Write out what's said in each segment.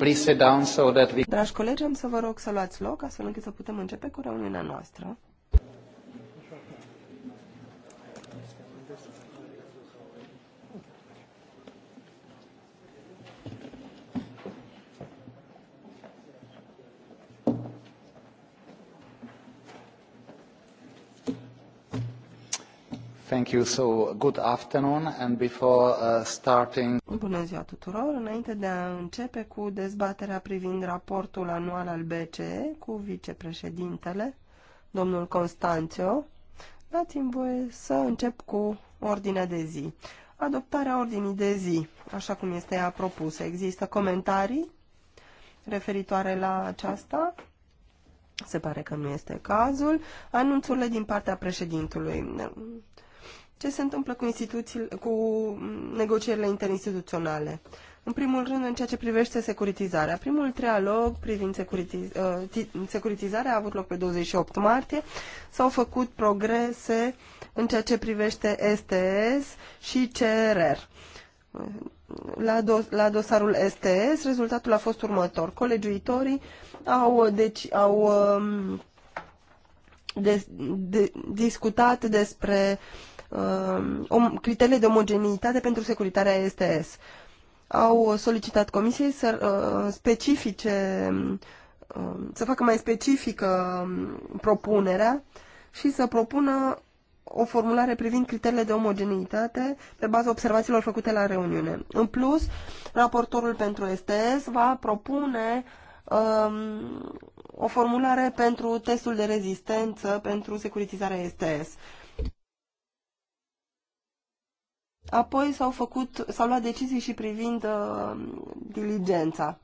please sit down so that we... Dragi colegi, am să vă rog să luați loc, astfel încât să putem începe cu reuniunea noastră. you. So, good afternoon and before uh, starting... Bună ziua tuturor! Înainte de a începe cu dezbaterea privind raportul anual al BCE cu vicepreședintele, domnul Constanțio, dați-mi voie să încep cu ordinea de zi. Adoptarea ordinii de zi, așa cum este ea propusă. Există comentarii referitoare la aceasta? Se pare că nu este cazul. Anunțurile din partea președintului. Ce se întâmplă cu, instituțiile, cu negocierile interinstituționale? În primul rând, în ceea ce privește securitizarea. Primul trialog privind securitiz uh, securitizarea a avut loc pe 28 martie. S-au făcut progrese în ceea ce privește STS și CRR. La, dos la dosarul STS, rezultatul a fost următor. Colegiuitorii au, deci, au um, de, de, discutat despre Um, criteriile de omogeneitate pentru securitarea STS. Au solicitat comisiei să uh, specifice, um, să facă mai specifică um, propunerea și să propună o formulare privind criteriile de omogeneitate pe baza observațiilor făcute la reuniune. În plus, raportorul pentru STS va propune um, o formulare pentru testul de rezistență pentru securitizarea STS. Apoi s-au făcut, s-au luat decizii și privind uh, diligența.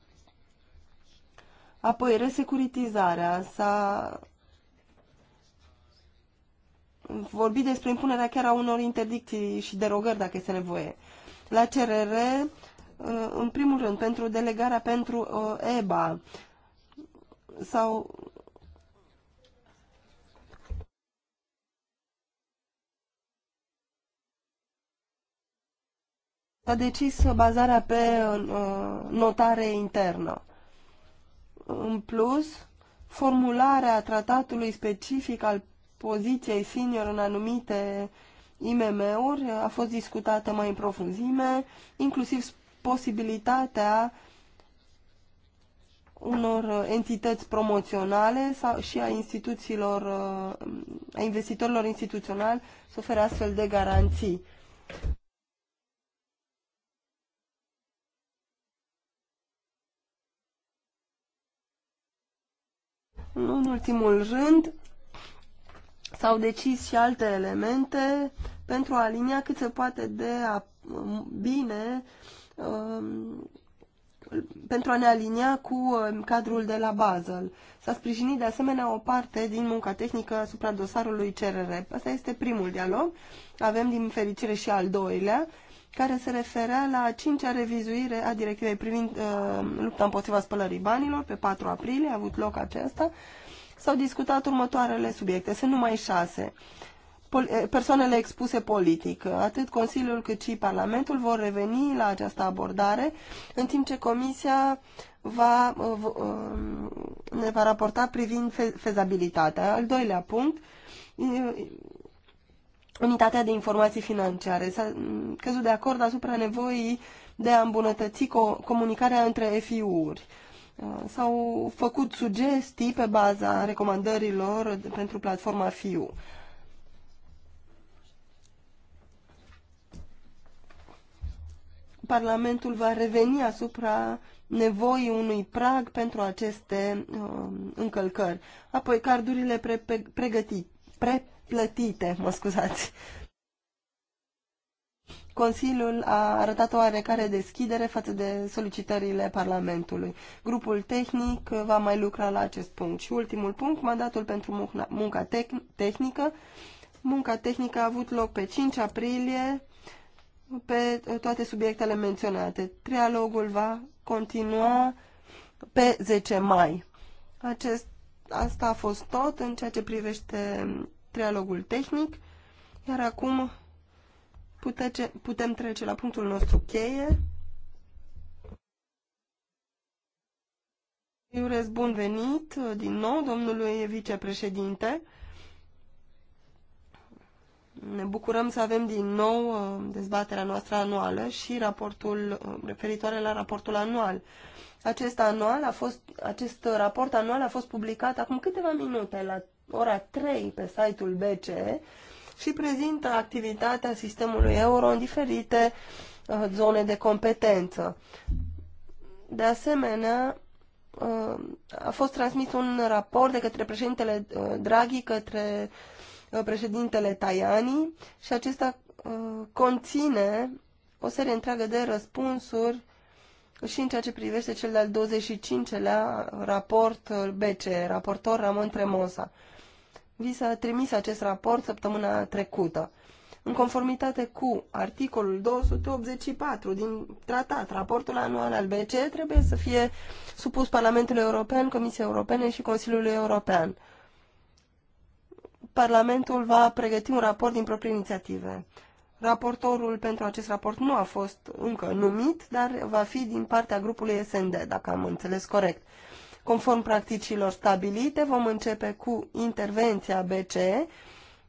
Apoi resecuritizarea s-a vorbit despre impunerea chiar a unor interdicții și derogări, dacă este nevoie. La CRR, uh, în primul rând, pentru delegarea pentru uh, EBA, sau S-a decis bazarea pe uh, notare internă. În plus, formularea tratatului specific al poziției senior în anumite IMM-uri a fost discutată mai în profunzime, inclusiv posibilitatea unor entități promoționale sau și a instituțiilor, uh, a investitorilor instituționali să ofere astfel de garanții. În ultimul rând, s-au decis și alte elemente pentru a alinia cât se poate de a, um, bine um, pentru a ne alinia cu um, cadrul de la Basel. S-a sprijinit de asemenea o parte din munca tehnică asupra dosarului CRR. Asta este primul dialog. Avem din fericire și al doilea care se referea la a cincea revizuire a directivei privind uh, lupta împotriva spălării banilor. Pe 4 aprilie a avut loc aceasta. S-au discutat următoarele subiecte. Sunt numai șase. Pol eh, persoanele expuse politic. Atât Consiliul cât și Parlamentul vor reveni la această abordare, în timp ce Comisia va, uh, ne va raporta privind fe fezabilitatea. Al doilea punct, Unitatea de Informații Financiare. S-a căzut de acord asupra nevoii de a îmbunătăți co- comunicarea între FIU-uri. Uh, s-au făcut sugestii pe baza recomandărilor pentru platforma FIU. Parlamentul va reveni asupra nevoii unui prag pentru aceste uh, încălcări. Apoi, cardurile pre- pregătite pre- plătite, mă scuzați. Consiliul a arătat o oarecare deschidere față de solicitările Parlamentului. Grupul tehnic va mai lucra la acest punct. Și ultimul punct, mandatul pentru munca tec tehnică. Munca tehnică a avut loc pe 5 aprilie pe toate subiectele menționate. Trialogul va continua pe 10 mai. Acest, asta a fost tot în ceea ce privește trialogul tehnic, iar acum putece, putem trece la punctul nostru cheie. Îi urez bun venit uh, din nou domnului vicepreședinte. Ne bucurăm să avem din nou uh, dezbaterea noastră anuală și raportul uh, referitoare la raportul anual. Acest, anual a fost, acest raport anual a fost publicat acum câteva minute la ora 3 pe site-ul BCE și prezintă activitatea sistemului euro în diferite uh, zone de competență. De asemenea, uh, a fost transmis un raport de către președintele uh, Draghi către președintele Tajani și acesta conține o serie întreagă de răspunsuri și în ceea ce privește cel de-al 25-lea raport BCE, raportor Ramon Tremosa vi s-a trimis acest raport săptămâna trecută. În conformitate cu articolul 284 din tratat, raportul anual al BCE trebuie să fie supus Parlamentului European, Comisiei Europene și Consiliului European. Parlamentul va pregăti un raport din proprie inițiative. Raportorul pentru acest raport nu a fost încă numit, dar va fi din partea grupului SND, dacă am înțeles corect. Conform practicilor stabilite, vom începe cu intervenția BCE,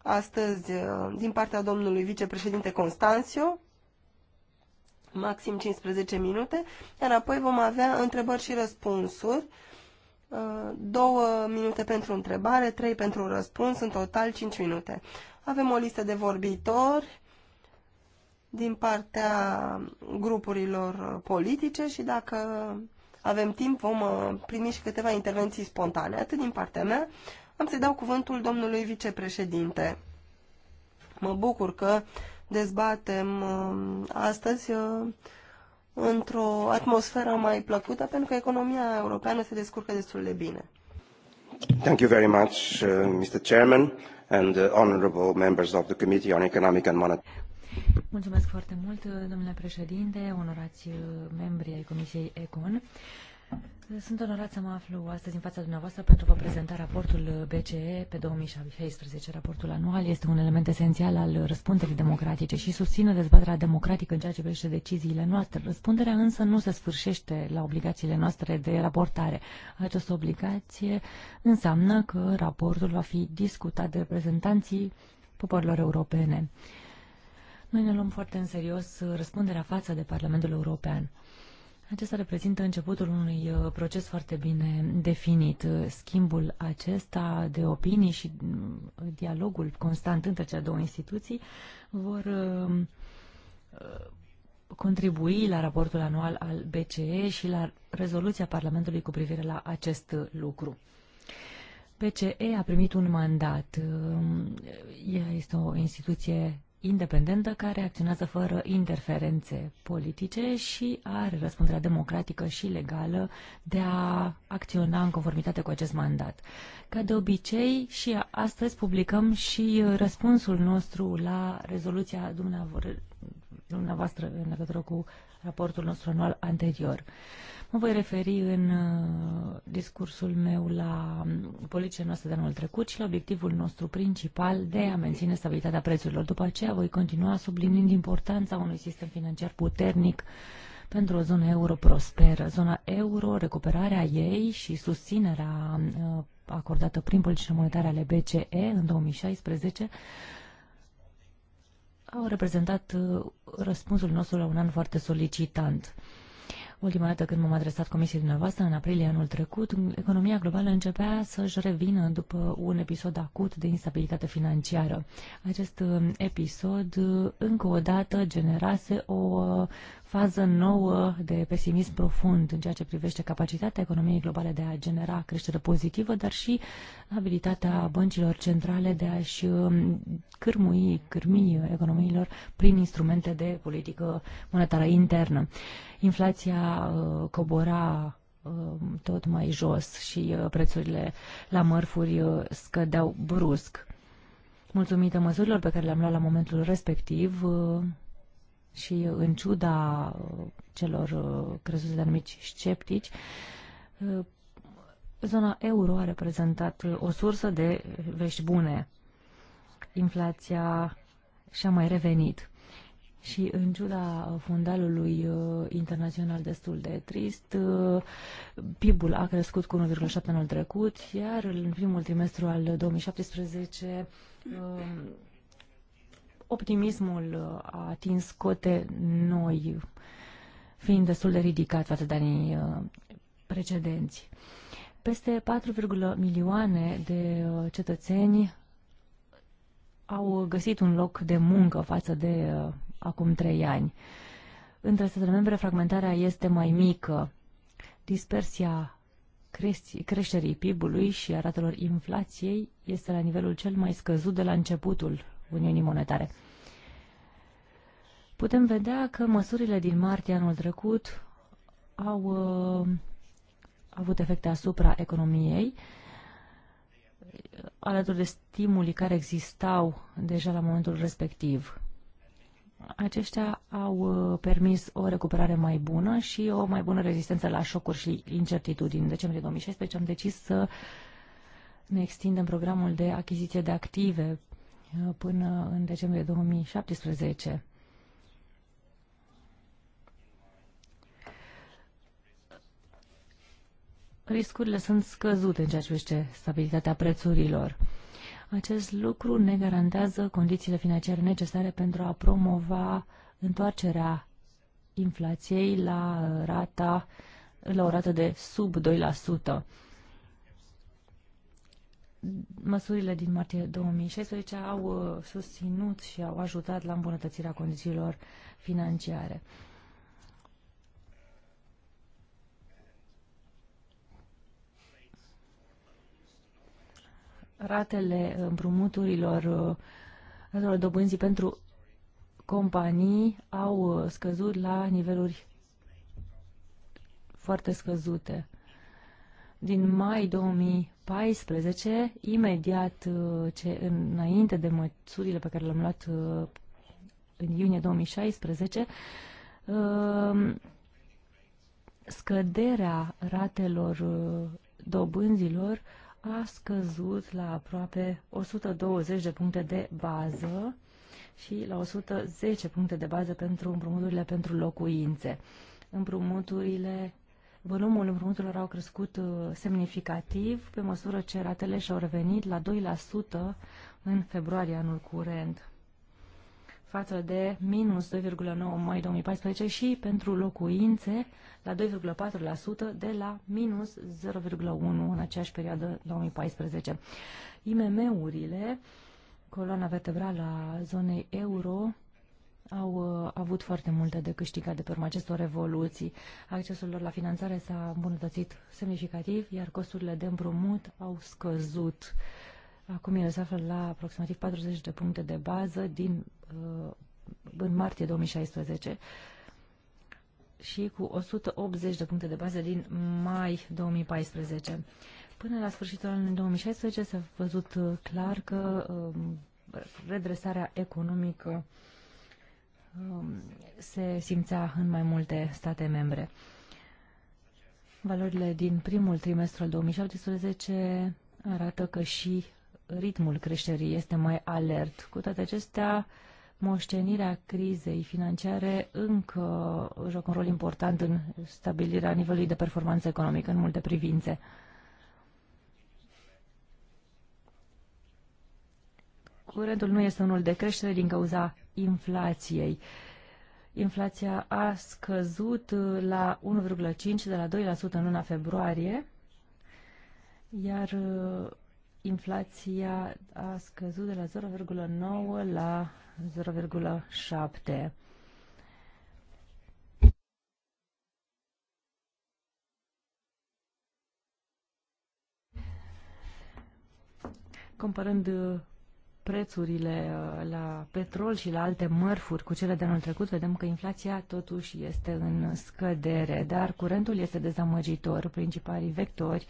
astăzi uh, din partea domnului vicepreședinte Constanțiu, maxim 15 minute, iar apoi vom avea întrebări și răspunsuri, uh, două minute pentru întrebare, trei pentru răspuns, în total 5 minute. Avem o listă de vorbitori din partea grupurilor politice și dacă avem timp, vom uh, primi și câteva intervenții spontane. Atât din partea mea, am să-i dau cuvântul domnului vicepreședinte. Mă bucur că dezbatem uh, astăzi uh, într-o atmosferă mai plăcută, pentru că economia europeană se descurcă destul de bine. Thank you very much, uh, Mr. Chairman and uh, honorable members of the Committee on Economic and Monetary. Mulțumesc foarte mult, domnule președinte, onorați membri ai Comisiei ECON. Sunt onorat să mă aflu astăzi în fața dumneavoastră pentru a vă prezenta raportul BCE pe 2016. Raportul anual este un element esențial al răspunderii democratice și susține dezbaterea democratică în ceea ce privește deciziile noastre. Răspunderea însă nu se sfârșește la obligațiile noastre de raportare. Această obligație înseamnă că raportul va fi discutat de reprezentanții poporilor europene. Noi ne luăm foarte în serios răspunderea față de Parlamentul European. Acesta reprezintă începutul unui uh, proces foarte bine definit. Schimbul acesta de opinii și mm, dialogul constant între cele două instituții vor uh, uh, contribui la raportul anual al BCE și la rezoluția Parlamentului cu privire la acest lucru. BCE a primit un mandat. Ea este o instituție independentă care acționează fără interferențe politice și are răspunderea democratică și legală de a acționa în conformitate cu acest mandat. Ca de obicei, și astăzi publicăm și răspunsul nostru la rezoluția dumneavoastră în legătură cu raportul nostru anual anterior. Mă voi referi în uh, discursul meu la um, politica noastră de anul trecut și la obiectivul nostru principal de a menține stabilitatea prețurilor. După aceea voi continua sublinind importanța unui sistem financiar puternic pentru o zonă euro prosperă. Zona euro, recuperarea ei și susținerea uh, acordată prin politica monetară ale BCE în 2016 au reprezentat uh, răspunsul nostru la un an foarte solicitant. Ultima dată când m-am adresat comisiei dumneavoastră, în aprilie anul trecut, economia globală începea să-și revină după un episod acut de instabilitate financiară. Acest uh, episod, uh, încă o dată, generase o uh, fază nouă de pesimism profund în ceea ce privește capacitatea economiei globale de a genera creștere pozitivă, dar și abilitatea băncilor centrale de a-și um, cârmui, cârmi economiilor prin instrumente de politică monetară internă. Inflația uh, cobora um, tot mai jos și uh, prețurile la mărfuri uh, scădeau brusc. Mulțumită măsurilor pe care le-am luat la momentul respectiv, și în ciuda uh, celor uh, crezuți de anumiți sceptici, uh, zona euro a reprezentat o sursă de vești bune. Inflația și-a mai revenit. Și în ciuda fundalului internațional destul de trist, PIB-ul a crescut cu 1,7 anul trecut, iar în primul trimestru al 2017 optimismul uh, a atins cote noi, fiind destul de ridicat față de anii uh, precedenți. Peste 4, milioane de uh, cetățeni au găsit un loc de muncă față de acum trei ani. Între statele membre, fragmentarea este mai mică. Dispersia creșterii PIB-ului și a ratelor inflației este la nivelul cel mai scăzut de la începutul Uniunii Monetare. Putem vedea că măsurile din martie anul trecut au uh, avut efecte asupra economiei, alături de stimuli care existau deja la momentul respectiv. Aceștia au uh, permis o recuperare mai bună și o mai bună rezistență la șocuri și incertitudini. În decembrie 2016 am decis să ne extindem programul de achiziție de active Uh, până în decembrie 2017. Riscurile sunt scăzute în ceea ce privește stabilitatea prețurilor. Acest lucru ne garantează condițiile financiare necesare pentru a promova întoarcerea inflației la rata la o rată de sub 2% măsurile din martie 2016 au uh, susținut și au ajutat la îmbunătățirea condițiilor financiare. Ratele împrumuturilor, uh, ratele dobânzii pentru companii au uh, scăzut la niveluri foarte scăzute din mai 2014, imediat uh, ce înainte de măsurile pe care le-am luat uh, în iunie 2016, uh, scăderea ratelor dobânzilor a scăzut la aproape 120 de puncte de bază și la 110 puncte de bază pentru împrumuturile pentru locuințe. Împrumuturile volumul împrumuturilor au crescut uh, semnificativ pe măsură ce ratele și-au revenit la 2% în februarie anul curent față de minus 2,9 mai 2014 și pentru locuințe la 2,4% de la minus 0,1 în aceeași perioadă 2014. IMM-urile, coloana vertebrală a zonei euro, au uh, avut foarte multe de câștigat de pe urma acestor revoluții. Accesul lor la finanțare s-a îmbunătățit semnificativ, iar costurile de împrumut au scăzut. Acum ele se află la aproximativ 40 de puncte de bază din, uh, în martie 2016 și cu 180 de puncte de bază din mai 2014. Până la sfârșitul anului 2016 s-a văzut uh, clar că uh, redresarea economică uh, Um, se simțea în mai multe state membre. Valorile din primul trimestru al 2017 arată că și ritmul creșterii este mai alert. Cu toate acestea, moștenirea crizei financiare încă joacă un rol important în stabilirea nivelului de performanță economică în multe privințe. Curentul nu este unul de creștere din cauza inflației. Inflația a scăzut la 1,5 de la 2% în luna februarie, iar uh, inflația a scăzut de la 0,9 la 0,7. comparând uh, prețurile uh, la petrol și la alte mărfuri cu cele de anul trecut, vedem că inflația totuși este în scădere, dar curentul este dezamăgitor. Principalii vectori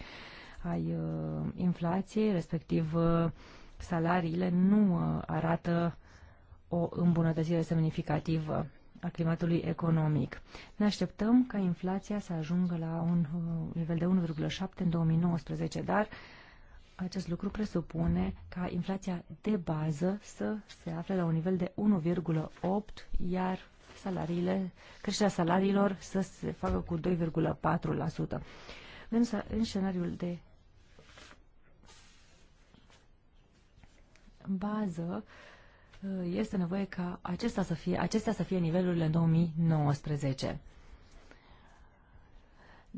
ai uh, inflației, respectiv uh, salariile, nu arată o îmbunătățire semnificativă a climatului economic. Ne așteptăm ca inflația să ajungă la un nivel de 1,7 în 2019, dar acest lucru presupune ca inflația de bază să se afle la un nivel de 1,8, iar salariile, creșterea salariilor să se facă cu 2,4%. Însă, în scenariul de bază, este nevoie ca acesta să fie, acestea să fie nivelurile în 2019.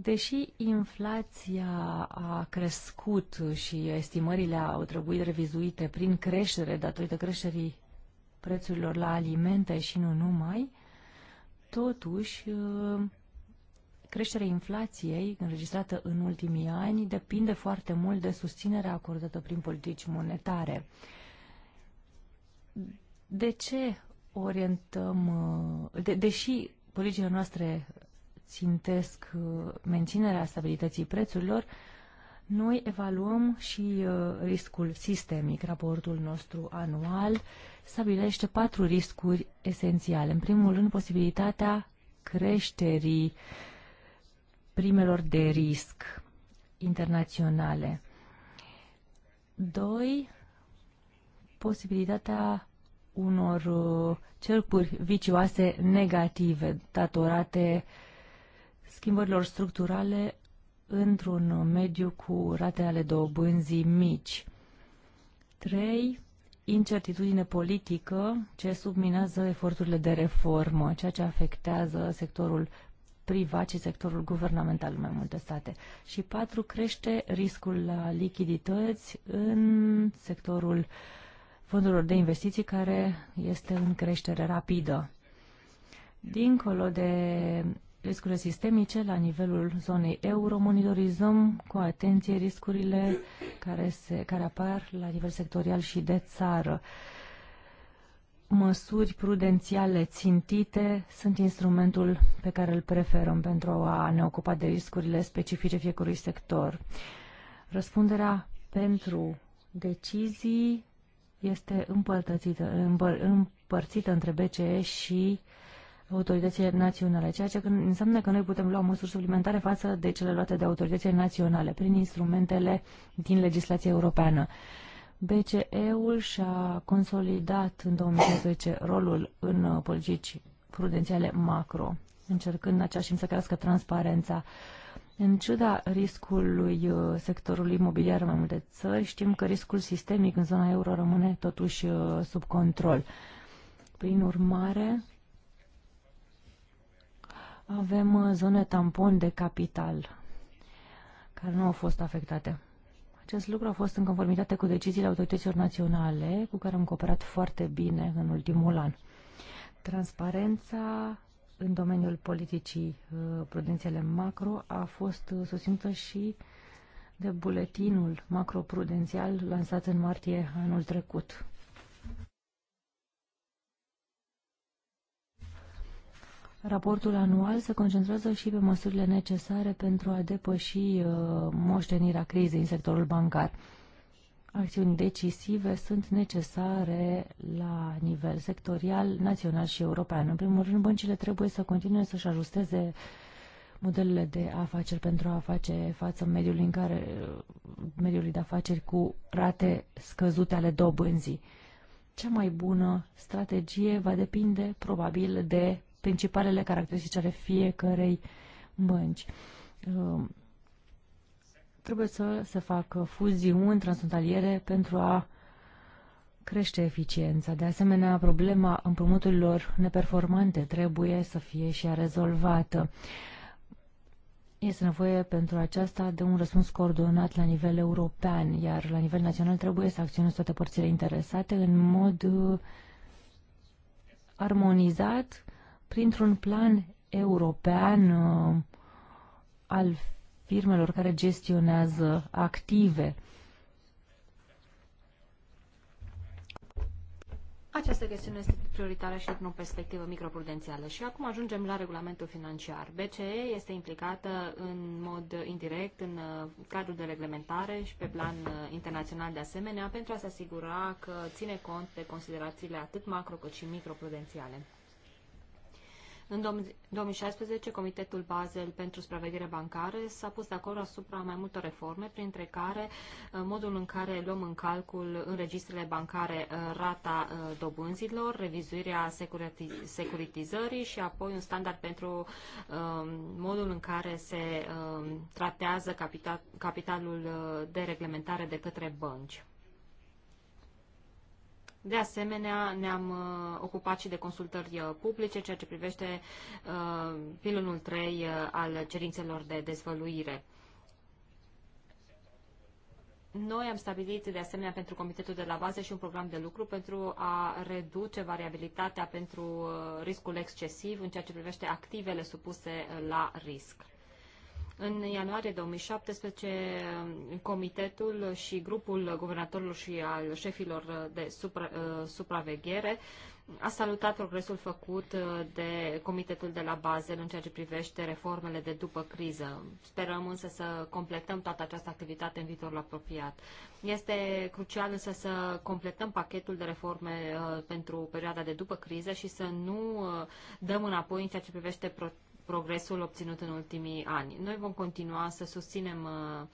Deși inflația a crescut și estimările au trebuit revizuite prin creștere, datorită creșterii prețurilor la alimente și nu numai, totuși creșterea inflației înregistrată în ultimii ani depinde foarte mult de susținerea acordată prin politici monetare. De ce orientăm, de, deși politicile noastre țintesc uh, menținerea stabilității prețurilor, noi evaluăm și uh, riscul sistemic. Raportul nostru anual stabilește patru riscuri esențiale. În primul rând, posibilitatea creșterii primelor de risc internaționale. Doi, posibilitatea unor uh, cercuri vicioase negative datorate uh, schimbărilor structurale într-un mediu cu rate ale dobânzii mici. 3. Incertitudine politică ce subminează eforturile de reformă, ceea ce afectează sectorul privat și sectorul guvernamental în mai multe state. Și 4. Crește riscul la lichidități în sectorul fondurilor de investiții care este în creștere rapidă. Dincolo de riscurile sistemice la nivelul zonei euro, monitorizăm cu atenție riscurile care, se, care apar la nivel sectorial și de țară. Măsuri prudențiale țintite sunt instrumentul pe care îl preferăm pentru a ne ocupa de riscurile specifice fiecărui sector. Răspunderea pentru decizii este împărțită, împărțită între BCE și uh, autoritățile naționale, ceea ce înseamnă că noi putem lua măsuri suplimentare față de cele luate de autoritățile naționale prin instrumentele din legislația europeană. BCE-ul și-a consolidat în 2016 rolul în uh, politici prudențiale macro, încercând în același timp să crească transparența. În ciuda riscului uh, sectorului imobiliar în mai multe țări, știm că riscul sistemic în zona euro rămâne totuși uh, sub control. Prin urmare, avem uh, zone tampon de capital care nu au fost afectate. Acest lucru a fost în conformitate cu deciziile autorităților naționale cu care am cooperat foarte bine în ultimul an. Transparența în domeniul politicii uh, prudențiale macro a fost uh, susținută și de buletinul macroprudențial lansat în martie anul trecut. Raportul anual se concentrează și pe măsurile necesare pentru a depăși uh, moștenirea crizei în sectorul bancar. Acțiuni decisive sunt necesare la nivel sectorial, național și european. În primul rând, băncile trebuie să continue să-și ajusteze modelele de afaceri pentru a face față mediului, în care, mediului de afaceri cu rate scăzute ale dobânzii. Cea mai bună strategie va depinde probabil de principalele caracteristici ale fiecărei bănci. Um, trebuie să se facă fuziuni transfrontaliere pentru a crește eficiența. De asemenea, problema împrumuturilor neperformante trebuie să fie și a rezolvată. Este nevoie pentru aceasta de un răspuns coordonat la nivel european, iar la nivel național trebuie să acționeze toate părțile interesate în mod uh, armonizat printr-un plan european uh, al firmelor care gestionează active. Această chestiune este prioritară și din o perspectivă microprudențială. Și acum ajungem la regulamentul financiar. BCE este implicată în mod indirect în uh, cadrul de reglementare și pe plan uh, internațional de asemenea pentru a se asigura că ține cont de considerațiile atât macro cât și microprudențiale. În 2016, Comitetul Basel pentru Supraveghere bancară, s-a pus de acord asupra mai multor reforme, printre care uh, modul în care luăm în calcul în registrele bancare uh, rata uh, dobânzilor, revizuirea securitizării și apoi un standard pentru um, modul în care se um, tratează capitalul de reglementare de către bănci. De asemenea, ne-am uh, ocupat și de consultări uh, publice, ceea ce privește uh, pilonul 3 al cerințelor de dezvăluire. Noi am stabilit de asemenea pentru Comitetul de la Bază și un program de lucru pentru a reduce variabilitatea pentru riscul excesiv în ceea ce privește activele supuse la risc. În ianuarie 2017, comitetul și grupul guvernatorilor și al șefilor de supra, uh, supraveghere a salutat progresul făcut uh, de Comitetul de la bază în ceea ce privește reformele de după criză. Sperăm însă să completăm toată această activitate în viitorul apropiat. Este crucial însă să completăm pachetul de reforme uh, pentru perioada de după criză și să nu dăm înapoi în ceea ce privește progresul obținut în ultimii ani. Noi vom continua să susținem uh,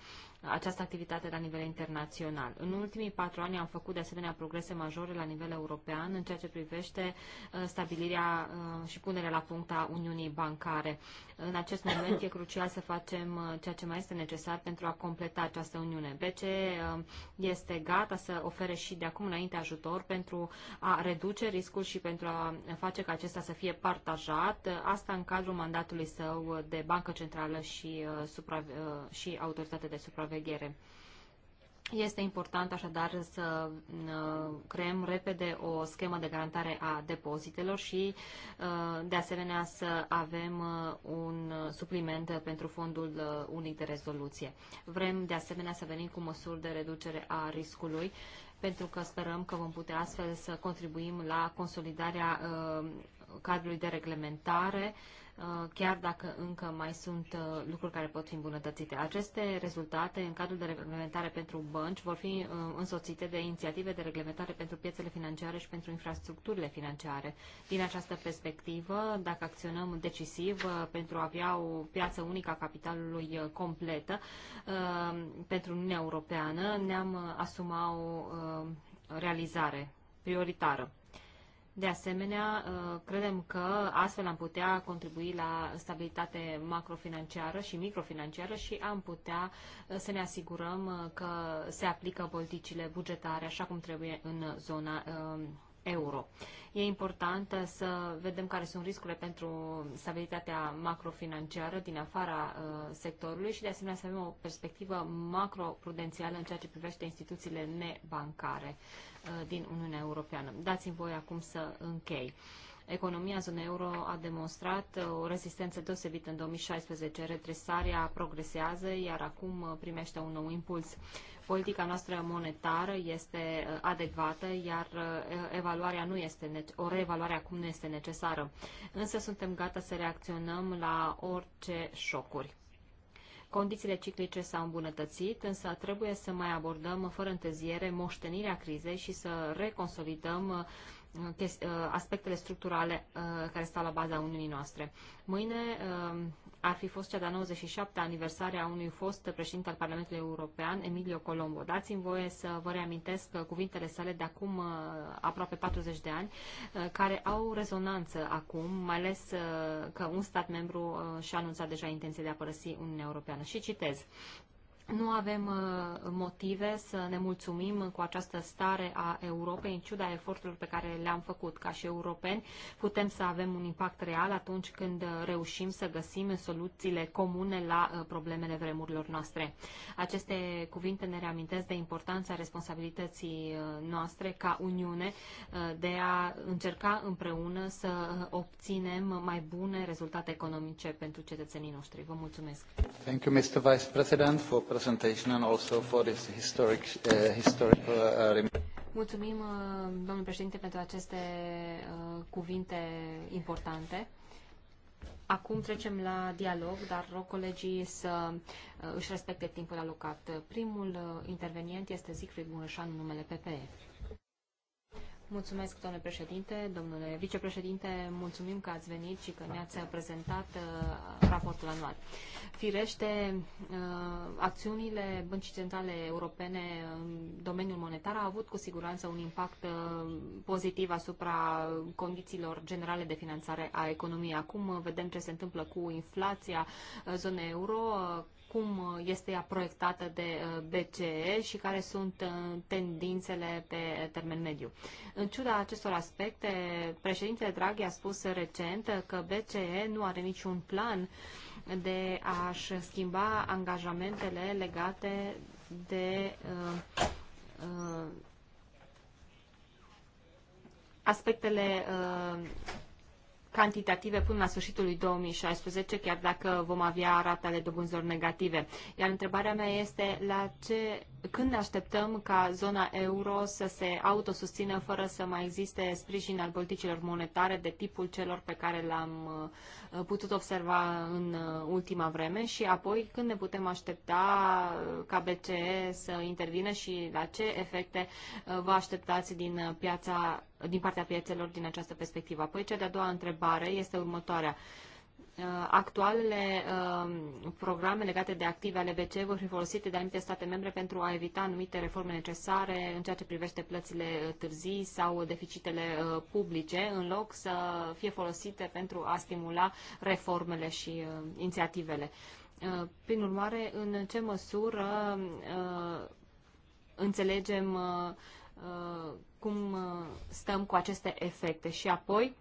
această activitate la nivel internațional. În ultimii patru ani am făcut de asemenea progrese majore la nivel european în ceea ce privește uh, stabilirea uh, și punerea la punct a Uniunii Bancare în acest moment e crucial să facem uh, ceea ce mai este necesar pentru a completa această uniune. BCE uh, este gata să ofere și de acum înainte ajutor pentru a reduce riscul și pentru a face ca acesta să fie partajat, uh, asta în cadrul mandatului său de Bancă Centrală și, și Autoritate de Supraveghere. Este important așadar să uh, creăm repede o schemă de garantare a depozitelor și uh, de asemenea să avem uh, un supliment pentru fondul unic de rezoluție. Vrem de asemenea să venim cu măsuri de reducere a riscului pentru că sperăm că vom putea astfel să contribuim la consolidarea cadrului de reglementare Uh, chiar dacă încă mai sunt uh, lucruri care pot fi îmbunătățite. Aceste rezultate în cadrul de reglementare pentru bănci vor fi uh, însoțite de inițiative de reglementare pentru piețele financiare și pentru infrastructurile financiare. Din această perspectivă, dacă acționăm decisiv pentru a avea o piață unică a capitalului completă pentru Uniunea Europeană, ne-am asuma o realizare prioritară. De asemenea, uh, credem că astfel am putea contribui la stabilitate macrofinanciară și microfinanciară și am putea uh, să ne asigurăm uh, că se aplică politicile bugetare așa cum trebuie în zona euro. E important uh, să vedem care sunt riscurile pentru stabilitatea macrofinanciară din afara uh, sectorului și de asemenea să avem o perspectivă macroprudențială în ceea ce privește instituțiile nebancare uh, din Uniunea Europeană. Dați-mi voi acum să închei economia zonei euro a demonstrat o rezistență deosebită în 2016. Retresarea progresează, iar acum primește un nou impuls. Politica noastră monetară este uh, adecvată, iar uh, evaluarea nu este, o reevaluare acum nu este necesară. Însă suntem gata să reacționăm la orice șocuri. Condițiile ciclice s-au îmbunătățit, însă trebuie să mai abordăm fără întârziere moștenirea crizei și să reconsolidăm uh, Uh, uh, aspectele structurale uh, care stau la baza Uniunii noastre. Mâine ar fi fost cea de-a 97-a aniversare a unui fost președinte al Parlamentului European, Emilio Colombo. Dați-mi voie să vă reamintesc cuvintele sale de acum aproape 40 de ani, care au rezonanță acum, mai ales că un stat membru și-a anunțat deja intenția de a părăsi Uniunea Europeană. Și citez. Nu avem uh, motive să ne mulțumim cu această stare a Europei, în ciuda eforturilor pe care le-am făcut ca și europeni. Putem să avem un impact real atunci când reușim să găsim soluțiile comune la uh, problemele vremurilor noastre. Aceste cuvinte ne reamintesc de importanța responsabilității uh, noastre ca Uniune de a încerca împreună să obținem mai bune rezultate economice pentru cetățenii noștri. Vă mulțumesc! Thank you, Mr. Vice President, for presentation and also for this historic, uh, historical uh, Mulțumim, uh, domnul președinte, pentru aceste uh, cuvinte importante. Acum trecem la dialog, dar rog colegii să uh, își respecte timpul alocat. Primul uh, intervenient este Siegfried Mureșan, numele PPE. Mulțumesc, domnule președinte, domnule vicepreședinte, mulțumim că ați venit și că da. ne-ați prezentat uh, raportul anual. Firește, uh, acțiunile Băncii Centrale Europene în domeniul monetar au avut cu siguranță un impact uh, pozitiv asupra condițiilor generale de finanțare a economiei. Acum vedem ce se întâmplă cu inflația uh, zonei euro, uh, cum uh, este ea proiectată de uh, BCE și care sunt uh, tendințele pe termen mediu. În ciuda acestor aspecte, președintele Draghi a spus recent că BCE nu are niciun plan de a-și schimba angajamentele legate de uh, uh, aspectele uh, cantitative până la sfârșitul lui 2016, chiar dacă vom avea ratele dobânzilor negative. Iar întrebarea mea este la ce când așteptăm ca zona euro să se autosustină fără să mai existe sprijin al politicilor monetare de tipul celor pe care le-am uh, putut observa în uh, ultima vreme și apoi când ne putem aștepta uh, ca BCE să intervină și la ce efecte vă așteptați din piața din partea piețelor din această perspectivă. Apoi, cea de-a doua întrebare este următoarea. Uh, actualele uh, programe legate de active ale BCE vor fi folosite de anumite state membre pentru a evita anumite reforme necesare în ceea ce privește plățile uh, târzii sau deficitele publice, în loc să fie folosite pentru a stimula reformele și inițiativele. Prin urmare, în ce măsură înțelegem cum stăm cu aceste efecte și apoi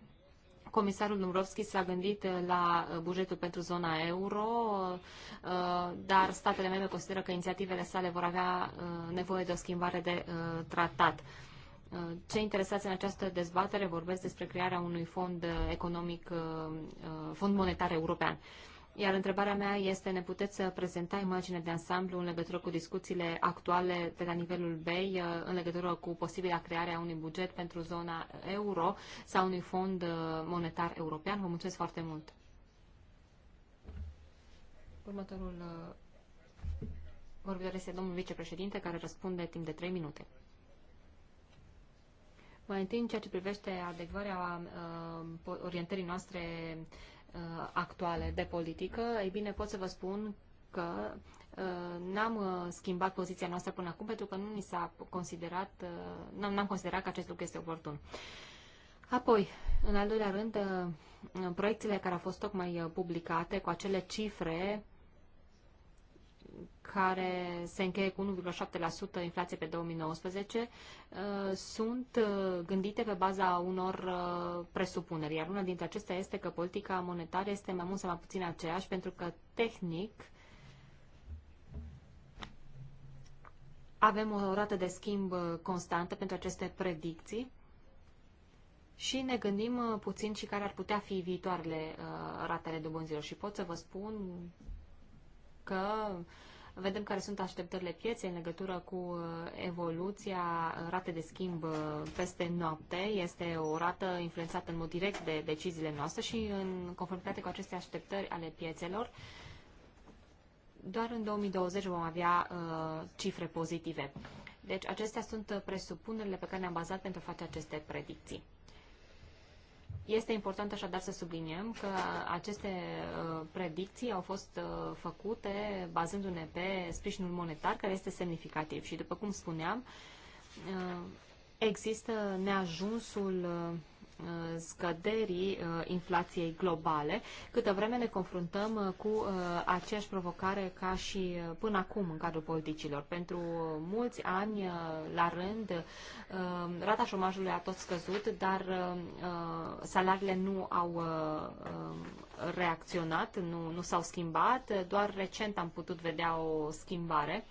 comisarul Dumbrovski s-a gândit uh, la uh, bugetul pentru zona euro, uh, dar statele membre consideră că inițiativele sale vor avea nevoie de o schimbare de tratat. Cei interesați în această dezbatere vorbesc despre crearea unui fond economic, fond monetar european. Iar întrebarea mea este, ne puteți uh, prezenta imagine de ansamblu în legătură cu discuțiile actuale de la nivelul BEI uh, în legătură cu posibila crearea unui buget pentru zona euro sau unui fond uh, monetar european? Vă mulțumesc foarte mult! Următorul vorbitor este domnul vicepreședinte, care răspunde timp de 3 minute. Mai întâi, în ceea ce privește adecvarea uh, orientării noastre uh, Uh, actuale de politică, ei bine, pot să vă spun că uh, n-am uh, schimbat poziția noastră până acum pentru că nu ni s-a considerat, n-am considerat că acest lucru este oportun. Apoi, în al doilea rând, proiecțiile care au fost tocmai publicate cu acele cifre care se încheie cu 1,7% inflație pe 2019 uh, sunt uh, gândite pe baza unor uh, presupuneri, iar una dintre acestea este că politica monetară este mai mult sau mai puțin aceeași, pentru că tehnic avem o rată de schimb constantă pentru aceste predicții și ne gândim puțin și care ar putea fi viitoarele ratele dobânzilor. Și pot să vă spun că uh, vedem care sunt așteptările pieței în legătură cu uh, evoluția uh, rate de schimb uh, peste noapte. Este o rată influențată în mod direct de deciziile noastre și în conformitate cu aceste așteptări ale piețelor, doar în 2020 vom avea uh, cifre pozitive. Deci acestea sunt presupunerile pe care ne-am bazat pentru a face aceste predicții. Este important așadar să subliniem că aceste uh, predicții au fost uh, făcute bazându-ne pe sprijinul monetar, care este semnificativ. Și după cum spuneam, uh, există neajunsul Uh, scăderii uh, inflației globale, câtă vreme ne confruntăm uh, cu aceeași provocare ca și până acum în cadrul politicilor. Pentru mulți ani la rând, rata șomajului a tot scăzut, dar salariile nu au reacționat, nu, nu s-au schimbat, doar recent am putut vedea o schimbare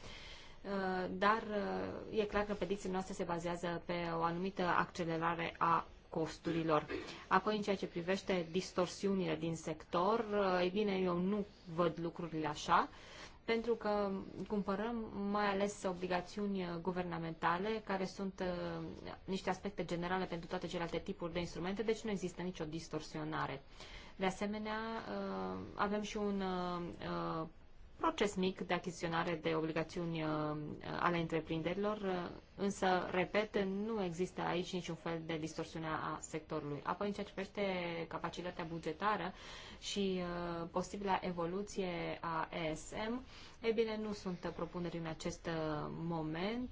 dar e clar că predicțiile noastre se bazează pe o anumită accelerare a costurilor. Apoi, în ceea ce privește distorsiunile din sector, eh, ei bine, eu nu văd lucrurile așa, pentru că cumpărăm mai ales obligațiuni eh, guvernamentale, care sunt eh, niște aspecte generale pentru toate celelalte tipuri de instrumente, deci nu există nicio distorsionare. De asemenea, avem și un proces mic de achiziționare de obligațiuni uh, ale întreprinderilor, uh, însă, repet, nu există aici niciun fel de distorsiune a sectorului. Apoi, în ceea ce privește capacitatea bugetară și uh, posibila evoluție a ESM, e bine, nu sunt propuneri în acest uh, moment,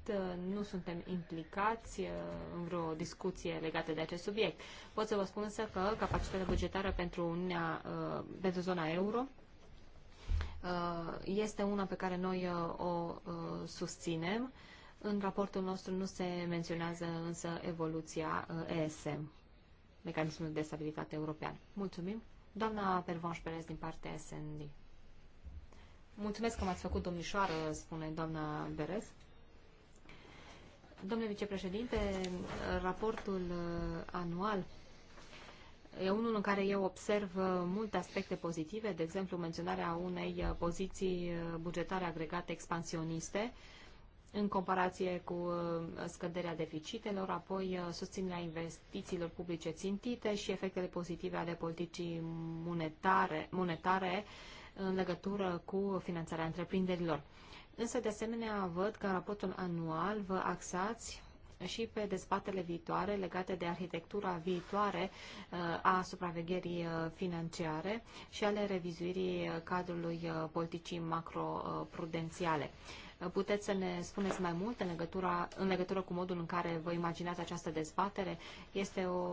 nu suntem implicați în vreo discuție legată de acest subiect. Pot să vă spun însă că capacitatea bugetară pentru, unia uh, pentru zona euro Uh, este una pe care noi uh, o uh, susținem. În raportul nostru nu se menționează însă evoluția ESM, Mecanismul de Stabilitate European. Mulțumim. Doamna Pervanș Perez din partea SND. Mulțumesc că m-ați făcut domnișoară, spune doamna Berez. Domnule vicepreședinte, raportul anual e unul în care eu observ uh, multe aspecte pozitive, de exemplu menționarea unei uh, poziții uh, bugetare agregate expansioniste în comparație cu scăderea deficitelor, apoi susținerea investițiilor publice țintite și efectele pozitive ale politicii monetare, monetare în legătură cu finanțarea întreprinderilor. Însă, de asemenea, văd că în raportul anual vă axați și pe dezbatele viitoare legate de arhitectura viitoare uh, a supravegherii uh, financiare și ale revizuirii uh, cadrului politicii macroprudențiale. Puteți să ne spuneți mai mult în legătură, în legătură cu modul în care vă imaginați această dezbatere? Este o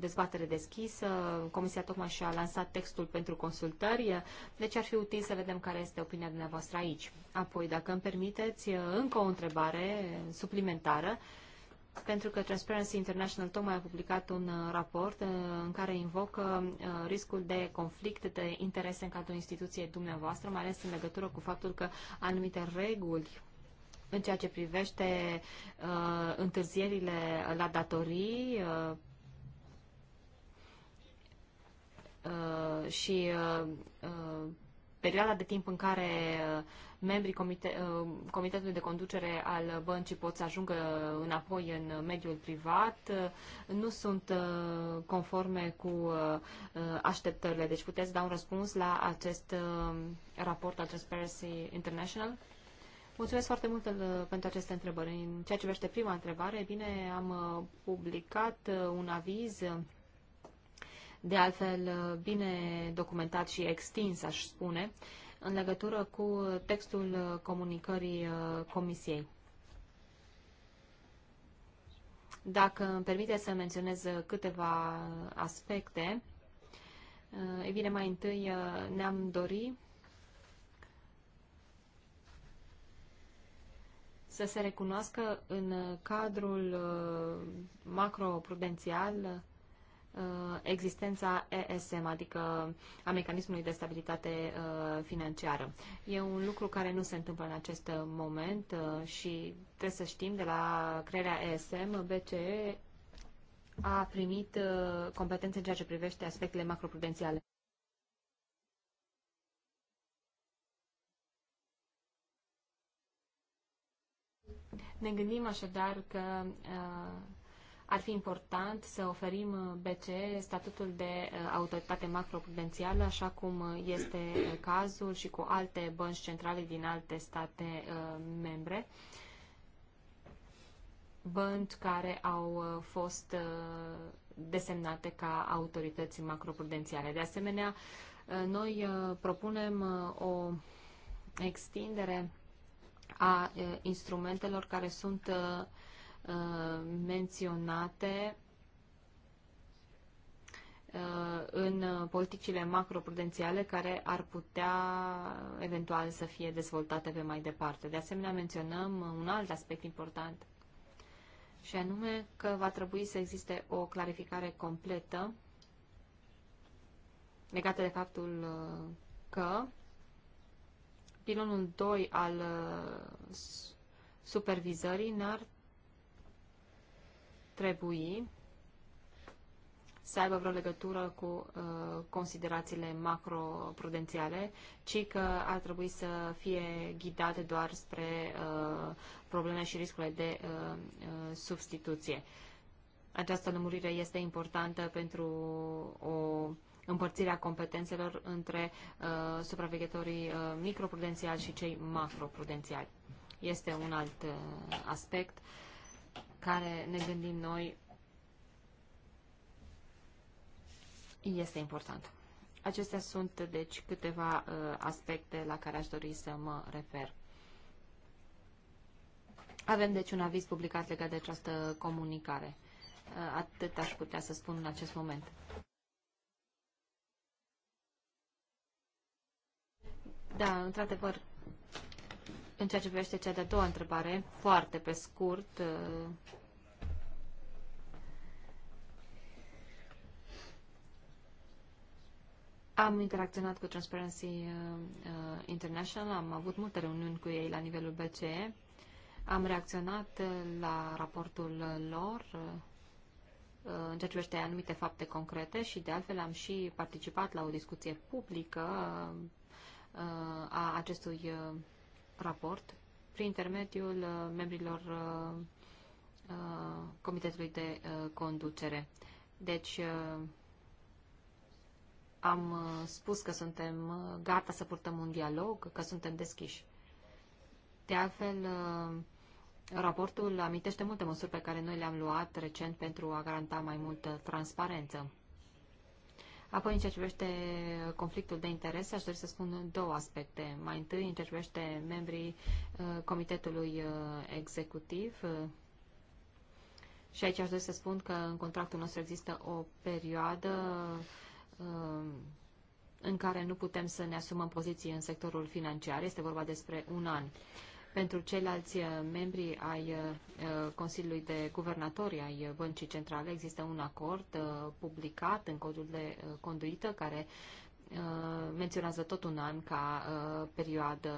dezbatere deschisă, Comisia tocmai și-a lansat textul pentru consultări, deci ar fi util să vedem care este opinia dumneavoastră aici. Apoi, dacă îmi permiteți, încă o întrebare suplimentară pentru că Transparency International tocmai a publicat un uh, raport uh, în care invocă uh, riscul de conflict de interese în cadrul instituției dumneavoastră, mai ales în legătură cu faptul că anumite reguli în ceea ce privește uh, întârzierile la datorii uh, uh, și uh, uh, perioada de timp în care uh, membrii comite- uh, Comitetului de Conducere al băncii pot să ajungă înapoi în mediul privat, nu sunt uh, conforme cu uh, așteptările. Deci puteți da un răspuns la acest raport al Transparency International? Mulțumesc foarte mult pentru aceste întrebări. În ceea ce vește prima întrebare, bine, am publicat un aviz de altfel bine documentat și extins, aș spune, uh, în legătură cu textul comunicării uh, Comisiei. Dacă îmi permite să menționez câteva aspecte, uh, e bine, mai întâi uh, ne-am dorit să se recunoască în cadrul macroprudențial Uh, existența ESM, adică a mecanismului de stabilitate uh, financiară. E un lucru care nu se întâmplă în acest moment uh, și trebuie să știm de la crearea ESM, BCE a primit competențe în ceea ce privește aspectele macroprudențiale. Ne gândim așadar că uh, ar fi important să oferim uh, BCE statutul de uh, autoritate macroprudențială, așa cum uh, este cazul și cu alte bănci centrale din alte state membre bănci care au fost desemnate ca autorități macroprudențiale. De asemenea, noi propunem o extindere a instrumentelor care sunt uh, Uh, menționate uh, în politicile macroprudențiale care ar putea eventual să fie dezvoltate pe mai departe. De asemenea, menționăm un alt aspect important și anume că va trebui să existe o clarificare completă legată de faptul uh, că pilonul 2 al supervizării n-ar trebui să aibă vreo legătură cu uh, considerațiile macroprudențiale, ci că ar trebui să fie ghidate doar spre uh, probleme și riscurile de uh, uh substituție. Această lămurire este importantă pentru o împărțire a competențelor între uh, supraveghetorii uh, microprudențiali și cei macroprudențiali. Este un alt uh, aspect uh, care ne gândim noi este important. Acestea sunt, deci, câteva uh, aspecte la care aș dori să mă refer. Avem, deci, un aviz publicat legat de această comunicare. Uh, atât aș putea să spun în acest moment. Da, într-adevăr, în ceea ce privește cea de-a doua întrebare, foarte pe scurt, uh, Am interacționat cu Transparency uh, uh, International, am avut multe reuniuni cu ei la nivelul BCE, am reacționat la raportul lor în ceea ce privește anumite fapte concrete și de altfel am și participat la o discuție publică a acestui raport prin intermediul uh, membrilor uh, uh, Comitetului de Conducere. Deci, am spus că suntem gata să purtăm un dialog, că suntem deschiși. De altfel, raportul amintește multe măsuri pe care noi le-am luat recent pentru a garanta mai multă transparență. Apoi, în ce privește conflictul de interese, aș dori să spun două aspecte. Mai întâi, în ce privește membrii uh, Comitetului uh, Executiv, uh, și aici aș dori să spun că în contractul nostru există o perioadă în care nu putem să ne asumăm poziții în sectorul financiar. Este vorba despre un an pentru ceilalți uh, membri ai uh, Consiliului de Guvernatori ai Băncii Centrale există un acord uh, publicat în codul de conduită care menționează tot un an ca perioadă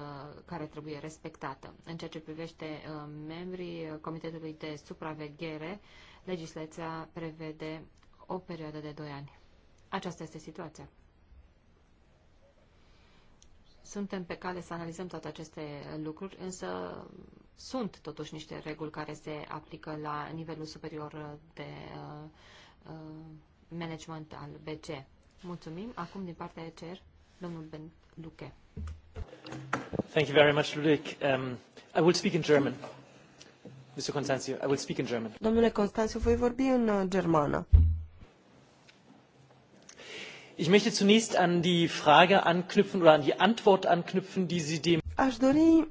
care trebuie respectată. În ceea ce privește membrii Comitetului de Supraveghere, legislația prevede o perioadă de 2 ani. Aceasta este situația. Suntem pe cale să analizăm toate aceste lucruri, însă sunt totuși niște reguli care se aplică la nivelul superior de uh, uh management al BC. Mulțumim. Acum, din partea ECR, domnul Ben Luque. Thank you very much, Ludwig. Um, I will speak in German. Mr. Constanzio, I will speak in German. Domnule Constanzio, voi vorbi în uh, germană. Ich möchte zunächst an die Frage anknüpfen oder an die Antwort anknüpfen, die Sie dem Aș dori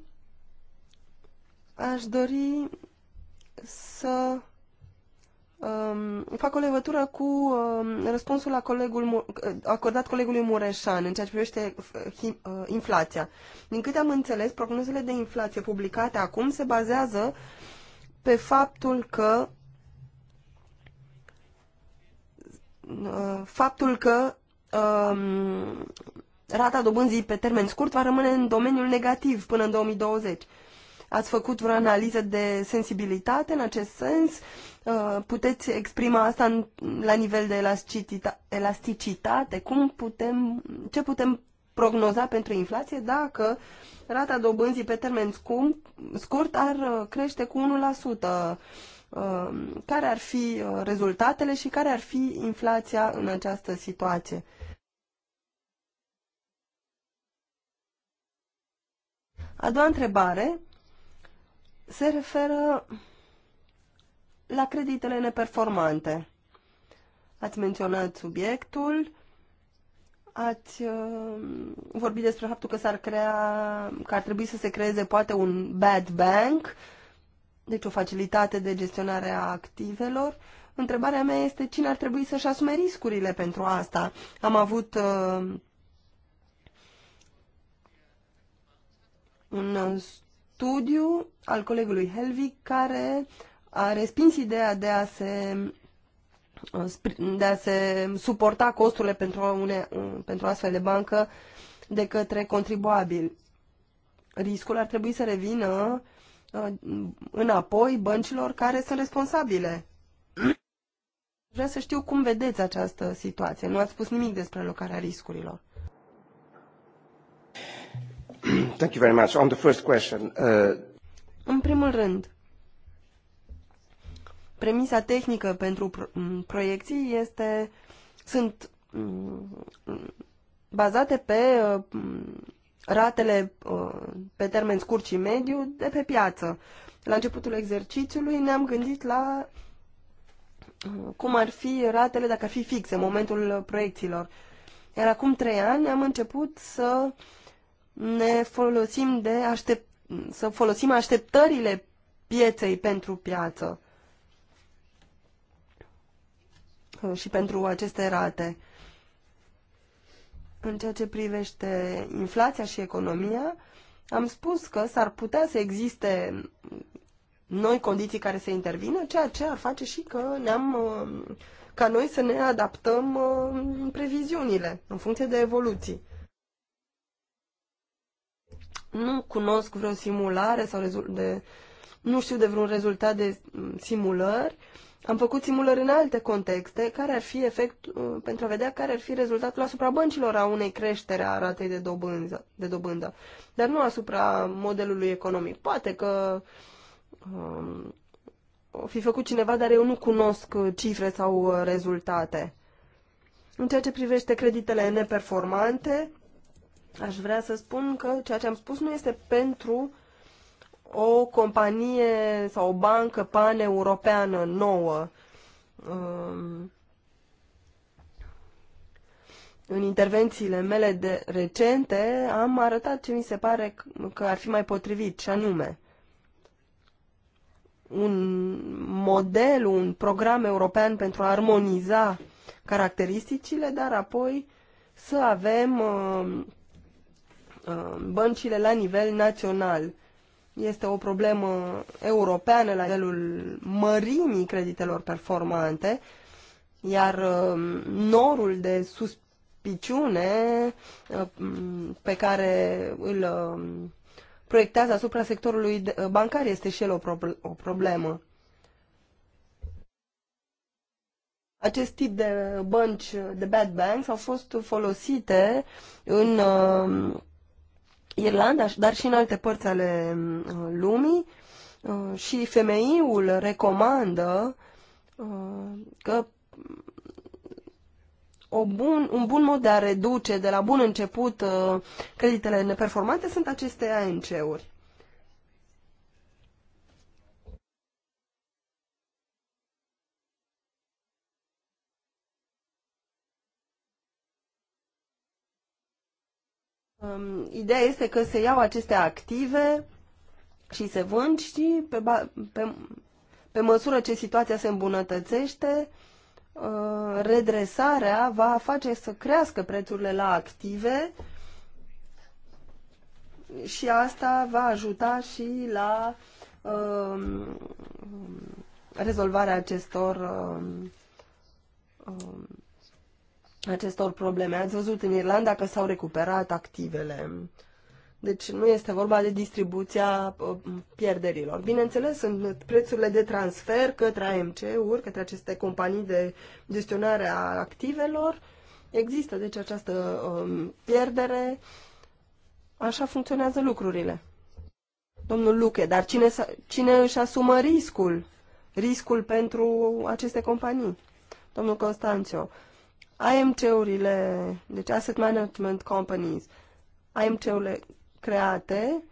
aș dori să um, fac o legătură cu um, răspunsul colegul, acordat colegului Mureșan în ceea ce privește uh, uh, inflația. Din câte am înțeles, prognozele de inflație publicate acum se bazează pe faptul că uh, faptul că Um, rata dobânzii pe termen scurt va rămâne în domeniul negativ până în 2020. Ați făcut vreo analiză de sensibilitate în acest sens? Uh, puteți exprima asta la nivel de elasticitate? Cum putem, ce putem prognoza pentru inflație dacă rata dobânzii pe termen scurt, scurt ar uh, crește cu 1%? Uh, care ar fi rezultatele și care ar fi inflația în această situație? A doua întrebare se referă la creditele neperformante. Ați menționat subiectul, ați uh, vorbit despre faptul că s-ar crea, că ar trebui să se creeze poate un bad bank, deci o facilitate de gestionare a activelor. Întrebarea mea este cine ar trebui să-și asume riscurile pentru asta. Am avut uh, un studiu al colegului Helvig care a respins ideea de a se uh, de a se suporta costurile pentru, une, uh, pentru astfel de bancă de către contribuabil. Riscul ar trebui să revină uh, înapoi băncilor care sunt responsabile. Vreau să știu cum vedeți această situație. Nu ați spus nimic despre locarea riscurilor. Thank you very much. On the first question, uh... În primul rând, premisa tehnică pentru pro proiecții este, sunt bazate pe uh, ratele uh, pe termen scurt și mediu de pe piață. La începutul exercițiului ne-am gândit la uh, cum ar fi ratele dacă ar fi fixe în momentul proiecțiilor. Iar acum trei ani am început să uh, ne folosim de aștept, să folosim așteptările pieței pentru piață și pentru aceste rate. În ceea ce privește inflația și economia, am spus că s-ar putea să existe noi condiții care să intervină, ceea ce ar face și că ne-am ca noi să ne adaptăm uh, previziunile în funcție de evoluții. Nu cunosc vreo simulare sau de, nu știu de vreun rezultat de simulări. Am făcut simulări în alte contexte care ar fi efect, uh, pentru a vedea care ar fi rezultatul asupra băncilor a unei creștere a ratei de dobândă, de dobândă dar nu asupra modelului economic. Poate că um, o fi făcut cineva, dar eu nu cunosc cifre sau rezultate. În ceea ce privește creditele neperformante, Aș vrea să spun că ceea ce am spus nu este pentru o companie sau o bancă paneuropeană nouă. Um, în intervențiile mele de recente am arătat ce mi se pare că ar fi mai potrivit, și anume un model, un program european pentru a armoniza caracteristicile, dar apoi să avem uh, Uh, băncile la nivel național. Este o problemă europeană la nivelul mărimii creditelor performante, iar uh, norul de suspiciune uh, pe care îl proiectează asupra sectorului bancar este și el o, problemă. Acest tip de bănci, de bad banks, au fost folosite în uh, Irlanda, dar și în alte părți ale uh, lumii uh, și femeiul recomandă uh, că o bun, un bun mod de a reduce de la bun început creditele neperformante sunt aceste ANC-uri. Um, ideea este că se iau aceste active și se vând și pe, pe, pe măsură ce situația se îmbunătățește, uh, redresarea va face să crească prețurile la active și asta va ajuta și la um, rezolvarea acestor um, um acestor probleme. Ați văzut în Irlanda că s-au recuperat activele. Deci nu este vorba de distribuția uh, pierderilor. Bineînțeles, sunt prețurile de transfer către AMC-uri, către aceste companii de gestionare a activelor. Există, deci, această um, pierdere. Așa funcționează lucrurile. Domnul Luche, dar cine, cine își asumă riscul? Riscul pentru aceste companii? Domnul Constanțiu, AMC-urile, deci Asset Management Companies, AMC-urile create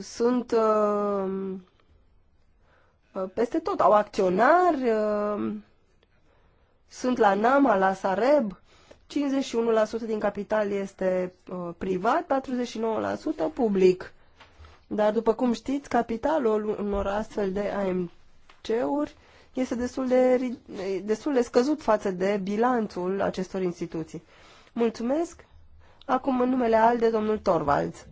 sunt uh, peste tot, au acționari, uh, sunt la NAMA, la Sareb, 51% din capital este uh, privat, 49% public. Dar, după cum știți, capitalul unor astfel de AMC-uri este destul de, destul de scăzut față de bilanțul acestor instituții. Mulțumesc! Acum în numele al de domnul Torvald.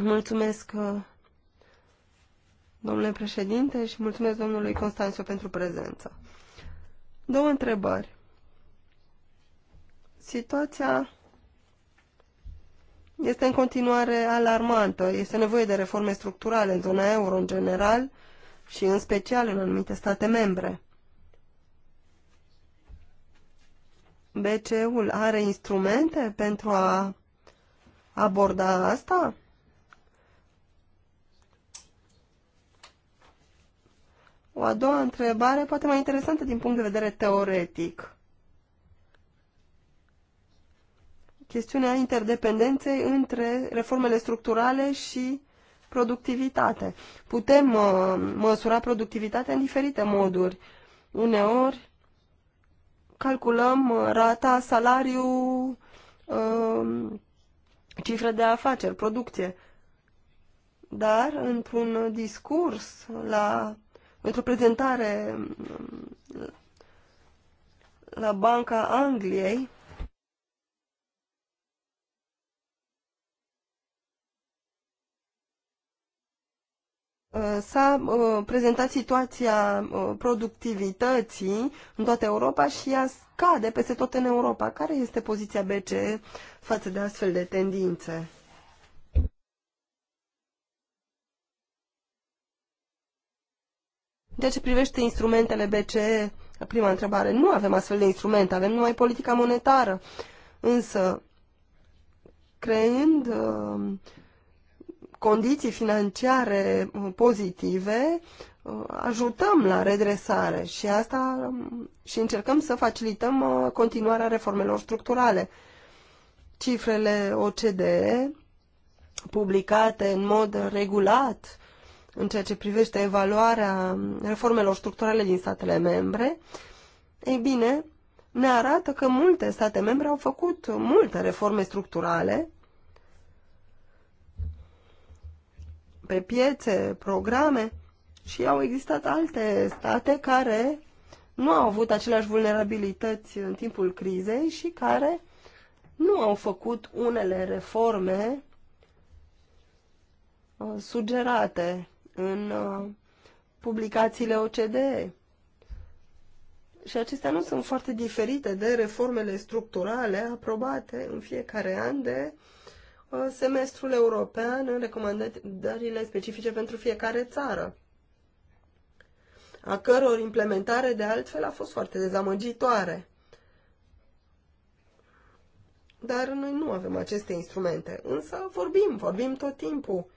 Mulțumesc, uh, domnule președinte, și mulțumesc domnului Constanțiu pentru prezență. Două întrebări. Situația este în continuare alarmantă. Este nevoie de reforme structurale în zona euro în general și în special în anumite state membre. BCE-ul are instrumente pentru a aborda asta? O a doua întrebare, poate mai interesantă din punct de vedere teoretic. chestiunea interdependenței între reformele structurale și productivitate. Putem uh, măsura productivitatea în diferite moduri. Uneori calculăm uh, rata, salariu, uh, cifre de afaceri, producție. Dar într-un discurs, la, într-o prezentare um, la Banca Angliei, s-a uh, prezentat situația uh, productivității în toată Europa și ea scade peste tot în Europa. Care este poziția BCE față de astfel de tendințe? de ce privește instrumentele BCE, prima întrebare, nu avem astfel de instrumente, avem numai politica monetară. Însă, creând uh, condiții financiare uh, pozitive, uh, ajutăm la redresare și asta um, și încercăm să facilităm uh, continuarea reformelor structurale. Cifrele OCDE publicate în mod regulat în ceea ce privește evaluarea um, reformelor structurale din statele membre, ei bine, ne arată că multe state membre au făcut multe reforme structurale pe piețe, programe și au existat alte state care nu au avut aceleași vulnerabilități în timpul crizei și care nu au făcut unele reforme uh, sugerate în uh, publicațiile OCDE. Și acestea nu sunt foarte diferite de reformele structurale aprobate în fiecare an de Uh, semestrul european în recomandările specifice pentru fiecare țară, a căror implementare de altfel a fost foarte dezamăgitoare. Dar noi nu avem aceste instrumente, însă vorbim, vorbim tot timpul.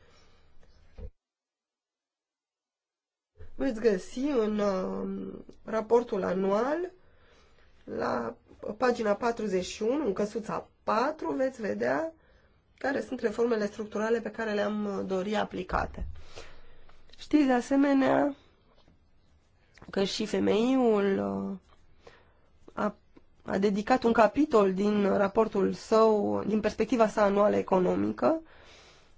Veți găsi în uh, raportul anual, la pagina 41, în căsuța 4, veți vedea care sunt reformele structurale pe care le-am uh, dori aplicate. Știți de asemenea că și femeiul uh, a, a dedicat un capitol din raportul său, din perspectiva sa anuală economică,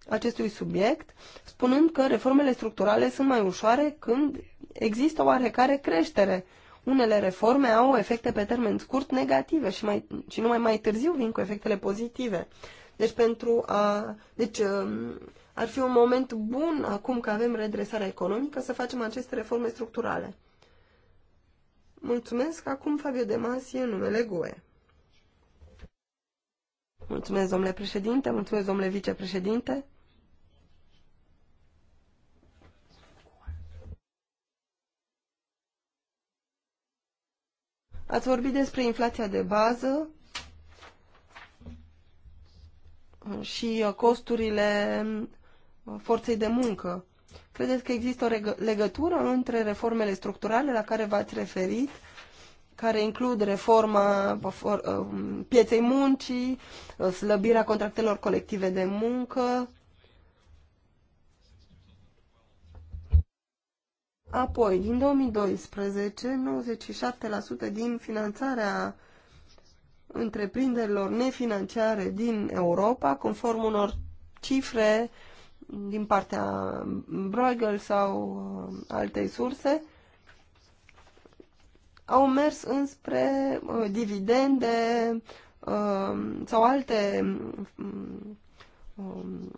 acestui subiect, spunând că reformele structurale sunt mai ușoare când există oarecare creștere. Unele reforme au efecte pe termen scurt negative și, mai, și numai mai târziu vin cu efectele pozitive. Deci pentru a... Deci um, ar fi un moment bun, acum că avem redresarea economică, să facem aceste reforme structurale. Mulțumesc. Acum Fabio De Masie în numele GUE. Mulțumesc, domnule președinte. Mulțumesc, domnule vicepreședinte. Ați vorbit despre inflația de bază și uh, costurile uh, forței de muncă. Credeți că există o legătură între reformele structurale la care v-ați referit, care includ reforma uh, pieței muncii, slăbirea contractelor colective de muncă, Apoi, din 2012, 97% din finanțarea întreprinderilor nefinanciare din Europa, conform unor cifre din partea Bruegel sau uh, altei surse, au mers înspre uh, dividende uh, sau alte um,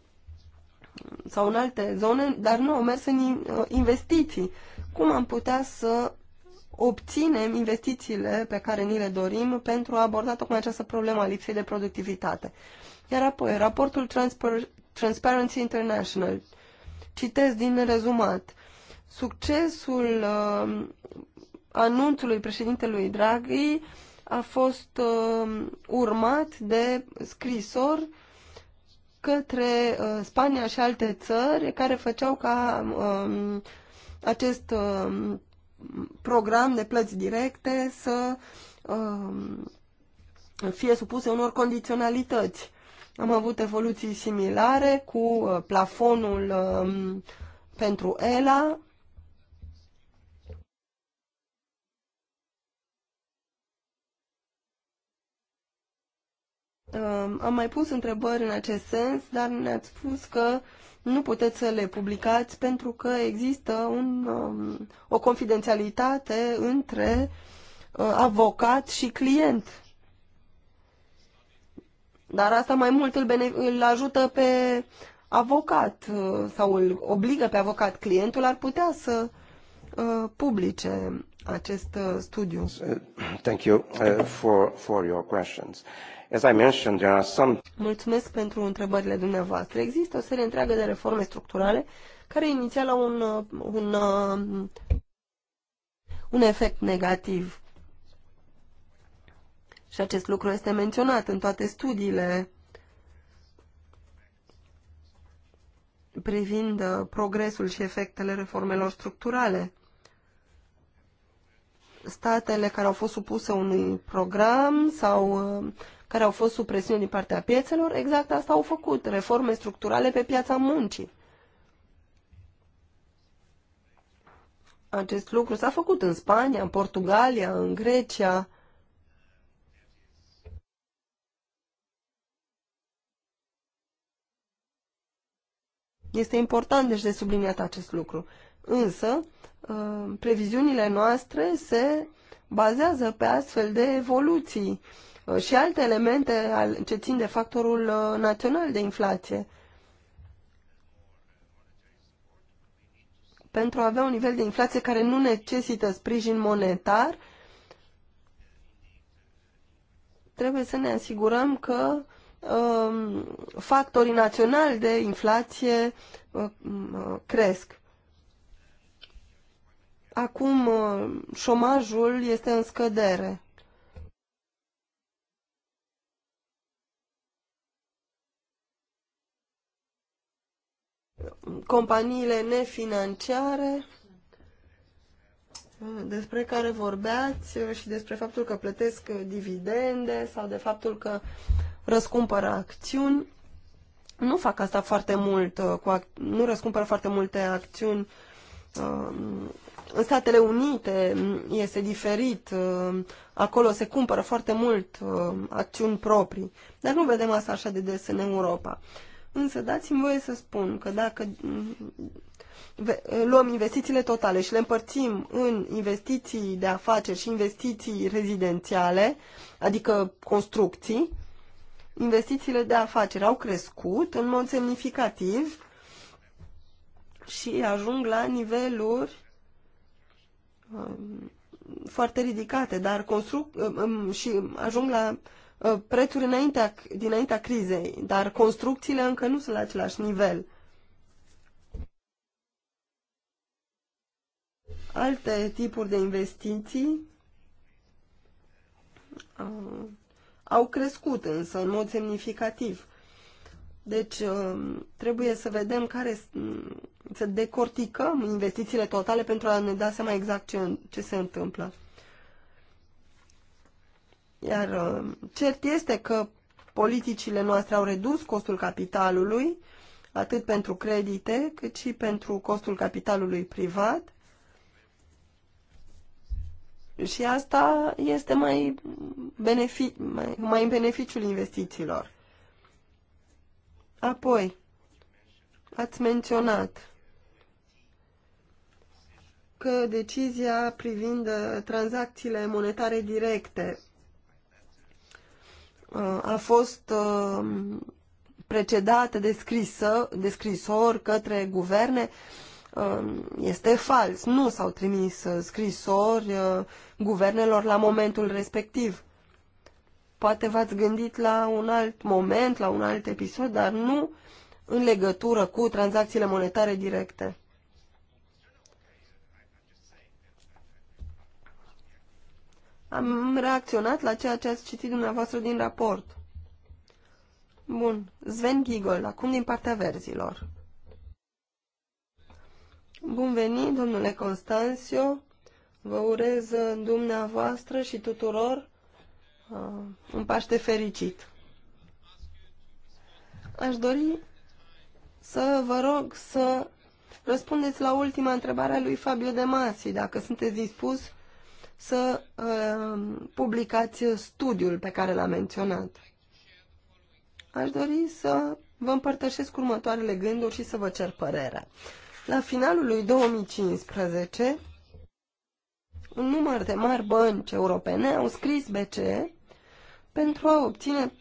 sau în alte zone, dar nu au mers în investiții. Cum am putea să obținem investițiile pe care ni le dorim pentru a aborda tocmai această problemă a lipsei de productivitate. Iar apoi, raportul Transpar Transparency International. citesc din rezumat. Succesul uh, anunțului președintelui Draghi a fost uh, urmat de scrisori către uh, Spania și alte țări care făceau ca uh, acest uh, program de plăți directe să um, fie supuse unor condiționalități. Am avut evoluții similare cu uh, plafonul um, pentru ELA. Um, am mai pus întrebări în acest sens, dar ne-ați spus că uh, nu puteți să le publicați pentru că există un, um, o confidențialitate între uh, avocat și client. Dar asta mai mult îl, îl ajută pe avocat uh, sau îl obligă pe avocat. Clientul ar putea să uh, publice acest uh, studiu. Uh, thank you uh, for, for your questions. As I mentioned, there are some... Mulțumesc pentru întrebările dumneavoastră. Există o serie întreagă de reforme structurale care inițial au un, un, un efect negativ. Și acest lucru este menționat în toate studiile privind progresul și efectele reformelor structurale statele care au fost supuse unui program sau uh, care au fost sub presiune din partea piețelor, exact asta au făcut, reforme structurale pe piața muncii. Acest lucru s-a făcut în Spania, în Portugalia, în Grecia. Este important, deci, de subliniat acest lucru. Însă, Uh, previziunile noastre se bazează pe astfel de evoluții uh, și alte elemente ce țin de factorul uh, național de inflație. Pentru a avea un nivel de inflație care nu necesită sprijin monetar, trebuie să ne asigurăm că um, factorii naționali de inflație cresc. Acum uh, șomajul este în scădere. Companiile nefinanciare uh, despre care vorbeați uh, și despre faptul că plătesc dividende sau de faptul că răscumpără acțiuni. Nu fac asta foarte mult, cu ac- nu răscumpără foarte multe acțiuni în Statele Unite mm, este diferit, uh, acolo se cumpără foarte mult uh, acțiuni proprii, dar nu vedem asta așa de des în Europa. Însă dați-mi voie să spun că dacă mm, luăm investițiile totale și le împărțim în investiții de afaceri și investiții rezidențiale, adică construcții, investițiile de afaceri au crescut în mod semnificativ și ajung la niveluri Um, foarte ridicate, dar construc um, um, și ajung la uh, prețuri înaintea, dinaintea crizei, dar construcțiile încă nu sunt la același nivel. Alte tipuri de investiții uh, au crescut însă în mod semnificativ. Deci um, trebuie să vedem care, să decorticăm investițiile totale pentru a ne da seama exact ce, ce se întâmplă. Iar um, cert este că politicile noastre au redus costul capitalului, atât pentru credite, cât și pentru costul capitalului privat. Și asta este mai, benefic, mai, mai în beneficiul investițiilor. Apoi, ați menționat că decizia privind uh, tranzacțiile monetare directe uh, a fost uh, precedată de, scrisă, de scrisori către guverne este fals. Nu s-au trimis scrisori guvernelor la momentul respectiv. Poate v-ați gândit la un alt moment, la un alt episod, dar nu în legătură cu tranzacțiile monetare directe. Am reacționat la ceea ce ați citit dumneavoastră din raport. Bun. Sven Gigol, acum din partea verzilor. Bun venit, domnule Constanțiu. Vă urez dumneavoastră și tuturor Uh, un Paște fericit. Aș dori să vă rog să răspundeți la ultima întrebare a lui Fabio De Masi, dacă sunteți dispus să uh, publicați studiul pe care l a menționat. Aș dori să vă împărtășesc următoarele gânduri și să vă cer părerea. La finalul lui 2015, un număr de mari bănci europene au scris BCE pentru a obține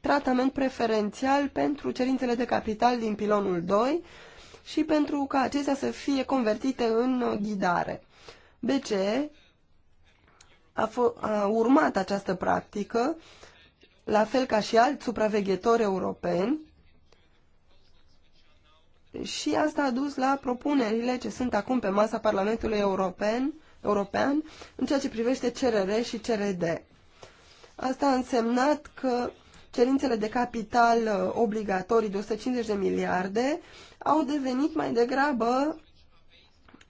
tratament preferențial pentru cerințele de capital din pilonul 2 și pentru ca acestea să fie convertite în ghidare. BCE a, a urmat această practică, la fel ca și alți supraveghetori europeni, și asta a dus la propunerile ce sunt acum pe masa Parlamentului European, European în ceea ce privește CRR și CRD. Asta a însemnat că cerințele de capital uh, obligatorii de 150 de miliarde au devenit mai degrabă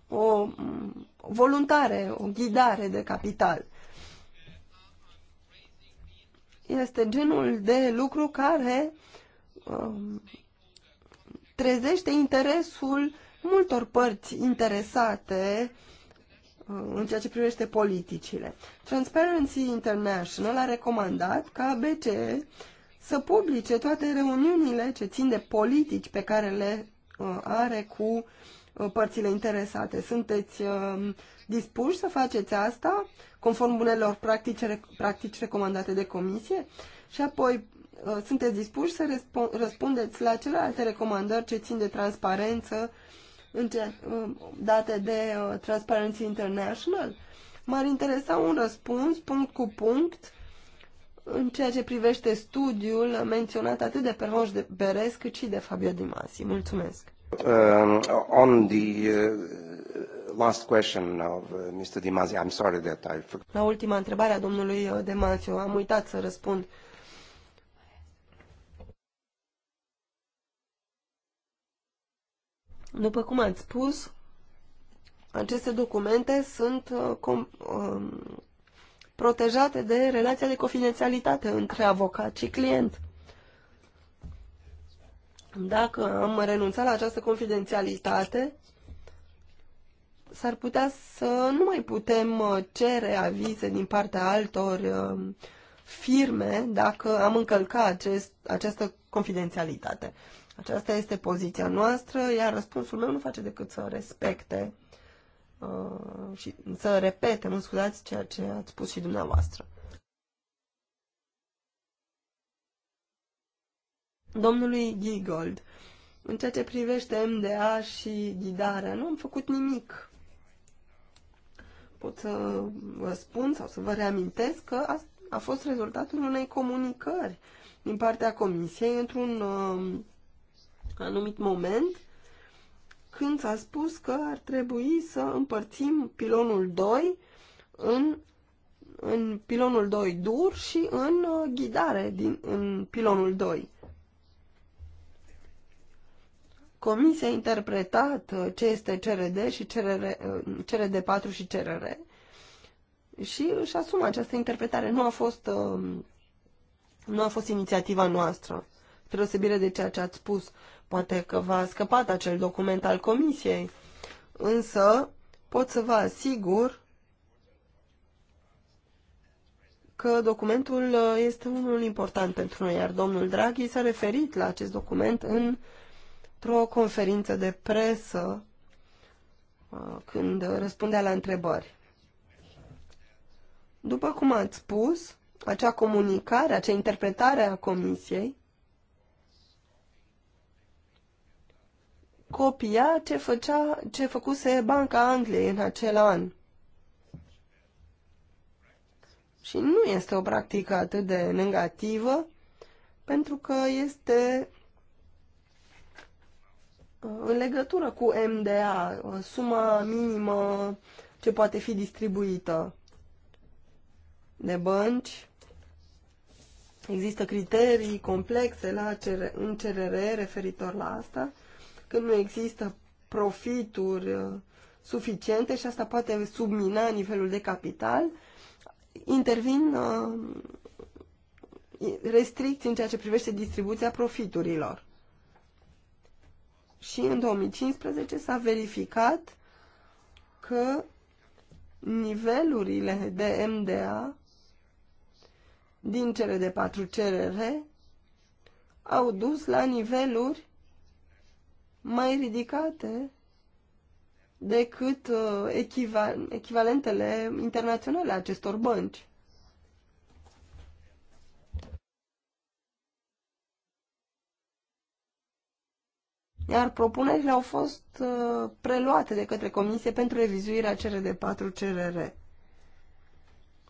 o mm, voluntare, o ghidare de capital. Este genul de lucru care um, trezește interesul multor părți interesate uh, Uh, în ceea ce privește politicile. Transparency International a recomandat ca BCE să publice toate reuniunile ce țin de politici pe care le uh, are cu uh, părțile interesate. Sunteți dispuși să faceți asta conform bunelor practici, practici recomandate de comisie? Și apoi, sunteți dispuși să răspundeți la celelalte recomandări ce țin de transparență Uh, date de uh, Transparency International? M-ar interesa un răspuns punct cu punct în ceea ce privește studiul menționat atât de pe Roș de Beres cât și de Fabio Dimasi. Mulțumesc. Um, on the uh, last question of uh, Mr. Masi, I'm sorry that I forgot. La ultima întrebare a domnului uh, Demasi, am uitat să răspund. Uh, După cum ați spus, aceste documente sunt uh, com, uh, protejate de relația de confidențialitate între avocat și client. Dacă am renunțat la această confidențialitate, s-ar putea să nu mai putem uh, cere avize din partea altor uh, firme dacă am încălcat acest, această confidențialitate. Aceasta este poziția noastră, iar răspunsul meu nu face decât să respecte uh, și să repete, Nu scuzați, ceea ce ați spus și dumneavoastră. Domnului Gigold, în ceea ce privește MDA și ghidarea, nu am făcut nimic. Pot să vă spun sau să vă reamintesc că a, a fost rezultatul unei comunicări din partea Comisiei într-un uh, anumit moment când s-a spus că ar trebui să împărțim pilonul 2 în, în pilonul 2 dur și în uh, ghidare din, în pilonul 2. Comisia a interpretat uh, ce este CRD și CRR, uh, CRD 4 și CRR și își asumă această interpretare. Nu a fost, um, nu a fost inițiativa noastră, spre de ceea ce ați spus Poate că v-a scăpat acel document al comisiei, însă pot să vă asigur că documentul uh, este unul important pentru noi, iar domnul Draghi s-a referit la acest document într-o conferință de presă uh, când răspundea la întrebări. După cum ați spus, acea comunicare, acea interpretare a Comisiei copia ce, făcea, ce făcuse Banca Angliei în acel an. Și nu este o practică atât de negativă, pentru că este uh, în legătură cu MDA, uh, suma minimă ce poate fi distribuită de bănci. Există criterii complexe la CR, în CRR referitor la asta când nu există profituri uh, suficiente și asta poate submina nivelul de capital, intervin uh, restricții în ceea ce privește distribuția profiturilor. Și în 2015 s-a verificat că nivelurile de MDA din cele de 4 CRR au dus la niveluri mai ridicate decât uh, echivalentele internaționale a acestor bănci. Iar propunerile au fost uh, preluate de către Comisie pentru revizuirea de 4 CRR.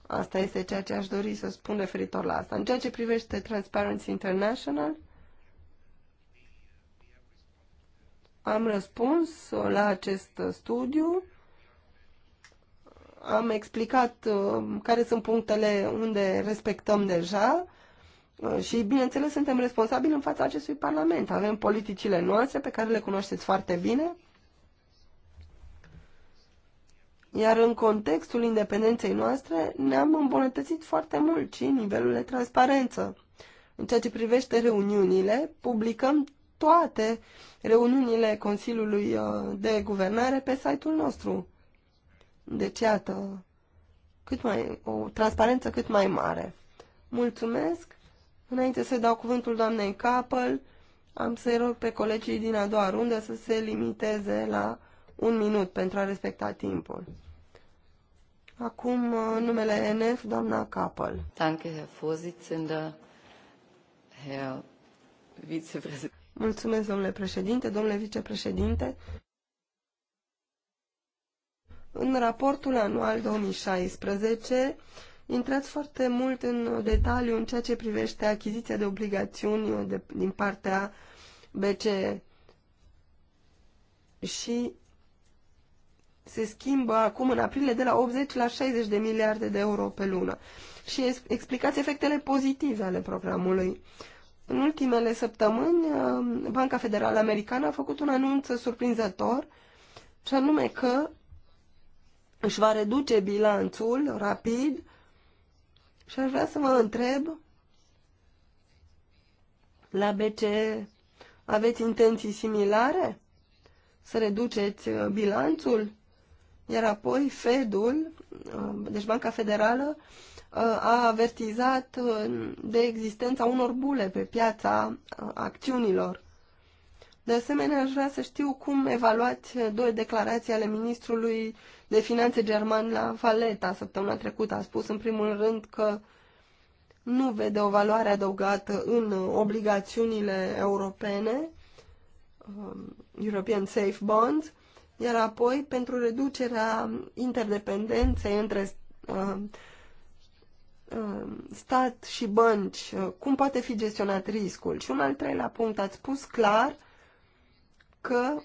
Asta este ceea ce aș dori să spun referitor la asta. În ceea ce privește Transparency International, Am răspuns la acest studiu, am explicat uh, care sunt punctele unde respectăm deja uh, și, bineînțeles, suntem responsabili în fața acestui Parlament. Avem politicile noastre pe care le cunoașteți foarte bine. Iar în contextul independenței noastre ne-am îmbunătățit foarte mult și nivelul de transparență. În ceea ce privește reuniunile, publicăm toate reuniunile Consiliului uh, de Guvernare pe site-ul nostru. Deci, iată, cât mai, o transparență cât mai mare. Mulțumesc! Înainte să dau cuvântul doamnei Capăl, am să-i rog pe colegii din a doua rundă să se limiteze la un minut pentru a respecta timpul. Acum, uh, numele NF, doamna Capăl. Danke, Herr Vorsitzender, Herr Vizepresident. Mulțumesc, domnule președinte, domnule vicepreședinte. În raportul anual 2016 intrați foarte mult în detaliu în ceea ce privește achiziția de obligațiuni de, din partea BCE și se schimbă acum în aprilie de la 80 la 60 de miliarde de euro pe lună și explicați efectele pozitive ale programului. În ultimele săptămâni, um, Banca Federală Americană a făcut un anunț surprinzător, și anume că își va reduce bilanțul rapid și aș vrea să vă întreb la BCE aveți intenții similare? Să reduceți uh, bilanțul? Iar apoi Fedul, um, deci Banca Federală, Uh, a avertizat uh, de existența unor bule pe piața uh, acțiunilor. De asemenea, aș vrea să știu cum evaluați două declarații ale ministrului de finanțe german la Valeta săptămâna trecută. A spus în primul rând că nu vede o valoare adăugată în obligațiunile europene, um, European Safe Bonds, iar apoi pentru reducerea interdependenței între Uh, stat și bănci, uh, cum poate fi gestionat riscul. Și un al treilea punct, ați spus clar că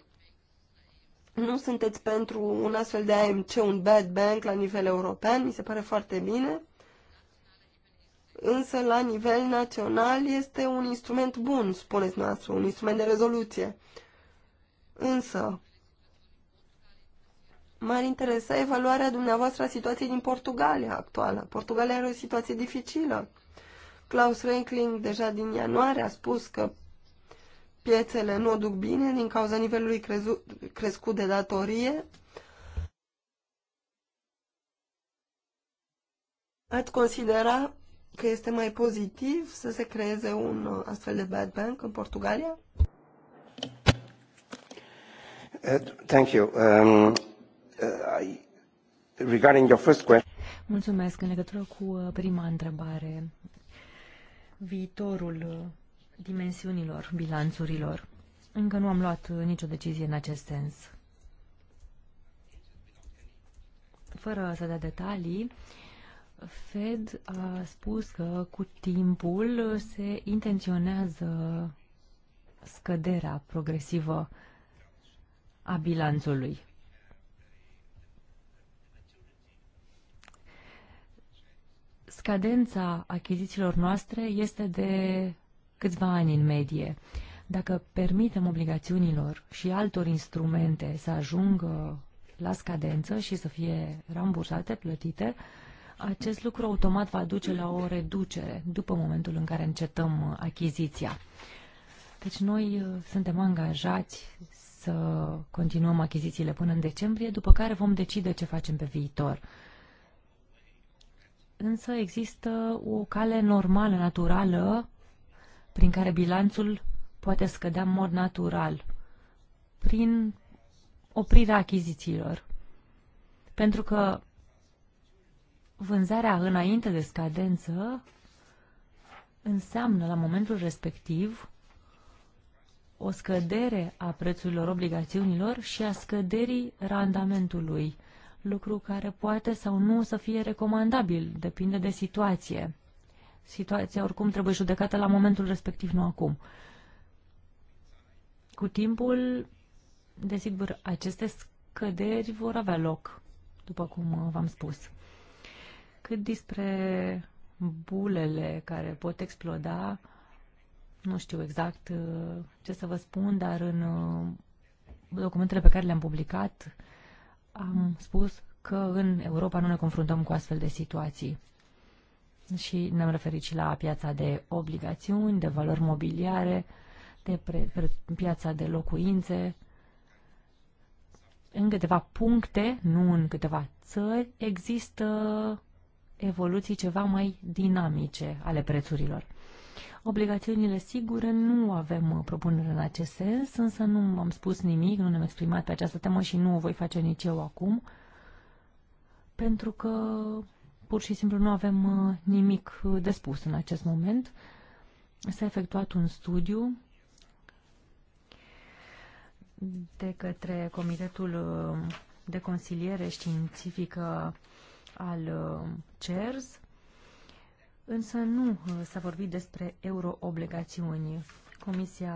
nu sunteți pentru un astfel de AMC, un bad bank la nivel european, mi se pare foarte bine, însă la nivel național este un instrument bun, spuneți noastră, un instrument de rezoluție. Însă, M-ar interesa evaluarea dumneavoastră a situației din Portugalia actuală. Portugalia are o situație dificilă. Klaus Reinkling deja din ianuarie a spus că piețele nu o duc bine din cauza nivelului crezu- crescut de datorie. Ați considera că este mai pozitiv să se creeze un astfel de bad bank în Portugalia? Uh, thank you. Um... Uh, regarding your first question. Mulțumesc. În legătură cu uh, prima întrebare, viitorul uh, dimensiunilor bilanțurilor, încă nu am luat nicio decizie în acest sens. Fără să dea detalii, Fed a spus că cu timpul se intenționează scăderea progresivă a bilanțului. Cadența achizițiilor noastre este de câțiva ani în medie. Dacă permitem obligațiunilor și altor instrumente să ajungă la scadență și să fie rambursate, plătite, acest lucru automat va duce la o reducere după momentul în care încetăm achiziția. Deci noi uh, suntem angajați să continuăm achizițiile până în decembrie, după care vom decide ce facem pe viitor însă există o cale normală, naturală, prin care bilanțul poate scădea în mod natural, prin oprirea achizițiilor. Pentru că vânzarea înainte de scadență înseamnă la momentul respectiv o scădere a prețurilor obligațiunilor și a scăderii randamentului lucru care poate sau nu să fie recomandabil, depinde de situație. Situația oricum trebuie judecată la momentul respectiv, nu acum. Cu timpul, desigur, aceste scăderi vor avea loc, după cum v-am spus. Cât despre bulele care pot exploda, nu știu exact uh, ce să vă spun, dar în uh, documentele pe care le-am publicat, am mm. spus că în Europa nu ne confruntăm cu astfel de situații. Și ne-am referit și la piața de obligațiuni, de valori mobiliare, de pre, pre, piața de locuințe. În câteva puncte, nu în câteva țări, există evoluții ceva mai dinamice ale prețurilor. Obligațiunile sigure, nu avem uh, propunere în acest sens, însă nu am spus nimic, nu ne-am exprimat pe această temă și nu o voi face nici eu acum, pentru că pur și simplu nu avem uh, nimic uh, de spus în acest moment. S-a efectuat un studiu de către Comitetul de Consiliere Științifică al CERS, însă nu uh, s-a vorbit despre euroobligațiuni. Comisia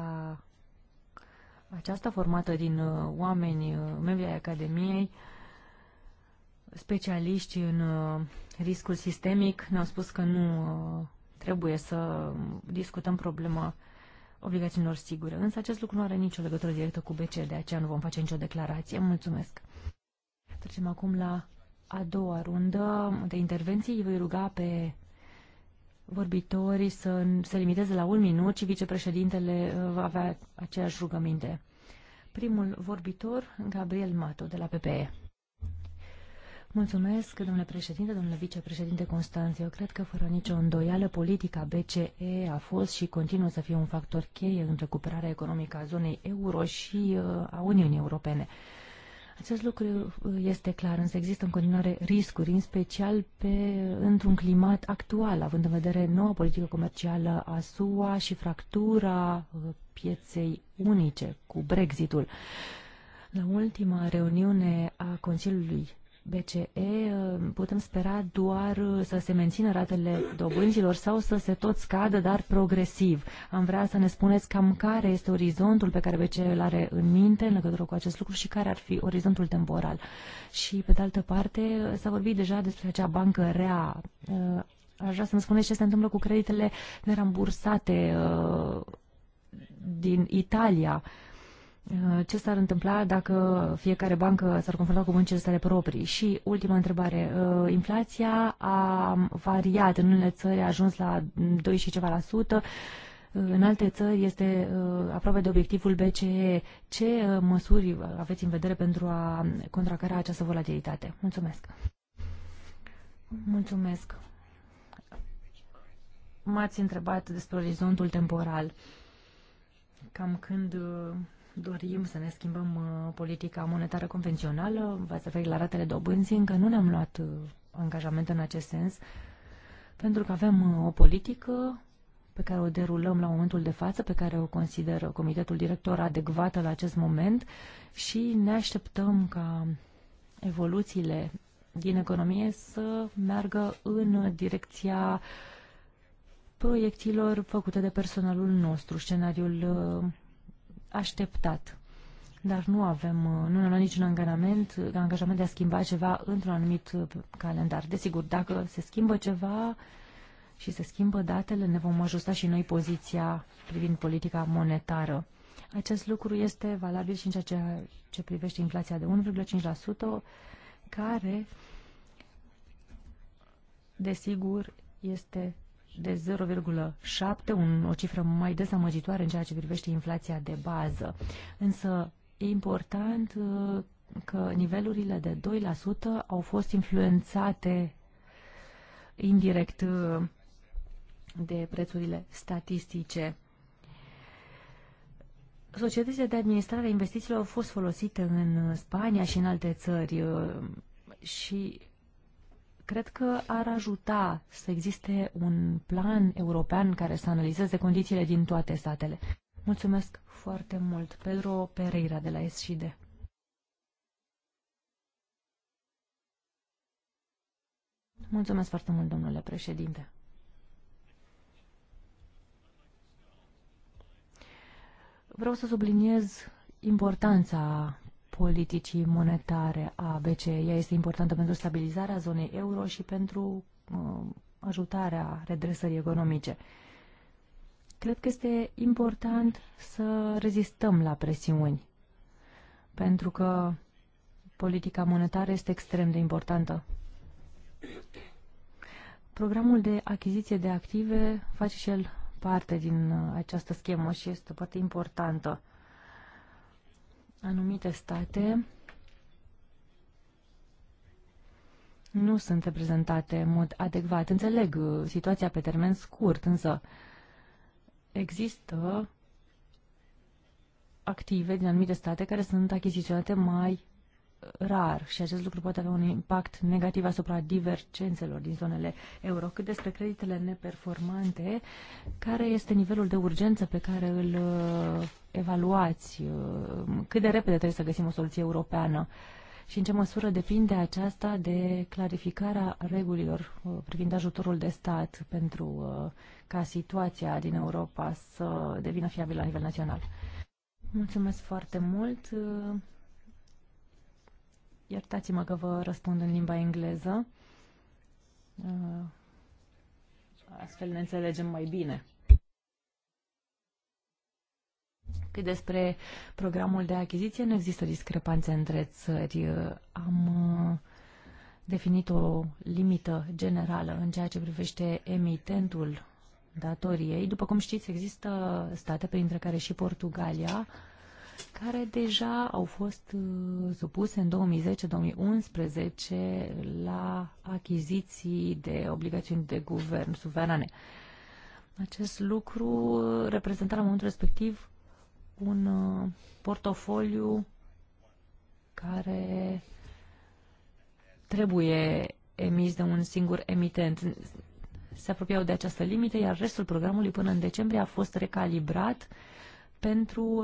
aceasta formată din uh, oameni, uh, membri ai Academiei, specialiști în riscul sistemic, ne-au spus că nu trebuie să discutăm problema obligațiunilor sigure. Însă acest lucru nu are nicio legătură directă cu BC, de aceea nu vom face nicio declarație. Mulțumesc! Trecem acum la a doua rundă de intervenții. Îi voi ruga pe vorbitorii să se limiteze la un minut și vicepreședintele uh, va avea aceeași rugăminte. Primul vorbitor, Gabriel Mato, de la PPE. Mulțumesc, domnule președinte, domnule vicepreședinte Constanț. Eu cred că, fără nicio îndoială, politica BCE a fost și continuă să fie un factor cheie în recuperarea economică a zonei euro și uh, a Uniunii Europene. Acest lucru uh, este clar, însă există în continuare riscuri, în special pe, într-un climat actual, având în vedere noua politică comercială a SUA și fractura uh, pieței unice cu Brexitul. La ultima reuniune a Consiliului BCE, uh, putem spera doar uh, să se mențină ratele dobânzilor sau să se tot scadă, dar progresiv. Am vrea să ne spuneți cam care este orizontul pe care BCE îl are în minte în legătură cu acest lucru și care ar fi orizontul temporal. Și, pe de altă parte, uh, s-a vorbit deja despre acea bancă rea. Aș vrea să-mi spuneți ce se întâmplă cu creditele nerambursate din Italia Eh, ce s-ar întâmpla dacă fiecare bancă s-ar confrunta cu băncile sale proprii? Și ultima întrebare, eh, inflația a variat în unele țări, a ajuns la 2 și ceva la sută, eh, în alte țări este aproape de obiectivul BCE. Ce măsuri aveți în vedere pentru a contracara această volatilitate? Mulțumesc! Mulțumesc! M-ați întrebat despre orizontul temporal. Cam când dorim să ne schimbăm uh, politica monetară convențională, v-ați referit la ratele dobânzii, încă nu ne-am luat uh, angajament în acest sens, pentru că avem uh, o politică pe care o derulăm la momentul de față, pe care o consideră comitetul director adecvată la acest moment și ne așteptăm ca evoluțiile din economie să meargă în direcția proiecțiilor făcute de personalul nostru, scenariul așteptat. Dar nu avem, nu avem niciun angajament, angajament de a schimba ceva într-un anumit calendar. Desigur, dacă se schimbă ceva și se schimbă datele, ne vom ajusta și noi poziția privind politica monetară. Acest lucru este valabil și în ceea ce, ce privește inflația de 1,5%, care, desigur, este de 0,7, un, o cifră mai dezamăgitoare în ceea ce privește inflația de bază. Însă e important uh, că nivelurile de 2% au fost influențate indirect uh, de prețurile statistice. Societățile de administrare a investițiilor au fost folosite în Spania și în alte țări uh, și Cred că ar ajuta să existe un plan european care să analizeze condițiile din toate statele. Mulțumesc foarte mult, Pedro Pereira de la SCD. Mulțumesc foarte mult, domnule președinte. Vreau să subliniez importanța politicii monetare a BCE. Ea este importantă pentru stabilizarea zonei euro și pentru uh, ajutarea redresării economice. Cred că este important să rezistăm la presiuni, pentru că politica monetară este extrem de importantă. Programul de achiziție de active face și el parte din uh, această schemă și este foarte importantă anumite state nu sunt reprezentate în mod adecvat. Înțeleg uh, situația pe termen scurt, însă există active din anumite state care sunt achiziționate mai rar și acest lucru poate avea un impact negativ asupra divergențelor din zonele euro. Cât despre creditele neperformante, care este nivelul de urgență pe care îl uh, evaluați? Uh, cât de repede trebuie să găsim o soluție europeană? Și în ce măsură depinde aceasta de clarificarea regulilor uh, privind ajutorul de stat pentru ca situația din Europa să devină fiabilă la nivel național? Mulțumesc foarte mult. Iertați-mă că vă răspund în limba engleză. Uh, astfel ne înțelegem mai bine. Cât despre programul de achiziție, nu există discrepanțe între țări. Am uh, definit o limită generală în ceea ce privește emitentul datoriei. După cum știți, există state, printre care și Portugalia, care deja au fost uh, supuse în 2010-2011 la achiziții de obligațiuni de guvern suverane. Acest lucru uh, reprezenta la momentul respectiv un uh, portofoliu care trebuie emis de un singur emitent. Se apropiau de această limită, iar restul programului până în decembrie a fost recalibrat pentru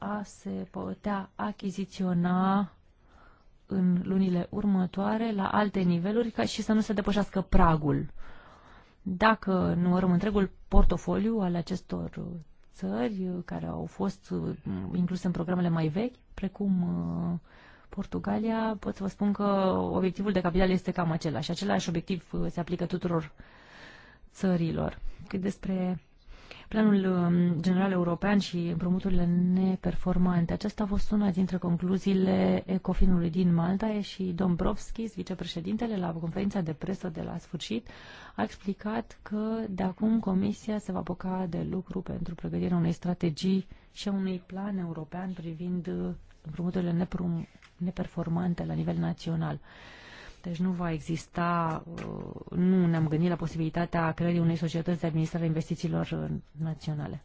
a se putea achiziționa în lunile următoare la alte niveluri ca și să nu se depășească pragul. Dacă numărăm întregul portofoliu al acestor țări uh, care au fost uh, incluse în programele mai vechi, precum uh, Portugalia, pot să vă spun că obiectivul de capital este cam același. Același obiectiv se aplică tuturor țărilor. Cât despre Planul um, General European și împrumuturile neperformante. Aceasta a fost una dintre concluziile Ecofinului din Malta și Dombrovskis, vicepreședintele, la conferința de presă de la sfârșit, a explicat că de acum Comisia se va apuca de lucru pentru pregătirea unei strategii și a unui plan european privind uh, împrumuturile neperformante la nivel național. Deci nu va exista, uh, nu ne-am gândit la posibilitatea creării unei societăți de administrare investițiilor uh, naționale.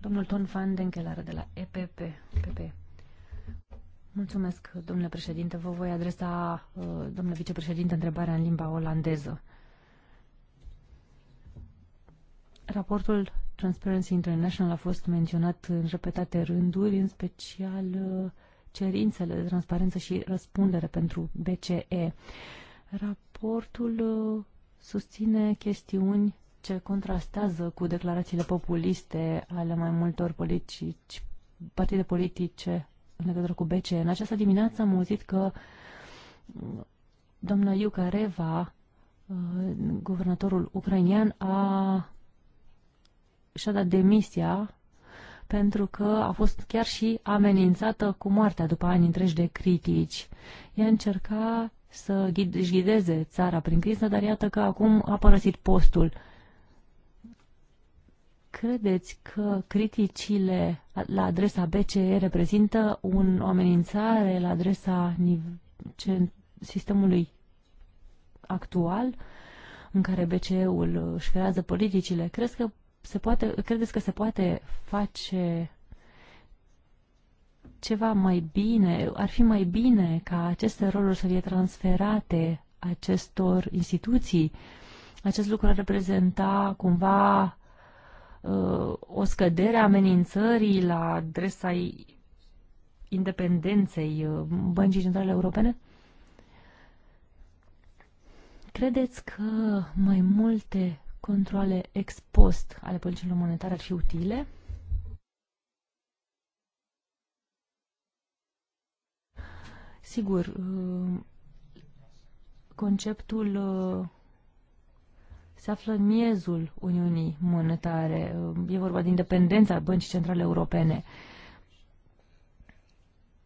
Domnul Ton van Denkelare de la EPP. PP. Mulțumesc, domnule președinte. Vă voi adresa, uh, domnule vicepreședinte, întrebarea în limba olandeză. Raportul Transparency International a fost menționat în repetate rânduri, în special uh, cerințele de transparență și răspundere pentru BCE. Raportul uh, susține chestiuni ce contrastează cu declarațiile populiste ale mai multor politici, partide politice în legătură cu BCE. În această dimineață am auzit că uh, doamna Iuca Reva, uh, guvernatorul ucrainian, a și-a dat demisia pentru că a fost chiar și amenințată cu moartea după ani întregi de critici. Ea încerca să ghideze țara prin criză, dar iată că acum a părăsit postul. Credeți că criticile la adresa BCE reprezintă un, o amenințare la adresa sistemului actual în care BCE-ul își creează politicile? Crezi că se poate, credeți că se poate face ceva mai bine, ar fi mai bine ca aceste roluri să fie transferate acestor instituții. Acest lucru ar reprezenta cumva uh, o scădere a amenințării la adresa independenței uh, Băncii Centrale Europene? Credeți că mai multe controle ex post ale politicilor monetare ar fi utile? Sigur, uh, conceptul uh, se află în miezul Uniunii Monetare. Uh, e vorba de independența Băncii Centrale Europene.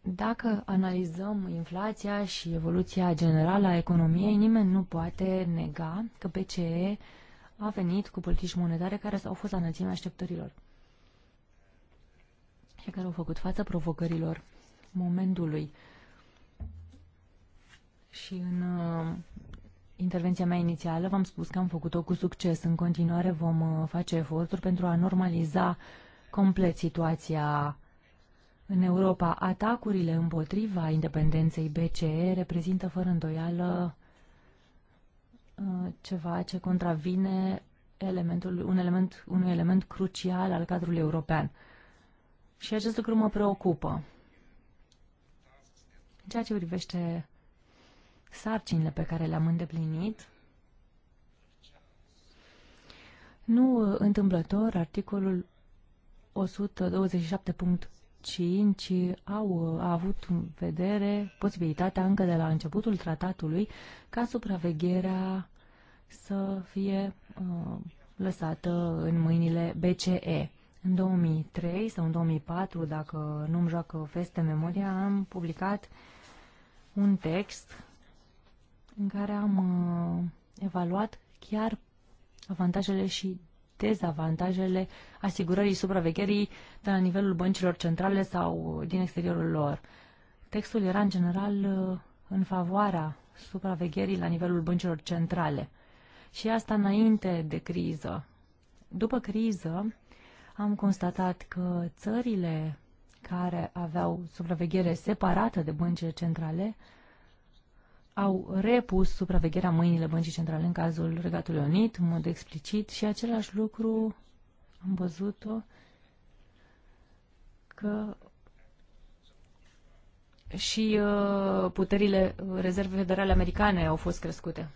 Dacă analizăm inflația și evoluția generală a economiei, nimeni nu poate nega că BCE a venit cu politici monetare care au fost la înălțimea așteptărilor și care au făcut față provocărilor momentului. Și în uh, intervenția mea inițială v-am spus că am făcut-o cu succes. În continuare vom uh, face eforturi pentru a normaliza complet situația în Europa. Atacurile împotriva independenței BCE reprezintă fără îndoială Uh, ceva ce contravine elementul, un element, unui element crucial al cadrului european. Și acest lucru mă preocupă. În ceea ce privește sarcinile pe care le-am îndeplinit, nu uh, întâmplător, articolul 5 au avut în vedere posibilitatea încă de la începutul tratatului ca supravegherea să fie uh, lăsată în mâinile BCE. În 2003 sau în 2004, dacă nu-mi joacă feste memoria, am publicat un text în care am uh, evaluat chiar avantajele și dezavantajele asigurării supravegherii de la nivelul băncilor centrale sau din exteriorul lor. Textul era în general în favoarea supravegherii la nivelul băncilor centrale. Și asta înainte de criză. După criză, am constatat că țările care aveau supraveghere separată de băncile centrale au repus supravegherea mâinile băncii centrale în cazul Regatului Unit, în mod explicit, și același lucru am văzut-o că și uh, puterile rezerve federale americane au fost crescute.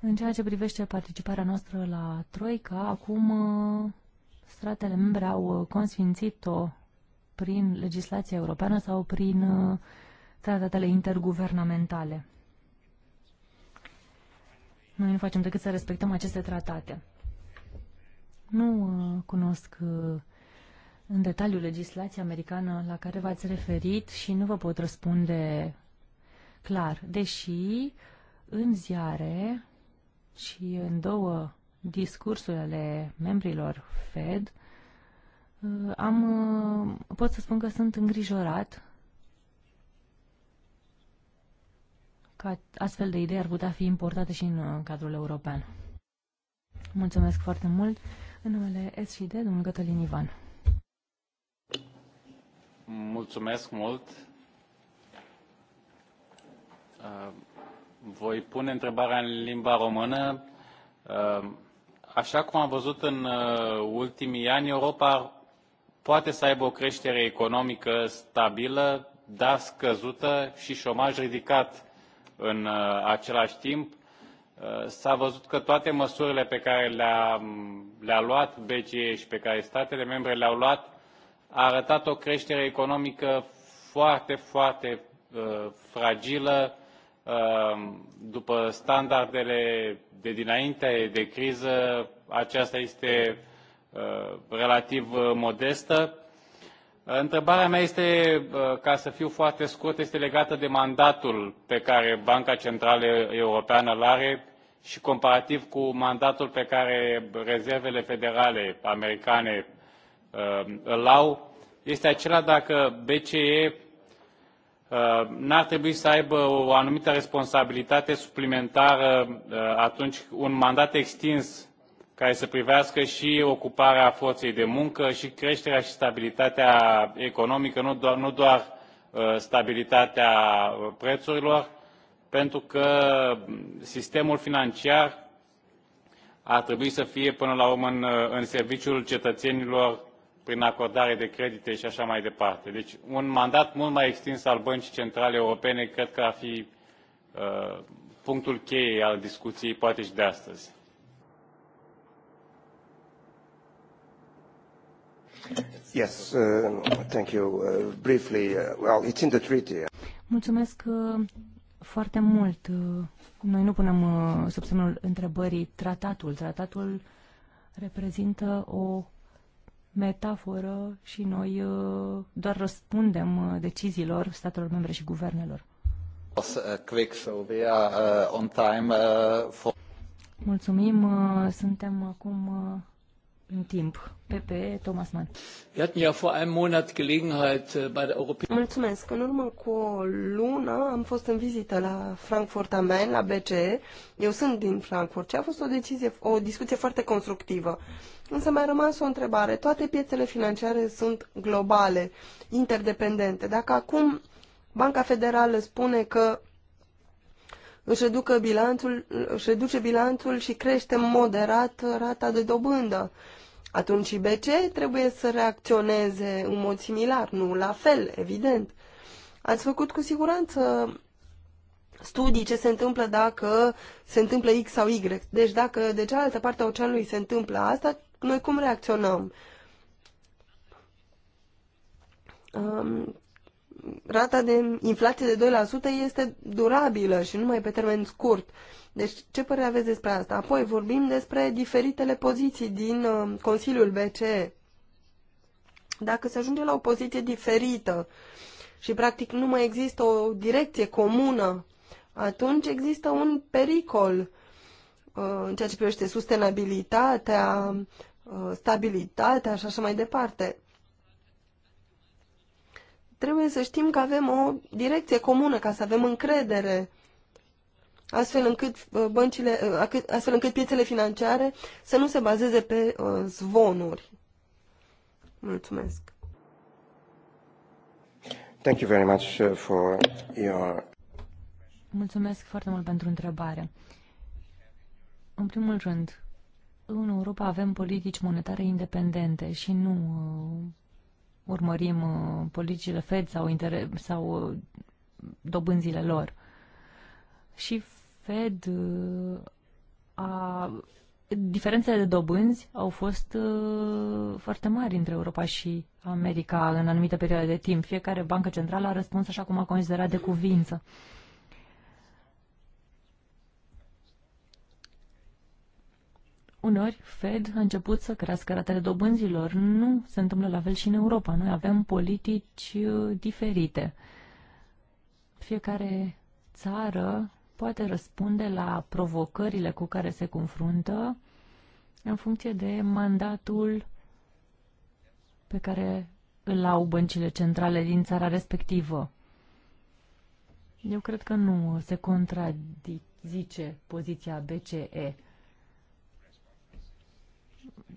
În ceea ce privește participarea noastră la Troica, acum uh, statele membre au uh, consfințit-o prin legislația europeană sau prin uh, tratatele interguvernamentale. Noi nu facem decât să respectăm aceste tratate. Nu uh, cunosc uh, în detaliu legislația americană la care v-ați referit și nu vă pot răspunde clar, deși în ziare și în două discursuri ale membrilor Fed Uh, am, uh, pot să spun că sunt îngrijorat că astfel de idei ar putea fi importate și în uh, cadrul european. Mulțumesc foarte mult. În numele S și D, domnul Cătălin Ivan. Mulțumesc mult. Voi pune întrebarea în limba română. Așa cum am văzut în ultimii ani, Europa poate să aibă o creștere economică stabilă, dar scăzută și șomaj ridicat în uh, același timp. Uh, s-a văzut că toate măsurile pe care le-a, le-a luat BCE și pe care statele membre le-au luat a arătat o creștere economică foarte, foarte uh, fragilă uh, după standardele de dinainte de criză. Aceasta este Uh, relativ uh, modestă. Întrebarea mea este, uh, ca să fiu foarte scurt, este legată de mandatul pe care Banca Centrală Europeană îl are și comparativ cu mandatul pe care rezervele federale americane îl au, este acela dacă BCE n-ar trebui să aibă o anumită responsabilitate suplimentară atunci un mandat extins care să privească și ocuparea forței de muncă și creșterea și stabilitatea economică, nu doar, nu doar uh, stabilitatea uh, prețurilor, pentru că sistemul financiar ar trebui să fie până la urmă în, uh, în serviciul cetățenilor prin acordare de credite și așa mai departe. Deci un mandat mult mai extins al Băncii Centrale Europene cred că ar fi uh, punctul cheie al discuției, poate și de astăzi. Mulțumesc foarte mult. Uh, noi nu punem uh, sub semnul întrebării tratatul. Tratatul reprezintă o metaforă și noi uh, doar răspundem deciziilor statelor membre și guvernelor. Mulțumim, suntem acum în timp. PPE, Thomas Mann. Äh, Mulțumesc. În urmă cu o lună am fost în vizită la Frankfurt am Main, la BCE. Eu sunt din Frankfurt și a fost o, decizie, o discuție foarte constructivă. Însă mi-a rămas o întrebare. Toate piețele financiare sunt globale, interdependente. Dacă acum Banca Federală spune că își, bilanțul, își reduce bilanțul și crește moderat rata de dobândă atunci IBC trebuie să reacționeze în mod similar, nu la fel, evident. Ați făcut cu siguranță studii ce se întâmplă dacă se întâmplă X sau Y. Deci dacă de cealaltă parte a oceanului se întâmplă asta, noi cum reacționăm? Um, rata de inflație de 2% este durabilă și numai pe termen scurt. Deci, ce părere aveți despre asta? Apoi vorbim despre diferitele poziții din uh, Consiliul BCE. Dacă se ajunge la o poziție diferită și, practic, nu mai există o direcție comună, atunci există un pericol uh, în ceea ce privește sustenabilitatea, uh, stabilitatea și așa mai departe. Trebuie să știm că avem o direcție comună ca să avem încredere astfel încât, uh, băncile, uh, astfel încât piețele financiare să nu se bazeze pe uh, zvonuri. Mulțumesc. Thank you very much for your... Mulțumesc foarte mult pentru întrebare. În primul rând, în Europa avem politici monetare independente și nu urmărim uh, politicile Fed sau, inter- sau uh, dobânzile lor. Și Fed uh, a diferențele de dobânzi au fost uh, foarte mari între Europa și America în anumite perioade de timp. Fiecare bancă centrală a răspuns așa cum a considerat de cuvință. Uh, uneori Fed a început să crească ratele dobânzilor. Nu se întâmplă la fel și în Europa. Noi avem politici uh, diferite. Fiecare țară poate răspunde la provocările cu care se confruntă în funcție de mandatul pe care îl au băncile centrale din țara respectivă. Eu cred că nu se contrazice poziția BCE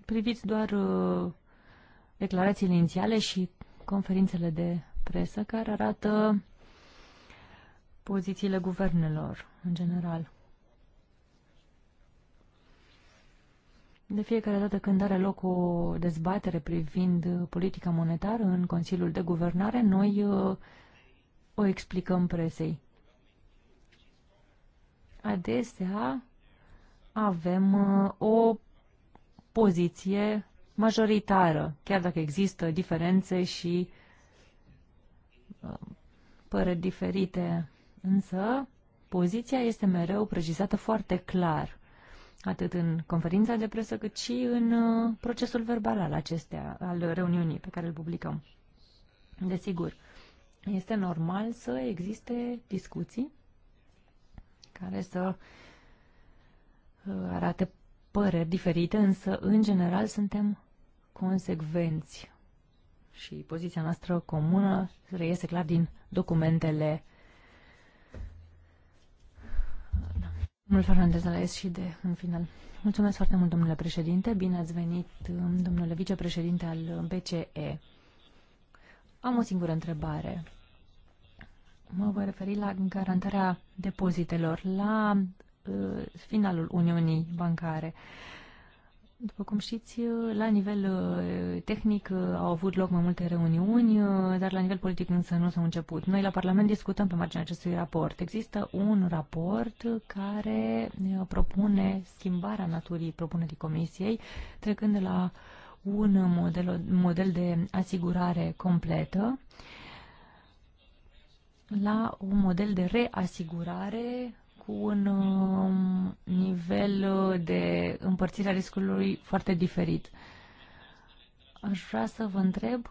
priviți doar uh, declarațiile inițiale și conferințele de presă care arată pozițiile guvernelor în general. De fiecare dată când are loc o dezbatere privind politica monetară în Consiliul de Guvernare, noi uh, o explicăm presei. Adesea avem uh, o poziție majoritară, chiar dacă există diferențe și uh, păreri diferite. Însă, poziția este mereu precizată foarte clar, atât în conferința de presă, cât și în uh, procesul verbal al acestea, al reuniunii pe care îl publicăm. Desigur, este normal să existe discuții care să uh, arate păreri diferite, însă, în general, suntem consecvenți. Și poziția noastră comună reiese clar din documentele Domnul Fernandez Alais și de în final. Mulțumesc foarte mult, domnule președinte. Bine ați venit, domnule vicepreședinte al BCE. Am o singură întrebare. Mă voi referi la garantarea depozitelor, la Uh, finalul Uniunii Bancare. După cum știți, uh, la nivel uh, tehnic au avut loc mai multe reuniuni, dar la nivel politic însă nu s-au început. Noi la Parlament discutăm pe marginea acestui raport. Există un raport care propune schimbarea naturii propunerii Comisiei, trecând de la un model, model de asigurare completă la un model de reasigurare cu un um, nivel uh, de împărțire a riscului foarte diferit. Aș vrea să vă întreb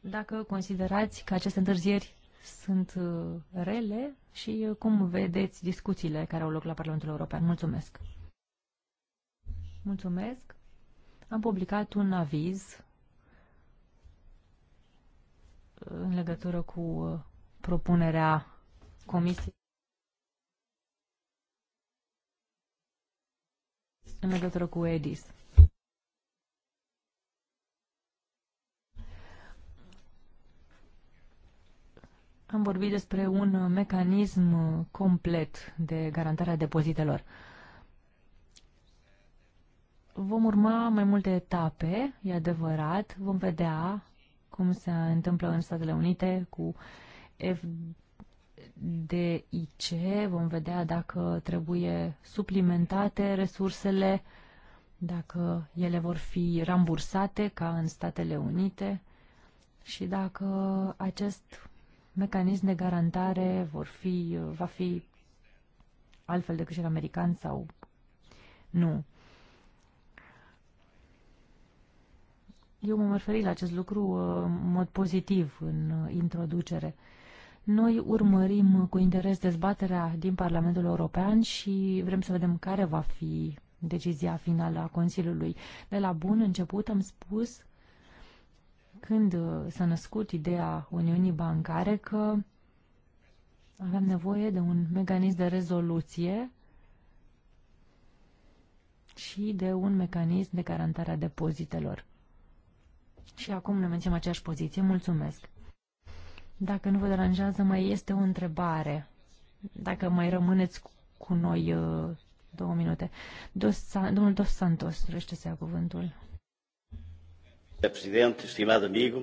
dacă considerați că aceste întârzieri sunt uh, rele și uh, cum vedeți discuțiile care au loc la Parlamentul European. Mulțumesc! Mulțumesc! Am publicat un aviz în legătură cu propunerea Comisiei în legătură cu EDIS. Am vorbit despre un mecanism complet de garantare a depozitelor. Vom urma mai multe etape, e adevărat, vom vedea cum se întâmplă în Statele Unite cu DIC, vom vedea dacă trebuie suplimentate resursele, dacă ele vor fi rambursate ca în Statele Unite și dacă acest mecanism de garantare vor fi, va fi altfel decât cel american sau nu. Eu m-am referit la acest lucru uh, în mod pozitiv în uh, introducere. Noi urmărim cu interes dezbaterea din Parlamentul European și vrem să vedem care va fi decizia finală a Consiliului. De la bun început am spus, când s-a născut ideea Uniunii Bancare, că avem nevoie de un mecanism de rezoluție și de un mecanism de garantare a depozitelor. Și acum ne mențim aceeași poziție. Mulțumesc! Dacă nu vă deranjează, mai este o întrebare. Dacă mai rămâneți cu noi uh, două minute. Dos, domnul Dos Santos răște să ia cuvântul. Președinte, stimat amigo,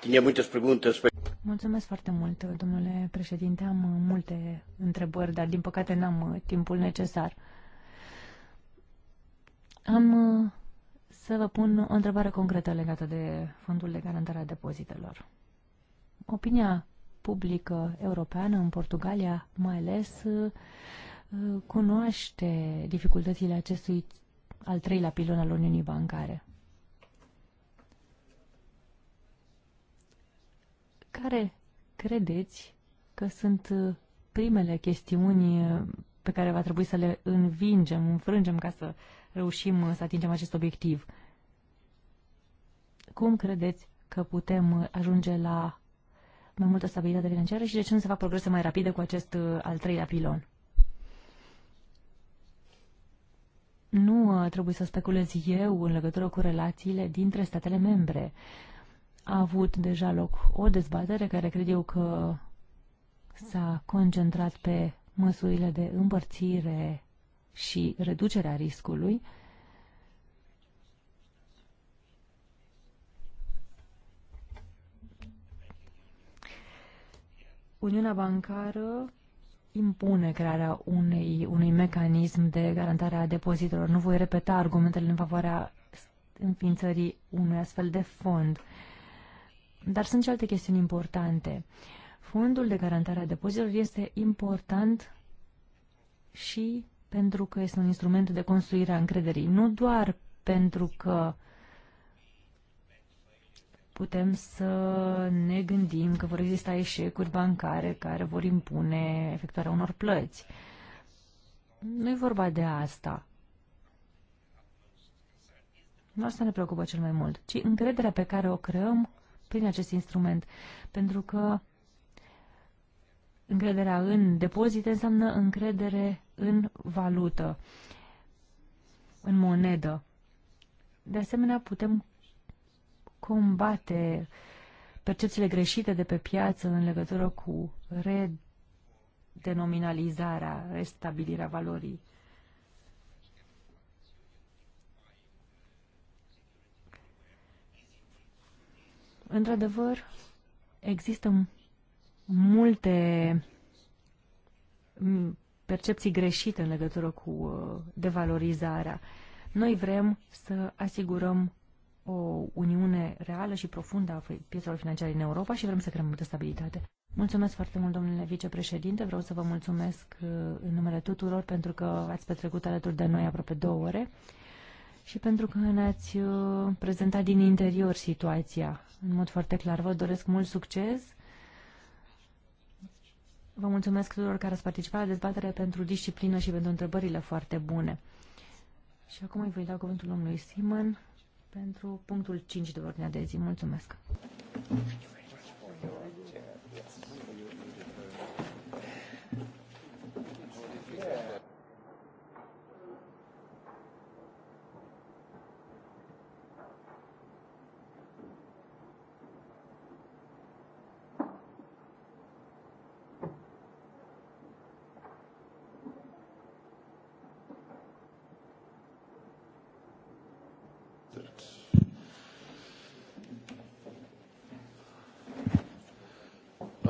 tinha muitas perguntas. Mulțumesc foarte mult, domnule președinte. Am uh, multe întrebări, dar din păcate n-am uh, timpul necesar. Am să vă pun o întrebare concretă legată de fondul de garantare a depozitelor. Opinia publică europeană în Portugalia mai ales uh, cunoaște dificultățile acestui al treilea pilon al Uniunii Bancare. Care credeți că sunt uh, primele chestiuni uh, pe care va trebui să le învingem, înfrângem ca să reușim să atingem acest obiectiv? Cum credeți că putem ajunge la mai multă stabilitate financiară și de ce nu se fac progrese mai rapide cu acest uh, al treilea pilon? Nu uh, trebuie să speculez eu în legătură cu relațiile dintre statele membre. A avut deja loc o dezbatere care cred eu că s-a concentrat pe măsurile de împărțire și reducerea riscului, Uniunea bancară impune crearea unei, unui mecanism de garantare a depozitelor. Nu voi repeta argumentele în favoarea înființării unui astfel de fond. Dar sunt și alte chestiuni importante. Fondul de garantare a depozitelor este important și pentru că este un instrument de construire a încrederii, nu doar pentru că uh, putem să ne gândim că vor exista eșecuri bancare care vor impune efectuarea unor plăți. Nu e vorba de asta. Nu asta ne preocupă cel mai mult, ci încrederea pe care o creăm prin acest instrument. Pentru că încrederea în depozite înseamnă încredere în valută, în monedă. De asemenea, putem combate percepțiile greșite de pe piață în legătură cu redenominalizarea, restabilirea valorii. Într-adevăr, există multe percepții greșite în legătură cu uh, devalorizarea. Noi vrem să asigurăm o uniune reală și profundă a piețelor financiare în Europa și vrem să creăm multă stabilitate. Mulțumesc foarte mult, domnule vicepreședinte. Vreau să vă mulțumesc uh, în numele tuturor pentru că ați petrecut alături de noi aproape două ore și pentru că ne-ați uh, prezentat din interior situația în mod foarte clar. Vă doresc mult succes. Vă mulțumesc tuturor care ați participat la dezbatere pentru disciplină și pentru întrebările foarte bune. Și acum îi voi da cuvântul domnului Simon pentru punctul 5 de ordine de zi. Mulțumesc!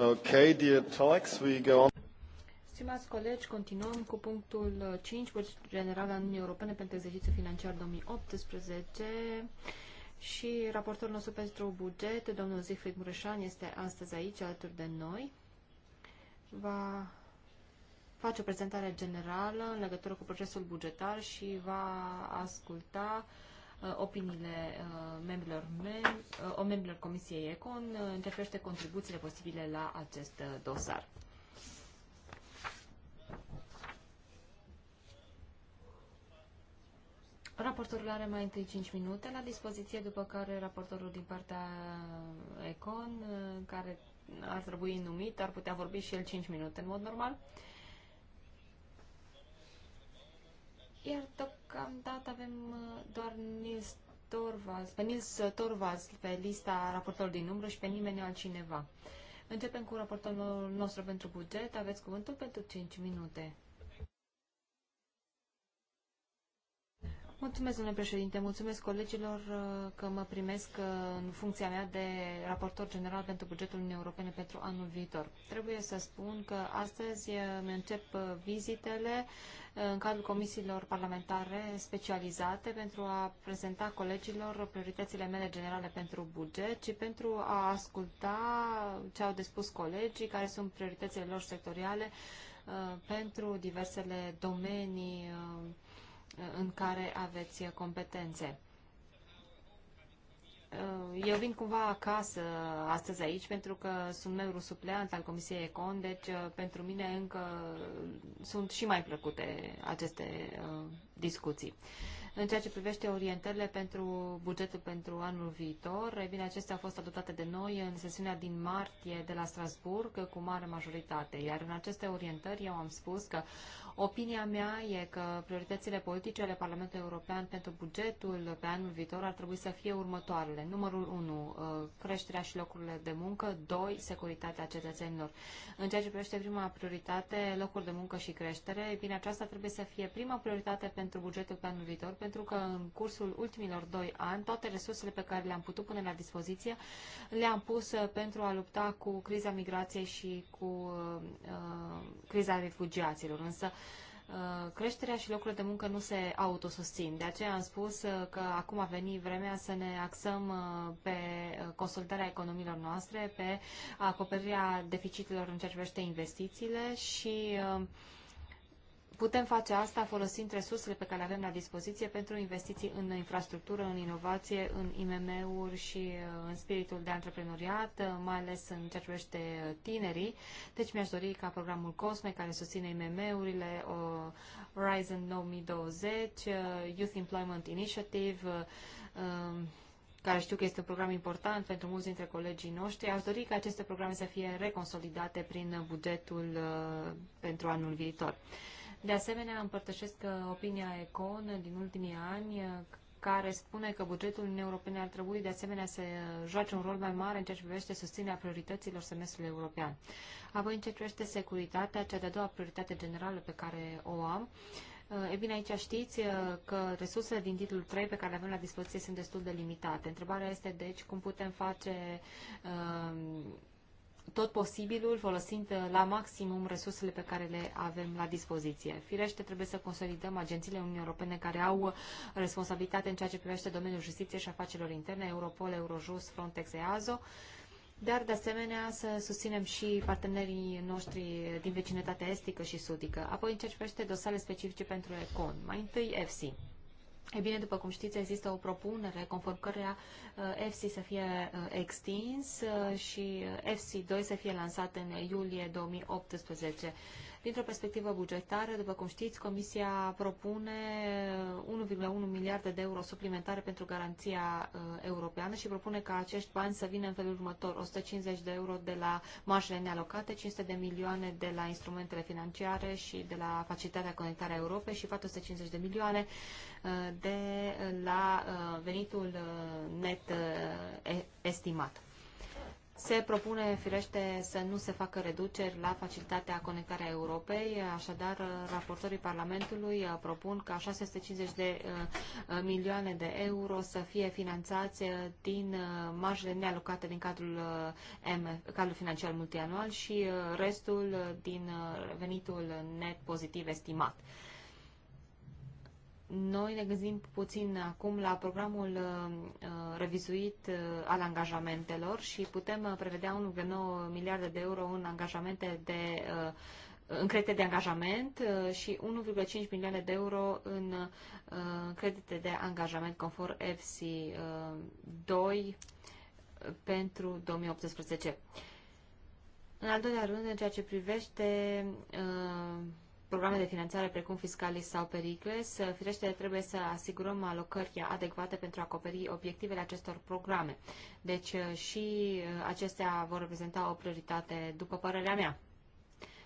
Okay, dear talks, we go on. Stimați colegi, continuăm cu punctul 5, buget general al Uniunii Europene pentru exercițiul financiar 2018 și raportorul nostru pentru buget, domnul Zifrid Mureșan, este astăzi aici alături de noi. Va face o prezentare generală în legătură cu procesul bugetar și va asculta uh, Uh, opiniile uh, membrilor, mem uh, membrilor Comisiei Econ în ce contribuțiile posibile la acest dosar. Raportorul are mai întâi 5 minute la dispoziție, după care raportorul din partea Econ, care ar trebui numit, ar putea vorbi și el 5 minute în mod normal. Iar deocamdată avem uh, doar Nils Torvalds, pe Nils uh, Torvalds pe lista raportorului din umbră și pe nimeni altcineva. Începem cu raportorul nostru pentru buget. Aveți cuvântul pentru 5 minute. Mulțumesc, domnule președinte, mulțumesc colegilor uh, că mă primesc uh, în funcția mea de raportor general pentru bugetul Uniunii Europene pentru anul viitor. Trebuie să spun că astăzi uh, mi încep vizitele în cadrul comisiilor parlamentare specializate pentru a prezenta colegilor prioritățile mele generale pentru buget și pentru a asculta ce au de spus colegii, care sunt prioritățile lor sectoriale pentru diversele domenii uh, în care aveți competențe. Uh, eu vin cumva acasă astăzi aici pentru că sunt membru supleant al Comisiei Econ, deci uh, pentru mine încă sunt și mai plăcute aceste uh, discuții. În ceea ce privește orientările pentru bugetul pentru anul viitor, e bine, acestea au fost adoptate de noi în sesiunea din martie de la Strasburg cu mare majoritate. Iar în aceste orientări eu am spus că opinia mea e că prioritățile politice ale Parlamentului European pentru bugetul pe anul viitor ar trebui să fie următoarele. Numărul 1, uh, creșterea și locurile de muncă. 2, securitatea cetățenilor. În ceea ce privește prima prioritate, locuri de muncă și creștere, e bine, aceasta trebuie să fie prima prioritate pentru bugetul pe anul viitor, pentru că în cursul ultimilor doi ani toate resursele pe care le-am putut pune la dispoziție le-am pus uh, pentru a lupta cu criza migrației și cu uh, uh criza refugiaților. Însă uh, creșterea și locurile de muncă nu se autosustin. De aceea am spus că acum a venit vremea să ne axăm pe consolidarea economiilor noastre, pe acoperirea deficitelor în ceea ce privește investițiile și uh, Putem face asta folosind resursele pe care le avem la dispoziție pentru investiții în infrastructură, în inovație, în IMM-uri și uh, în spiritul de antreprenoriat, uh, mai ales în ceea ce privește uh, tinerii. Deci mi-aș dori ca programul COSME, care susține IMM-urile, Horizon 2020, Youth Employment Initiative, um, care știu că este un program important pentru mulți dintre colegii noștri. Aș dori ca aceste programe să fie reconsolidate prin bugetul pentru anul viitor. De asemenea, împărtășesc uh, opinia Econ din ultimii ani uh, care spune că bugetul Uniunii Europene ar trebui de asemenea să uh, joace un rol mai mare în ceea ce privește susținerea priorităților semestrului european. Apoi, în ceea ce privește securitatea, cea de-a doua prioritate generală pe care o am, E bine, aici știți că resursele din titlul 3 pe care le avem la dispoziție sunt destul de limitate. Întrebarea este, deci, cum putem face uh, tot posibilul, folosind uh, la maximum resursele pe care le avem la dispoziție. Firește, trebuie să consolidăm agențiile Uniunii Europene care au uh, responsabilitate în ceea ce privește domeniul justiției și afacerilor interne, Europol, Eurojust, Frontex, EASO, dar, de asemenea, să susținem și partenerii noștri din vecinătatea estică și sudică. Apoi, în ceea ce privește dosare specifice pentru ECON, mai întâi EFSI. E bine, după cum știți, există o propunere conform căreia uh, FC să fie uh, extins uh, și FC2 să fie lansat în iulie 2018. Dintr-o perspectivă bugetară, după cum știți, Comisia propune 1,1 uh, miliarde de euro suplimentare pentru garanția uh, europeană și propune ca acești bani să vină în felul următor. 150 de euro de la marjele nealocate, 500 de milioane de la instrumentele financiare și de la facilitatea conectarea Europei și 450 de milioane uh, de la venitul net estimat. Se propune, firește, să nu se facă reduceri la facilitatea conectarea Europei, așadar raportorii Parlamentului uh, propun ca 650 de uh, uh, milioane de euro să fie finanțați din marjele nealocate din cadrul, MF, cadrul financiar multianual și restul din venitul net pozitiv estimat noi ne gândim puțin acum la programul uh, uh, revizuit uh, al angajamentelor și putem uh, prevedea 1,9 miliarde de euro în angajamente de uh, în credite de angajament uh, și 1,5 milioane de euro în credite de angajament conform fc 2 pentru 2018. În al doilea rând, în ceea ce privește uh, programe de finanțare precum Fiscalis sau Pericles, firește trebuie să asigurăm alocări adecvate pentru a acoperi obiectivele acestor programe. Deci uh, și uh, acestea vor reprezenta o prioritate, după părerea mea.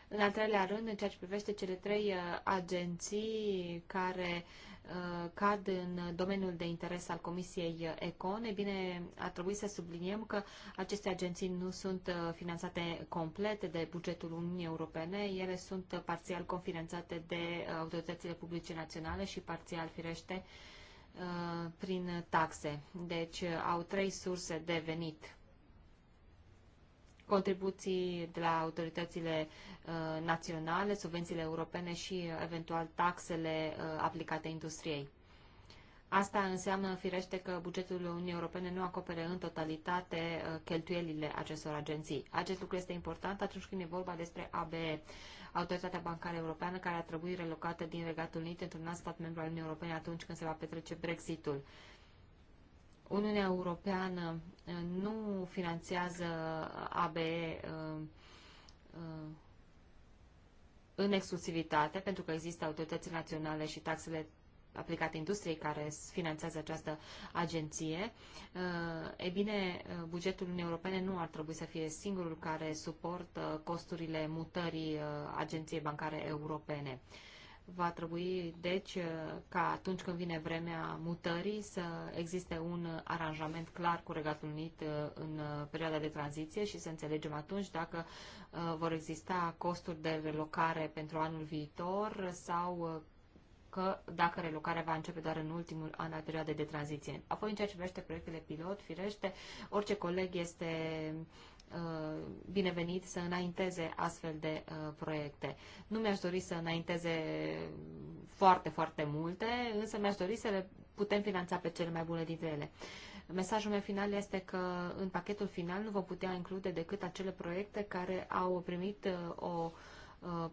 În al treilea rând, în ceea ce privește cele trei uh, agenții care uh, Uh, cad în domeniul de interes al Comisiei Econ, e bine, a trebuit să subliniem că aceste agenții nu sunt uh, finanțate complet de bugetul Uniunii Europene, ele sunt parțial confinanțate de uh, autoritățile publice naționale și parțial, firește, prin taxe. Deci au trei surse de venit contribuții de la autoritățile uh, naționale, subvențiile europene și uh, eventual taxele uh, aplicate industriei. Asta înseamnă, firește, că bugetul Uniunii Europene nu acopere în totalitate cheltuielile acestor agenții. Acest lucru este important atunci când e vorba despre ABE, Autoritatea Bancară Europeană, care a trebuit relocată din Regatul Unit într-un alt stat membru al Uniunii Europene atunci când se va petrece Brexitul. ul Uniunea Europeană uh, nu finanțează ABE uh, uh, în exclusivitate, pentru că există autorități naționale și taxele aplicate industriei care finanțează această agenție. E bine, bugetul Uniunii Europene nu ar trebui să fie singurul care suportă costurile mutării Agenției Bancare Europene. Va trebui, deci, ca atunci când vine vremea mutării să existe un aranjament clar cu Regatul Unit uh, în uh, perioada de tranziție și să înțelegem atunci dacă uh, vor exista costuri de relocare pentru anul viitor sau că dacă relocarea va începe doar în ultimul an al perioadei de tranziție. Apoi, în ceea ce privește proiectele pilot, firește, orice coleg este uh, Uh, binevenit să înainteze astfel de uh, proiecte. Nu mi-aș dori să înainteze foarte, foarte multe, însă mi-aș dori să le putem finanța pe cele mai bune dintre ele. Mesajul meu final este că în pachetul final nu vom putea include decât acele proiecte care au primit uh, o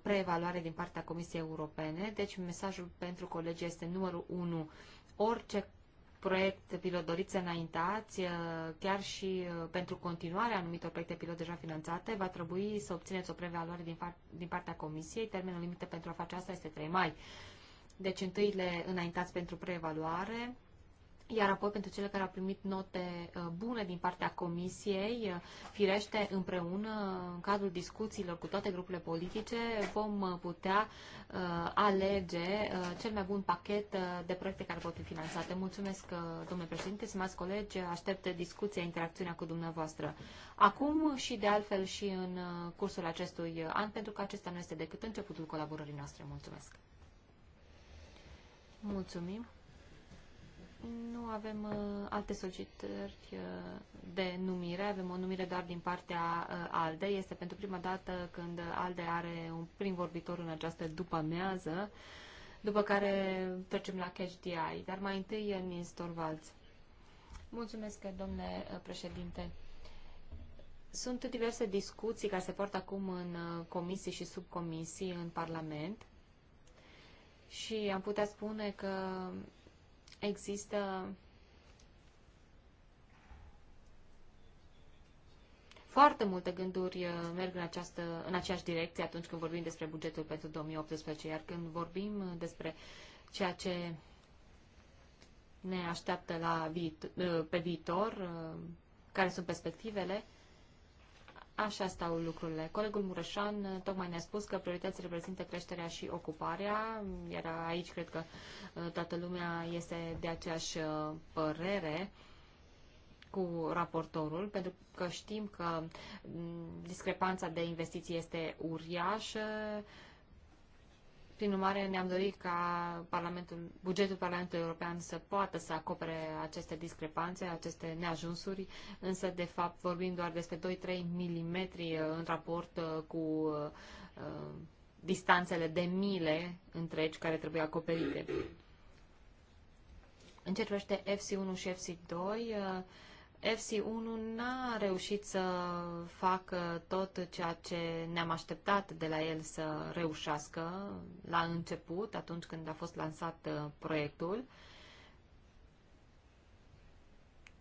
preevaluare din partea Comisiei Europene. Deci mesajul pentru colegi este numărul 1. Orice proiect pilot doriți să înaintați, uh, chiar și uh, pentru continuarea anumitor proiecte pilot deja finanțate, va trebui să obțineți o prevaluare din, din partea Comisiei. Termenul limită pentru a face asta este 3 mai. Deci întâi le înaintați pentru preevaluare iar apoi, pentru cele care au primit note uh, bune din partea Comisiei, uh, firește împreună, în cadrul discuțiilor cu toate grupurile politice, vom uh, putea alege cel mai bun pachet de proiecte care pot fi finanțate. Mulțumesc, domnule președinte, stimați colegi, aștept discuția, interacțiunea cu dumneavoastră. Acum și de altfel și în cursul acestui an, pentru că acesta nu este decât începutul colaborării noastre. Mulțumesc! Mulțumim! Nu avem uh, alte solicitări uh, de numire, avem o numire doar din partea uh, ALDE. Este pentru prima dată când ALDE are un prim vorbitor în această după-mează, după care trecem la Cash DI. Dar mai întâi e Nils Valț. Mulțumesc, domnule uh, președinte. Sunt diverse discuții care se poartă acum în uh, comisii și subcomisii în Parlament și am putea spune că există foarte multe gânduri uh, merg în, această, în aceeași direcție atunci când vorbim despre bugetul pentru 2018, iar când vorbim uh, despre ceea ce ne așteaptă la viit- uh, pe viitor, care sunt perspectivele, Așa stau lucrurile. Colegul Mureșan uh, tocmai ne-a spus că prioritățile reprezintă creșterea și ocuparea, iar aici cred că uh, toată lumea este de aceeași uh, părere cu raportorul, pentru că știm că mm, discrepanța de investiții este uriașă, prin urmare, ne-am dorit ca Parlamentul, bugetul Parlamentului European să poată să acopere aceste discrepanțe, aceste neajunsuri, însă, de fapt, vorbim doar despre 2-3 mm uh, în raport uh, cu uh, distanțele de mile întregi care trebuie acoperite. În ce privește FC1 și FC2, uh, FC1 n-a reușit să facă tot ceea ce ne-am așteptat de la el să reușească la început, atunci când a fost lansat uh, proiectul.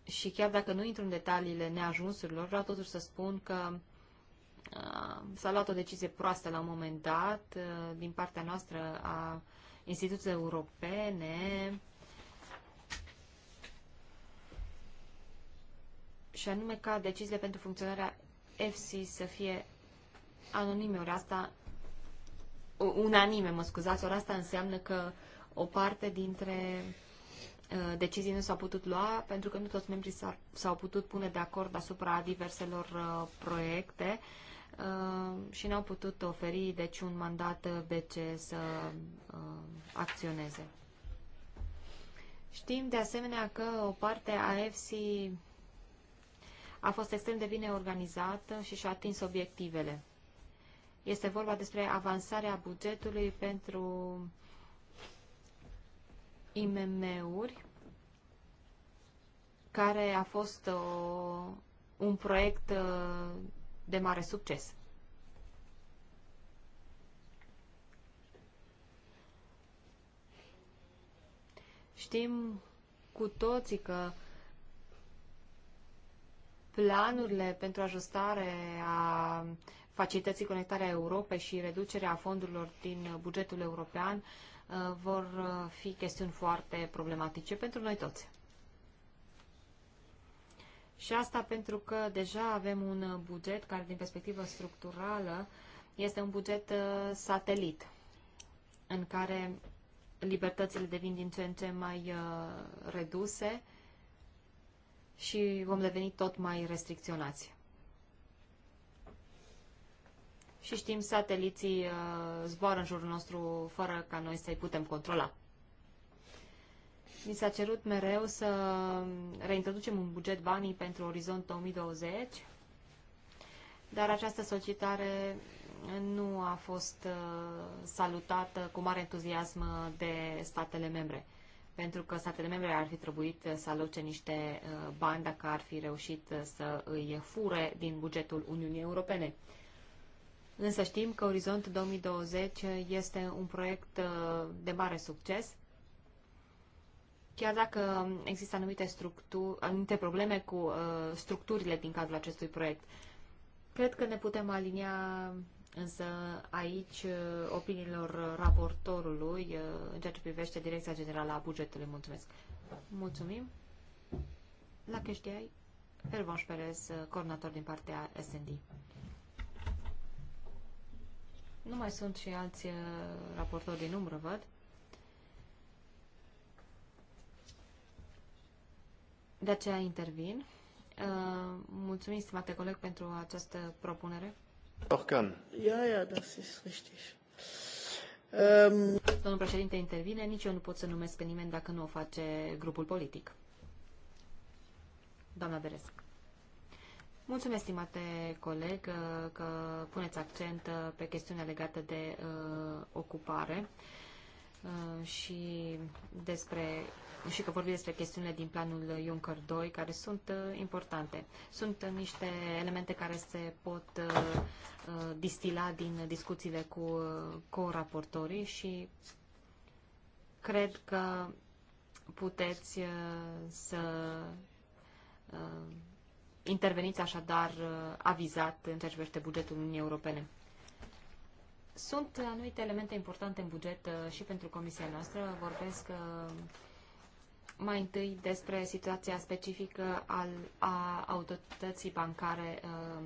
Și chiar dacă nu intru în detaliile neajunsurilor, vreau totuși să spun că uh, s-a luat o decizie proastă la un moment dat uh, din partea noastră a instituției europene și anume ca deciziile pentru funcționarea FC să fie anonime, ori asta unanime, mă scuzați, ori asta înseamnă că o parte dintre uh, decizii nu s-au putut lua pentru că nu toți membrii s-au putut pune de acord asupra diverselor uh, proiecte uh, și n-au putut oferi deci un mandat BC să acționeze. Știm de asemenea că o parte a EFSI a fost extrem de bine organizată și și-a atins obiectivele. Este vorba despre avansarea bugetului pentru IMM-uri, care a fost o, uh, un proiect uh, de mare succes. Știm cu toții că planurile pentru ajustare a facilității conectarea Europei și reducerea fondurilor din bugetul european uh, vor uh, fi chestiuni foarte problematice pentru noi toți. Și asta pentru că deja avem un buget care, din perspectivă structurală, este un buget uh, satelit, în care libertățile devin din ce în ce mai reduse, și vom deveni tot mai restricționați. Și știm, sateliții uh, zboară în jurul nostru fără ca noi să-i putem controla. Mi s-a cerut mereu să reintroducem un buget banii pentru Orizont 2020, dar această solicitare nu a fost uh, salutată cu mare entuziasm de statele membre pentru că statele membre ar fi trebuit să aloce niște uh, bani dacă ar fi reușit uh, să îi fure din bugetul Uniunii Europene. Însă știm că Orizont 2020 este un proiect uh, de mare succes, chiar dacă există anumite, structuri, anumite probleme cu structurile din cadrul acestui proiect. Cred că ne putem alinia Însă aici uh, opiniilor raportorului uh, în ceea ce privește Direcția Generală a Bugetului. Mulțumesc. Mulțumim. La chestiai, Pervanș Perez, uh, coordonator din partea SND. Nu mai sunt și alți raportori din umbră, văd. De aceea intervin. Mulțumim, stimate coleg, pentru această propunere. Doch kann. Ja, ja, das ist richtig. Um... Domnul președinte intervine, nici eu nu pot să numesc pe nimeni dacă nu o face grupul politic. Doamna Beres. Mulțumesc, stimate coleg, că puneți accent pe chestiunea legată de uh, ocupare. Uh, Uh, și, despre, și că vorbim despre chestiunile din planul Juncker 2, care sunt uh, importante. Sunt uh, niște elemente care se pot distila din discuțiile cu co-raportorii și cred că puteți să interveniți așadar avizat în ce privește bugetul Uniunii Europene. Sunt anumite elemente importante în buget uh, și pentru comisia noastră. Vorbesc uh, mai întâi despre situația specifică al, a autorității bancare uh,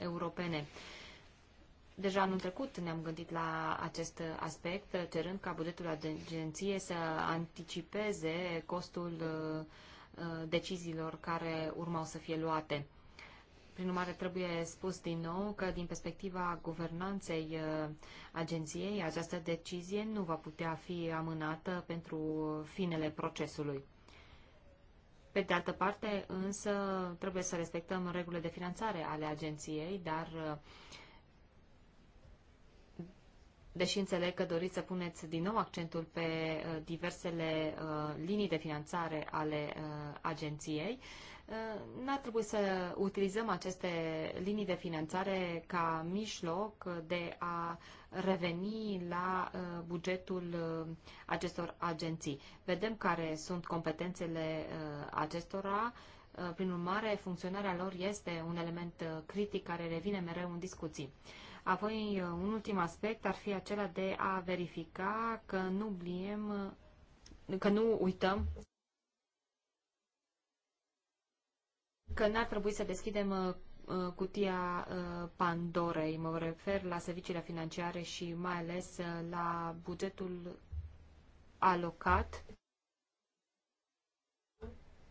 europene. Deja anul trecut ne-am gândit la acest aspect, cerând ca bugetul agenției să anticipeze costul uh, uh deciziilor care urmau să fie luate. Prin urmare, trebuie spus din nou că, din perspectiva guvernanței uh, agenției, această decizie nu va putea fi amânată pentru finele procesului. Pe de altă parte, însă, trebuie să respectăm regulile de finanțare ale agenției, dar uh, deși înțeleg că doriți să puneți din nou accentul pe uh, diversele linii de finanțare ale agenției, N-ar trebui să utilizăm aceste linii de finanțare ca mijloc de a reveni la uh, bugetul uh, acestor agenții. Vedem care sunt competențele uh, acestora. Prin urmare, funcționarea lor este un element critic care revine mereu în discuții. Apoi, un ultim aspect ar fi acela de a verifica că nu, bliem, că nu uităm că n-ar trebui să deschidem uh, uh, cutia uh, Pandorei. Mă refer la serviciile financiare și mai ales la bugetul alocat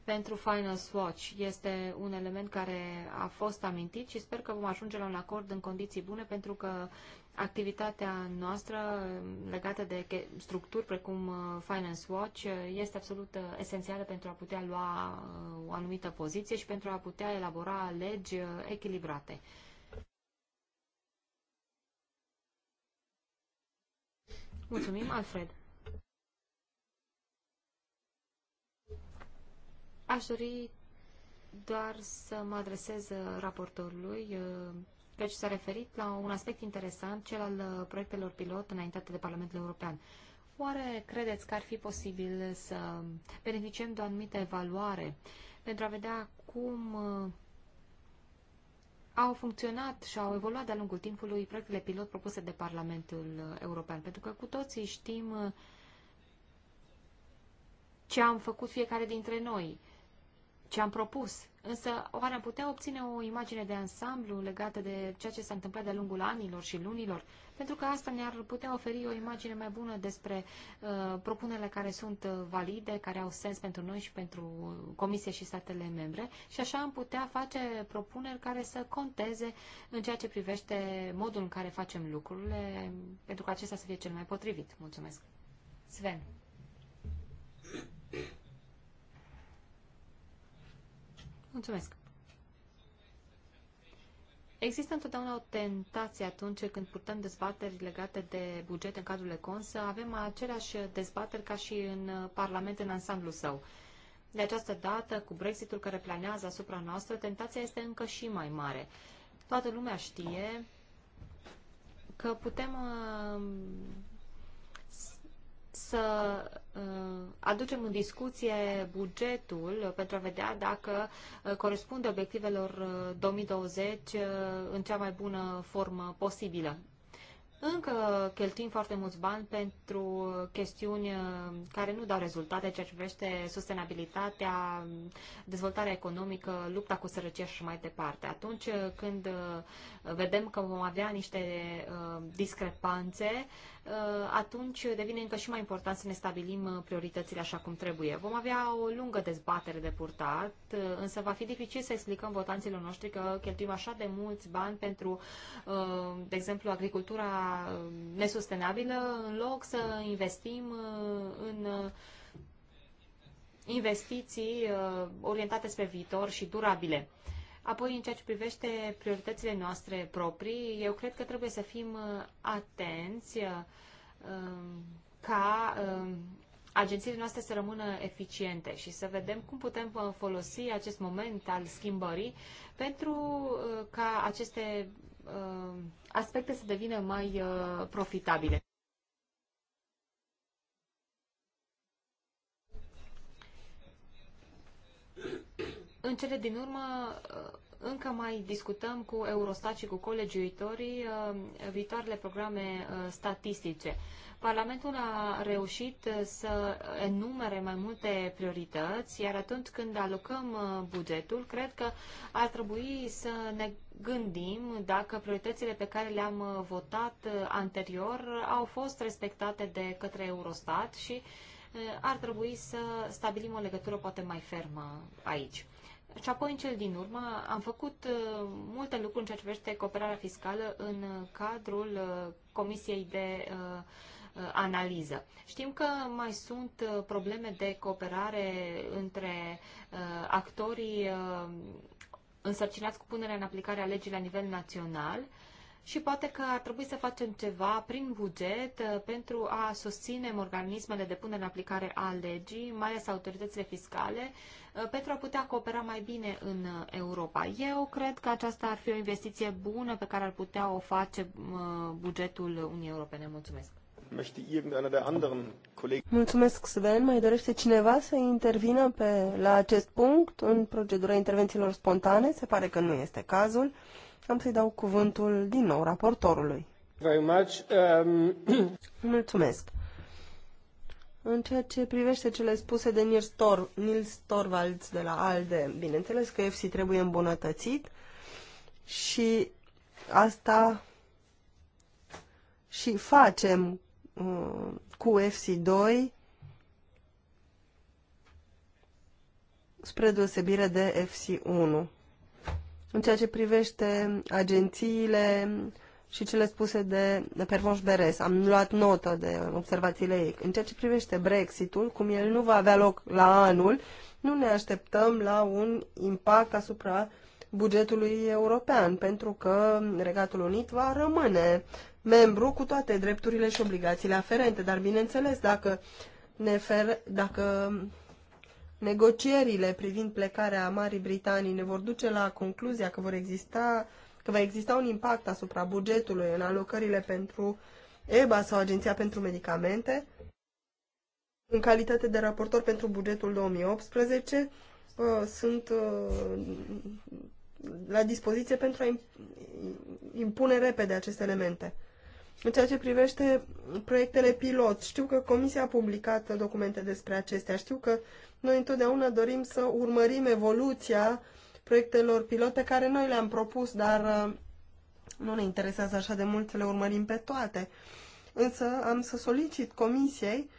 pentru Finance Watch. Este un element care a fost amintit și sper că vom ajunge la un acord în condiții bune pentru că activitatea noastră legată de structuri precum uh, Finance Watch uh, este absolut uh, esențială pentru a putea lua o anumită poziție și pentru a putea elabora legi echilibrate. Mulțumim, Alfred. Aș dori doar să mă adresez raportorului căci s-a referit la un aspect interesant, cel al uh, proiectelor pilot înaintate de Parlamentul European. Oare credeți că ar fi posibil să beneficiem de o anumită evaluare pentru a vedea cum uh, au funcționat și au evoluat de-a lungul timpului proiectele pilot propuse de Parlamentul uh, European? Pentru că cu toții știm ce am făcut fiecare dintre noi ce am propus. Însă, oare am putea obține o imagine de ansamblu legată de ceea ce s-a întâmplat de-a lungul anilor și lunilor? Pentru că asta ne-ar putea oferi o imagine mai bună despre uh, propunerile care sunt uh, valide, care au sens pentru noi și pentru Comisie și statele membre și așa am putea face propuneri care să conteze în ceea ce privește modul în care facem lucrurile, pentru că acesta să fie cel mai potrivit. Mulțumesc. Sven. Mulțumesc. Există întotdeauna o tentație atunci când purtăm dezbateri legate de buget în cadrul ECON să avem aceleași dezbateri ca și în Parlament în ansamblu său. De această dată, cu Brexitul care planează asupra noastră, tentația este încă și mai mare. Toată lumea știe că putem uh, să uh, aducem în discuție bugetul pentru a vedea dacă uh, corespunde obiectivelor 2020 uh, în cea mai bună formă posibilă. Încă cheltuim foarte mulți bani pentru chestiuni care nu dau rezultate, ceea ce privește sustenabilitatea, dezvoltarea economică, lupta cu sărăcia și mai departe. Atunci când vedem că vom avea niște discrepanțe, Uh, atunci devine încă și mai important să ne stabilim uh, prioritățile așa cum trebuie. Vom avea o lungă dezbatere de purtat, uh, însă va fi dificil să explicăm votanților noștri că cheltuim așa de mulți bani pentru, de exemplu, agricultura nesustenabilă, în loc să investim în investiții orientate spre viitor și durabile. Apoi, în ceea ce privește prioritățile noastre proprii, eu cred că trebuie să fim uh, atenți uh, um, ca um, agențiile noastre să rămână eficiente și să vedem cum putem uh, folosi acest moment al schimbării pentru ca aceste aspecte să devină mai profitabile. În cele din urmă, uh, încă mai discutăm cu Eurostat și cu colegiuitorii uh, viitoarele programe uh, statistice. Parlamentul a reușit să enumere mai multe priorități, iar atunci când alocăm bugetul, cred că ar trebui să ne gândim dacă prioritățile pe care le-am votat anterior au fost respectate de către Eurostat și ar trebui să stabilim o legătură poate mai fermă aici. Și apoi, în cel din urmă, am făcut uh, multe lucruri în ceea ce privește cooperarea fiscală în uh, cadrul uh, Comisiei de analiză. Știm că mai sunt probleme de cooperare între actorii însărcinați cu punerea în aplicare a legii la nivel național și poate că ar trebui să facem ceva prin buget uh, pentru a susține organismele de punere în aplicare a legii, mai ales autoritățile fiscale, uh, pentru a putea coopera mai bine în uh, Europa. Eu cred că aceasta ar fi o investiție bună pe care ar putea o face bugetul Uniunii Europene. Mulțumesc! Mulțumesc, Sven. Mai dorește cineva să intervină pe, la acest punct în procedura intervențiilor spontane? Se pare că nu este cazul. Am să-i dau cuvântul din nou raportorului. Very much. Um... Mulțumesc. În ceea ce privește cele spuse de Nils, Tor, Nils Torvalds de la ALDE, bineînțeles că EFSI trebuie îmbunătățit și asta și facem uh, cu FC2 spre deosebire de FC1. În ceea ce privește agențiile și cele spuse de, de Pervonș Beres, am luat notă de observațiile ei. În ceea ce privește Brexitul, cum el nu va avea loc la anul, nu ne așteptăm la un impact asupra bugetului european, pentru că Regatul Unit va rămâne membru cu toate drepturile și obligațiile aferente. Dar, bineînțeles, dacă ne fer, dacă negocierile privind plecarea Marii Britanii ne vor duce la concluzia că vor exista că va exista un impact asupra bugetului în alocările pentru EBA sau Agenția pentru Medicamente. În calitate de raportor pentru bugetul 2018, uh, sunt uh, la dispoziție pentru a impune repede aceste elemente. În ceea ce privește proiectele pilot, știu că Comisia a publicat documente despre acestea. Știu că noi întotdeauna dorim să urmărim evoluția proiectelor pilot pe care noi le-am propus, dar uh, nu ne interesează așa de mult să le urmărim pe toate. Însă am să solicit Comisiei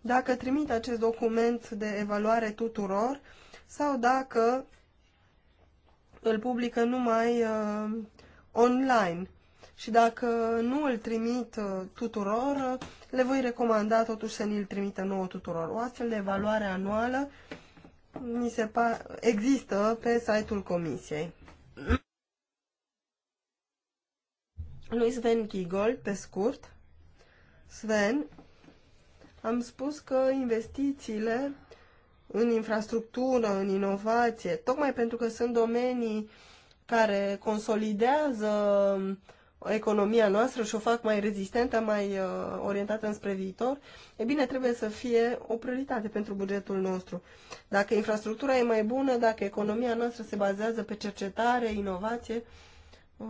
dacă trimit acest document de evaluare tuturor sau dacă îl publică numai uh, online și dacă nu îl trimit uh, tuturor, uh, le voi recomanda totuși să ni-l trimită nouă tuturor. O astfel de evaluare anuală mi se pa- există pe site-ul comisiei. Lui Sven Kigol, pe scurt. Sven, am spus că investițiile în infrastructură, în inovație, tocmai pentru că sunt domenii care consolidează economia noastră și o fac mai rezistentă, mai uh, orientată înspre viitor, e bine, trebuie să fie o prioritate pentru bugetul nostru. Dacă infrastructura e mai bună, dacă economia noastră se bazează pe cercetare, inovație, uh,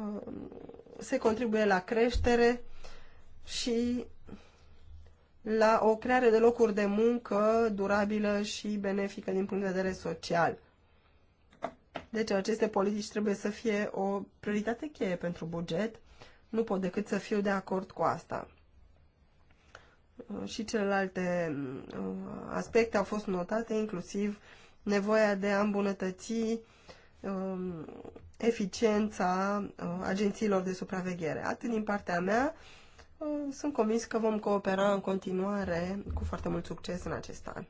se contribuie la creștere și la o creare de locuri de muncă durabilă și benefică din punct de vedere social. Deci aceste politici trebuie să fie o prioritate cheie pentru buget nu pot decât să fiu de acord cu asta. Și celelalte uh, aspecte au fost notate, inclusiv nevoia de a îmbunătăți um, eficiența uh, agențiilor de supraveghere. Atât din partea mea, uh, sunt convins că vom coopera în continuare cu foarte mult succes în acest an.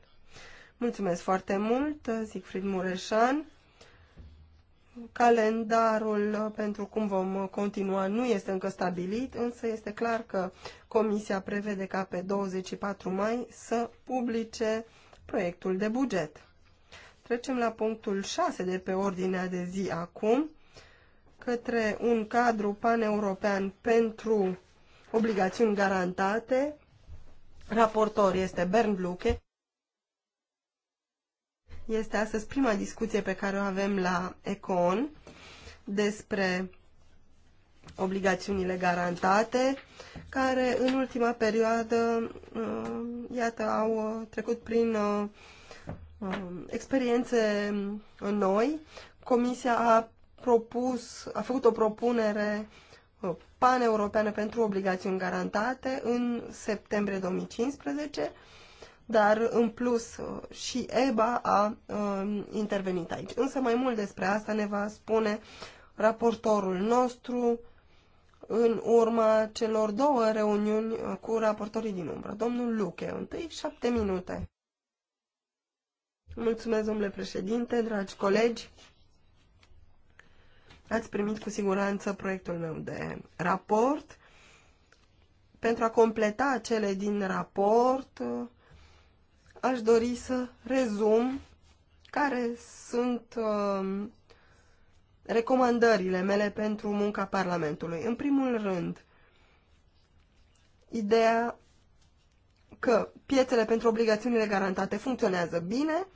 Mulțumesc foarte mult, Sigfrid Mureșan. Calendarul uh, pentru cum vom uh, continua nu este încă stabilit, însă este clar că Comisia prevede ca pe 24 mai să publice proiectul de buget. Trecem la punctul 6 de pe ordinea de zi acum, către un cadru paneuropean pentru obligațiuni garantate. Raportor este Bernd Luche. Este astăzi prima discuție pe care o avem la ECON despre obligațiunile garantate, care în ultima perioadă, uh, iată, au uh, trecut prin uh, experiențe noi. Comisia a propus, a făcut o propunere paneuropeană pentru obligațiuni garantate în septembrie 2015 dar în plus uh, și EBA a um, intervenit aici. Însă mai mult despre asta ne va spune raportorul nostru în urma celor două reuniuni uh, cu raportorii din umbră. Domnul Luche, întâi șapte minute. Mulțumesc, domnule președinte, dragi colegi. Ați primit cu siguranță proiectul meu de raport. Pentru a completa cele din raport, uh, aș dori să rezum care sunt uh, recomandările mele pentru munca Parlamentului. În primul rând, ideea că piețele pentru obligațiunile garantate funcționează bine,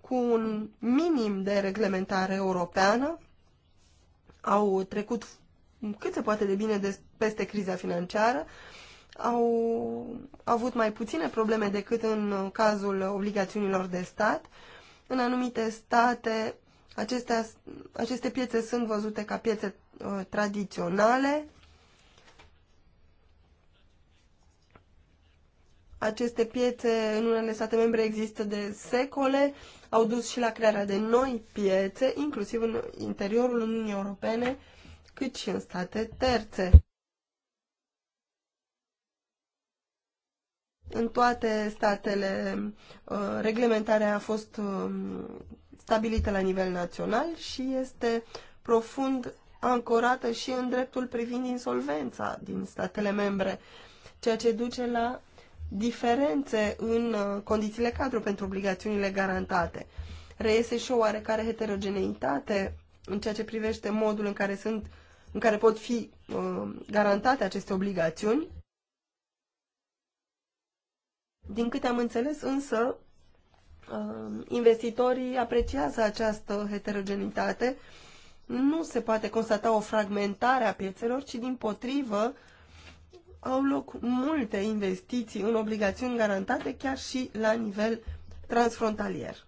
cu un minim de reglementare europeană, au trecut cât se poate de bine de, peste criza financiară au avut mai puține probleme decât în uh, cazul obligațiunilor de stat. În anumite state, aceste aceste piețe sunt văzute ca piețe uh, tradiționale. Aceste piețe în unele state membre există de secole, au dus și la crearea de noi piețe, inclusiv în interiorul Uniunii Europene, cât și în state terțe. În toate statele, uh, reglementarea a fost um, stabilită la nivel național și este profund ancorată și în dreptul privind insolvența din statele membre, ceea ce duce la diferențe în uh, condițiile cadru pentru obligațiunile garantate. Reiese și o oarecare heterogeneitate în ceea ce privește modul în care sunt în care pot fi uh, garantate aceste obligațiuni din câte am înțeles, însă, um, investitorii apreciază această heterogenitate. Nu se poate constata o fragmentare a piețelor, ci din potrivă au loc multe investiții în obligațiuni garantate chiar și la nivel transfrontalier.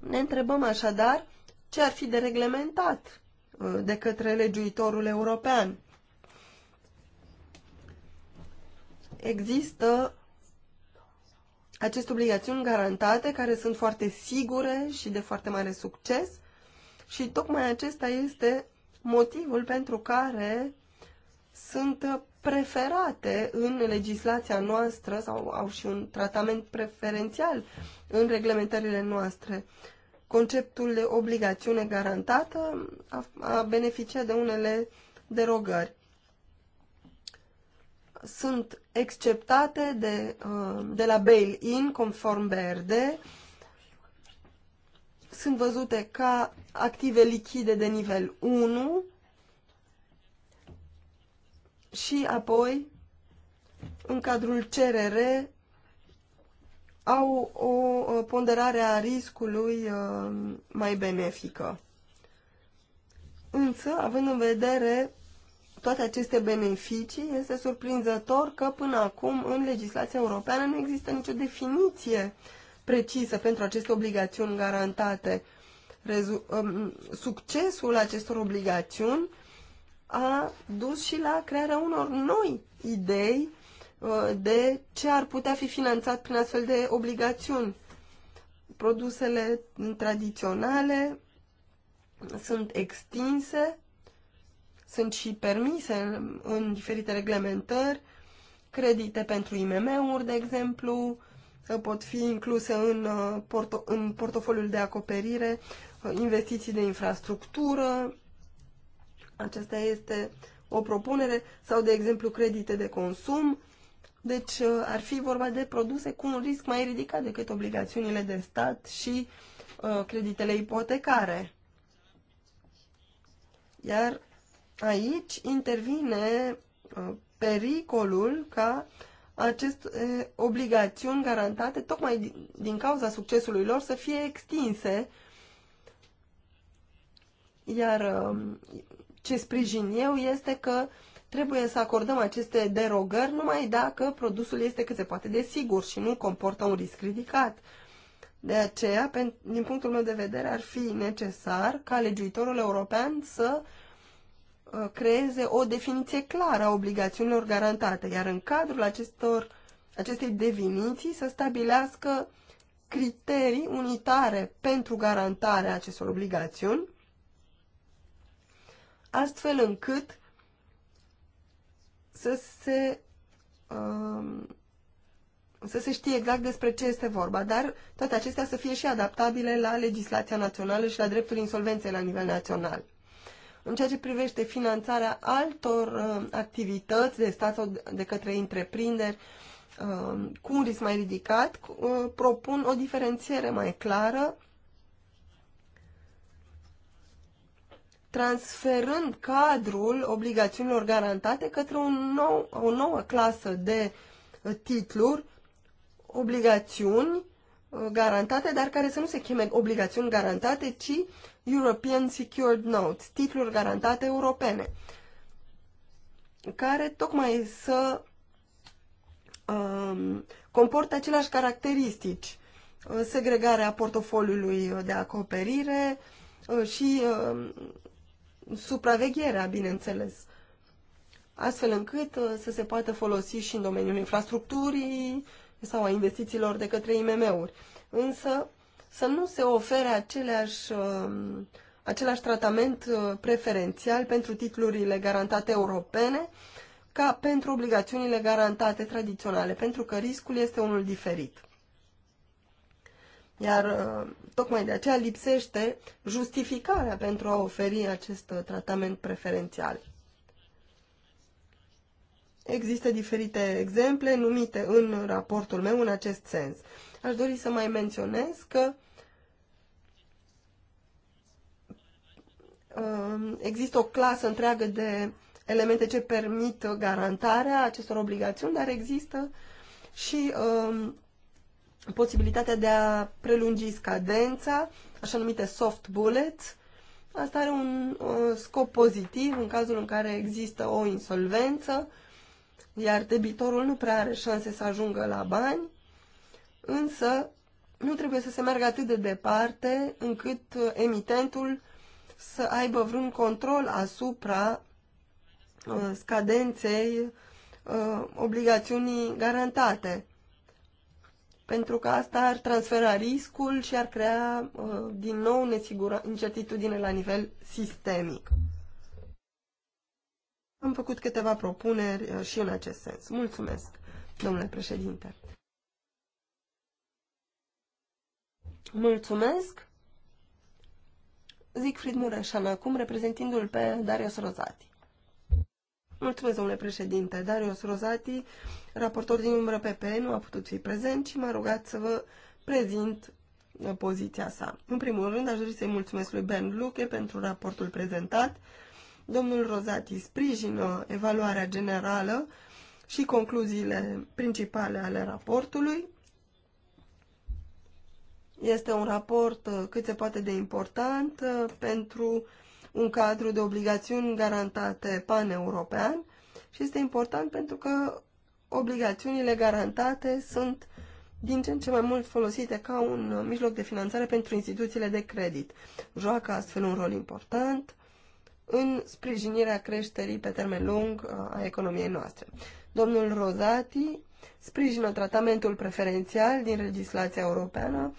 Ne întrebăm așadar ce ar fi de reglementat uh, de către legiuitorul european există aceste obligațiuni garantate care sunt foarte sigure și de foarte mare succes și tocmai acesta este motivul pentru care sunt preferate în legislația noastră sau au și un tratament preferențial în reglementările noastre. Conceptul de obligațiune garantată a, a beneficiat de unele derogări sunt exceptate de, uh, de la bail-in conform BRD, sunt văzute ca active lichide de nivel 1 și apoi în cadrul CRR au o ponderare a riscului uh, mai benefică. Însă, având în vedere cu toate aceste beneficii, este surprinzător că până acum în legislația europeană nu există nicio definiție precisă pentru aceste obligațiuni garantate. Rezu um, succesul acestor obligațiuni a dus și la crearea unor noi idei uh, de ce ar putea fi finanțat prin astfel de obligațiuni. Produsele tradiționale sunt extinse sunt și permise în diferite reglementări, credite pentru IMM-uri, de exemplu, pot fi incluse în, uh, porto- în portofoliul de acoperire, uh, investiții de infrastructură, aceasta este o propunere, sau, de exemplu, credite de consum, deci uh, ar fi vorba de produse cu un risc mai ridicat decât obligațiunile de stat și uh, creditele ipotecare. Iar Aici intervine uh, pericolul ca aceste eh, obligațiuni garantate, tocmai din cauza succesului lor, să fie extinse. Iar um, ce sprijin eu este că trebuie să acordăm aceste derogări numai dacă produsul este cât se poate de sigur și nu comportă un risc ridicat. De aceea, din punctul meu de vedere, ar fi necesar ca legiuitorul european să uh, Uh, creeze o definiție clară a obligațiunilor garantate, iar în cadrul acestor, acestei definiții să stabilească criterii unitare pentru garantarea acestor obligațiuni, astfel încât să se, um, să se știe exact despre ce este vorba, dar toate acestea să fie și adaptabile la legislația națională și la dreptul insolvenței la nivel național. În ceea ce privește finanțarea altor uh, activități de stat sau de către întreprinderi uh, cu un risc mai ridicat, uh, propun o diferențiere mai clară, transferând cadrul obligațiunilor garantate către un nou, o nouă clasă de uh, titluri, obligațiuni uh, garantate, dar care să nu se cheme obligațiuni garantate, ci European Secured Notes, titluri garantate europene, care tocmai să um, comportă aceleași caracteristici, uh, segregarea portofoliului de acoperire uh, și um, supravegherea, bineînțeles, astfel încât uh, să se poată folosi și în domeniul infrastructurii sau a investițiilor de către IMM-uri. Însă, să nu se ofere aceleași, um, același tratament uh, preferențial pentru titlurile garantate europene ca pentru obligațiunile garantate tradiționale, pentru că riscul este unul diferit. Iar uh, tocmai de aceea lipsește justificarea pentru a oferi acest uh, tratament preferențial. Există diferite exemple numite în raportul meu în acest sens. Aș dori să mai menționez că um, există o clasă întreagă de elemente ce permit garantarea acestor obligațiuni, dar există și um, posibilitatea de a prelungi scadența, așa numite soft bullets. Asta are un uh, scop pozitiv în cazul în care există o insolvență, iar debitorul nu prea are șanse să ajungă la bani însă nu trebuie să se meargă atât de departe încât emitentul să aibă vreun control asupra uh, scadenței uh, obligațiunii garantate. Pentru că asta ar transfera riscul și ar crea uh, din nou nesigură, incertitudine la nivel sistemic. Am făcut câteva propuneri uh, și în acest sens. Mulțumesc, domnule președinte. Mulțumesc! Siegfried Mureșan acum, reprezentându-l pe Darius Rozati. Mulțumesc, domnule președinte. Darius Rozati, raportor din umbră PP, nu a putut fi prezent și m-a rugat să vă prezint uh, poziția sa. În primul rând, aș dori să-i mulțumesc lui Ben Luche pentru raportul prezentat. Domnul Rozati sprijină evaluarea generală și concluziile principale ale raportului este un raport uh, cât se poate de important uh, pentru un cadru de obligațiuni garantate pan-european și este important pentru că obligațiunile garantate sunt din ce în ce mai mult folosite ca un uh, mijloc de finanțare pentru instituțiile de credit. Joacă astfel un rol important în sprijinirea creșterii pe termen lung a economiei noastre. Domnul Rozati sprijină tratamentul preferențial din legislația europeană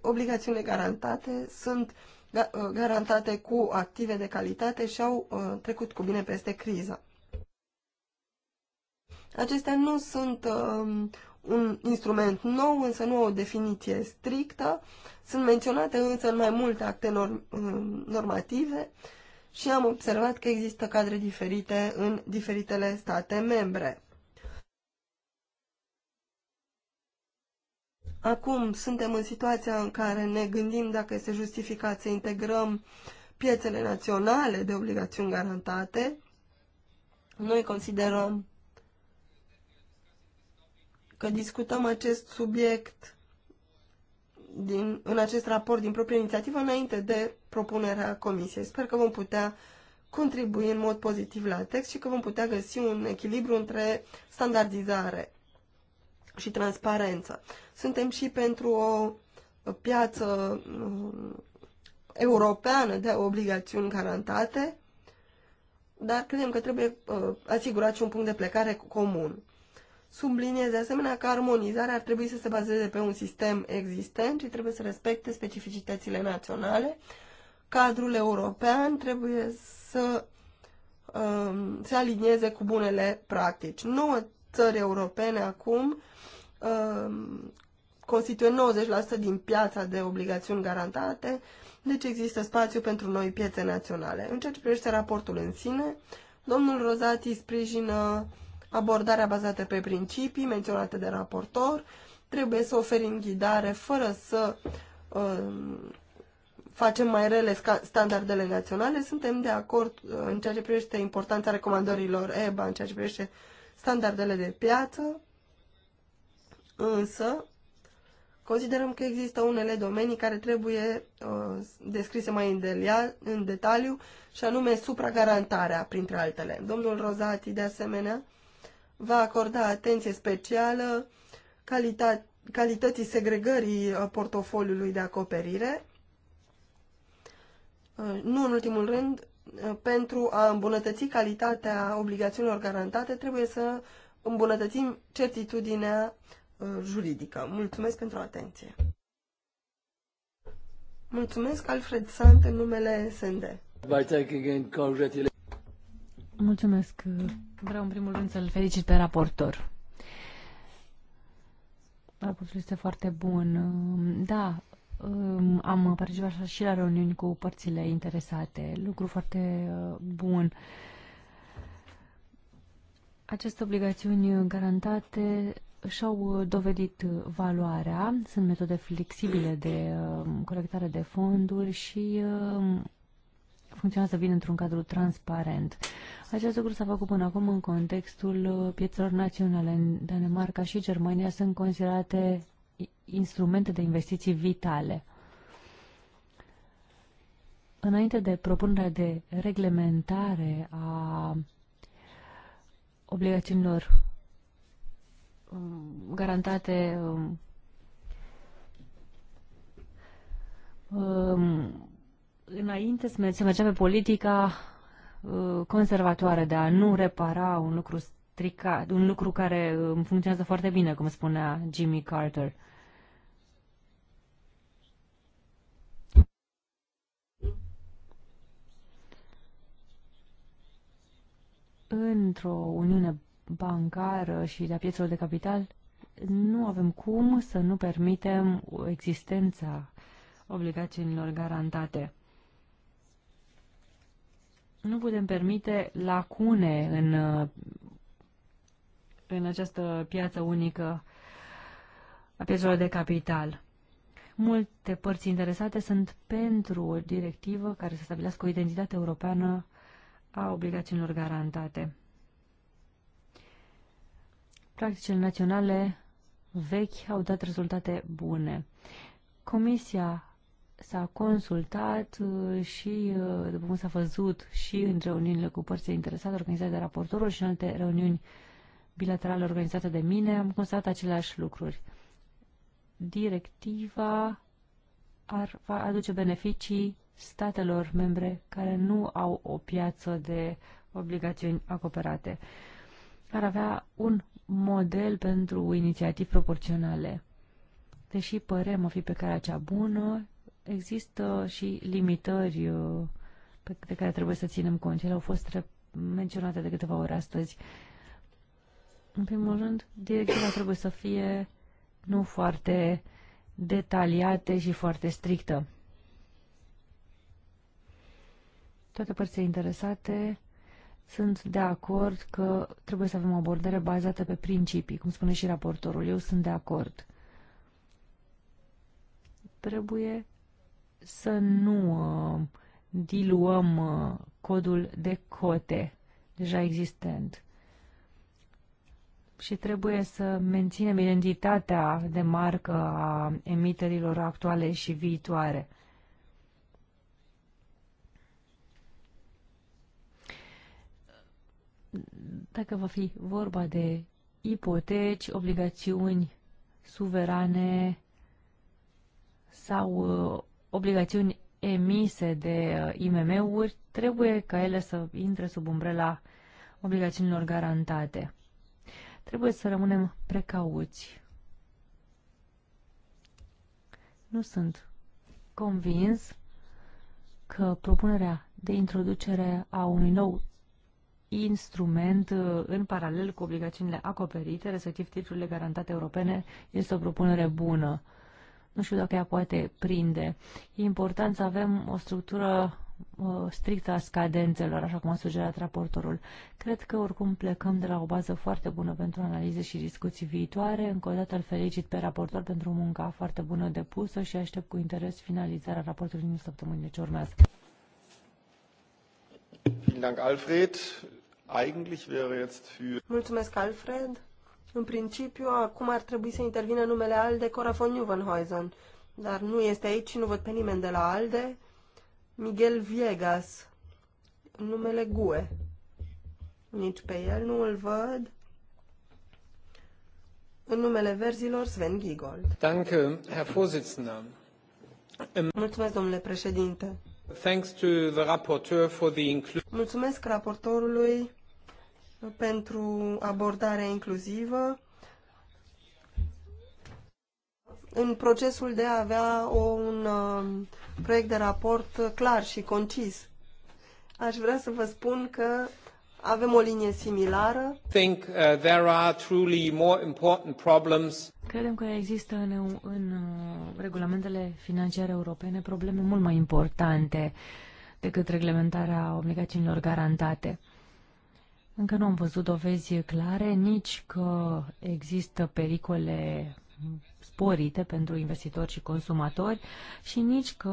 obligațiunile garantate sunt uh, garantate cu active de calitate și au uh, trecut cu bine peste criză. Acestea nu sunt um, un instrument nou, însă nu o definiție strictă. Sunt menționate însă în mai multe acte norm- um, normative și am observat că există cadre diferite în diferitele state membre. Acum suntem în situația în care ne gândim dacă este justificat să integrăm piețele naționale de obligațiuni garantate. Noi considerăm că discutăm acest subiect din, în acest raport din proprie inițiativă înainte de propunerea comisiei. Sper că vom putea contribui în mod pozitiv la text și că vom putea găsi un echilibru între standardizare și transparență. Suntem și pentru o piață uh, europeană de obligațiuni garantate, dar credem că trebuie uh, asigurat și un punct de plecare comun. Subliniez de asemenea că armonizarea ar trebui să se bazeze pe un sistem existent și trebuie să respecte specificitățile naționale. Cadrul european trebuie să um, se alinieze cu bunele practici. Nouă țări europene acum uh, Um, constituie 90% din piața de obligațiuni garantate, deci există spațiu pentru noi piețe naționale. În ceea ce privește raportul în sine, domnul Rozati sprijină abordarea bazată pe principii menționate de raportor, trebuie să oferim ghidare fără să uh, facem mai rele standardele naționale. Suntem de acord uh, în ceea ce privește importanța recomandărilor EBA, în ceea ce privește standardele de piață, însă considerăm că există unele domenii care trebuie uh, descrise mai în, delia, în detaliu, și anume supragarantarea, printre altele. Domnul Rozati, de asemenea, va acorda atenție specială calitate, calității segregării uh, portofoliului de acoperire, uh, nu în ultimul rând, uh, pentru a îmbunătăți calitatea obligațiunilor garantate, trebuie să îmbunătățim certitudinea Uh, juridică. Mulțumesc pentru atenție. Mulțumesc, Alfred Sant, în numele SND. Mulțumesc. Vreau în primul rând să-l felicit pe raportor. Raportul este foarte bun. Da, um, am participat și la reuniuni cu părțile interesate. Lucru foarte uh, bun. Aceste obligațiuni garantate și-au uh, dovedit uh, valoarea, sunt metode flexibile de uh, colectare de fonduri și funcționează bine într-un cadru transparent. Acest lucru s-a făcut până acum în contextul piețelor naționale. În Danemarca și Germania sunt considerate instrumente de investiții vitale. Înainte de propunerea de reglementare a obligațiunilor Um, garantate um, um, înainte să mergea pe politica uh, conservatoare de a nu repara un lucru stricat, un lucru care funcționează foarte bine, cum spunea Jimmy Carter. Într-o Uniune bancară și a piețelor de capital, nu avem cum să nu permitem existența obligațiunilor garantate. Nu putem permite lacune în, în această piață unică a piețelor de capital. Multe părți interesate sunt pentru o directivă care să stabilească o identitate europeană a obligațiunilor garantate. Practicile naționale vechi au dat rezultate bune. Comisia s-a consultat uh, și, uh, după cum s-a văzut, și în reuniunile cu părțile interesate organizate de raportorul și în alte reuniuni bilaterale organizate de mine, am constatat aceleași lucruri. Directiva ar, va aduce beneficii statelor membre care nu au o piață de obligațiuni acoperate. Ar avea un model pentru inițiativi proporționale. Deși părem a fi pe calea cea bună, există și limitări uh, de care trebuie să ținem cont. Ele au fost menționate de câteva ori astăzi. În primul rând, directiva trebuie să fie nu foarte detaliată și foarte strictă. Toate părțile interesate sunt de acord că trebuie să avem o abordare bazată pe principii, cum spune și raportorul. Eu sunt de acord. Trebuie să nu uh, diluăm uh, codul de cote deja existent și trebuie să menținem identitatea de marcă a emiterilor actuale și viitoare. dacă va fi vorba de ipoteci, obligațiuni suverane sau uh, obligațiuni emise de uh, IMM-uri, trebuie ca ele să intre sub umbrela obligațiunilor garantate. Trebuie să rămânem precauți. Nu sunt convins că propunerea de introducere a unui nou instrument uh, în paralel cu obligațiunile acoperite, respectiv titlurile garantate europene, este o propunere bună. Nu știu dacă ea poate prinde. E important să avem o structură uh, strictă a scadențelor, așa cum a sugerat raportorul. Cred că oricum plecăm de la o bază foarte bună pentru analize și discuții viitoare. Încă o dată îl felicit pe raportor pentru munca foarte bună depusă și aștept cu interes finalizarea raportului din săptămânile ce urmează. Vielen Dank, Alfred. Eigentlich wäre jetzt für... Mulțumesc, Alfred. În principiu, acum ar trebui să intervină numele ALDE Cora von Juvenhuizen, dar nu este aici și nu văd pe nimeni de la ALDE. Miguel Viegas, numele GUE. Nici pe el nu îl văd. În numele verzilor, Sven Giegold. Danke, Herr Vorsitzender. Mulțumesc, domnule președinte. Mulțumesc raportorului pentru abordarea inclusivă în procesul de a avea un uh, proiect de raport clar și concis. Aș vrea să vă spun că avem o linie similară. Think, uh, there are truly more important problems. Credem că există în, în uh, regulamentele financiare europene probleme mult mai importante decât reglementarea obligațiilor garantate. Încă nu am văzut dovezi clare nici că există pericole sporite pentru investitori și consumatori și nici că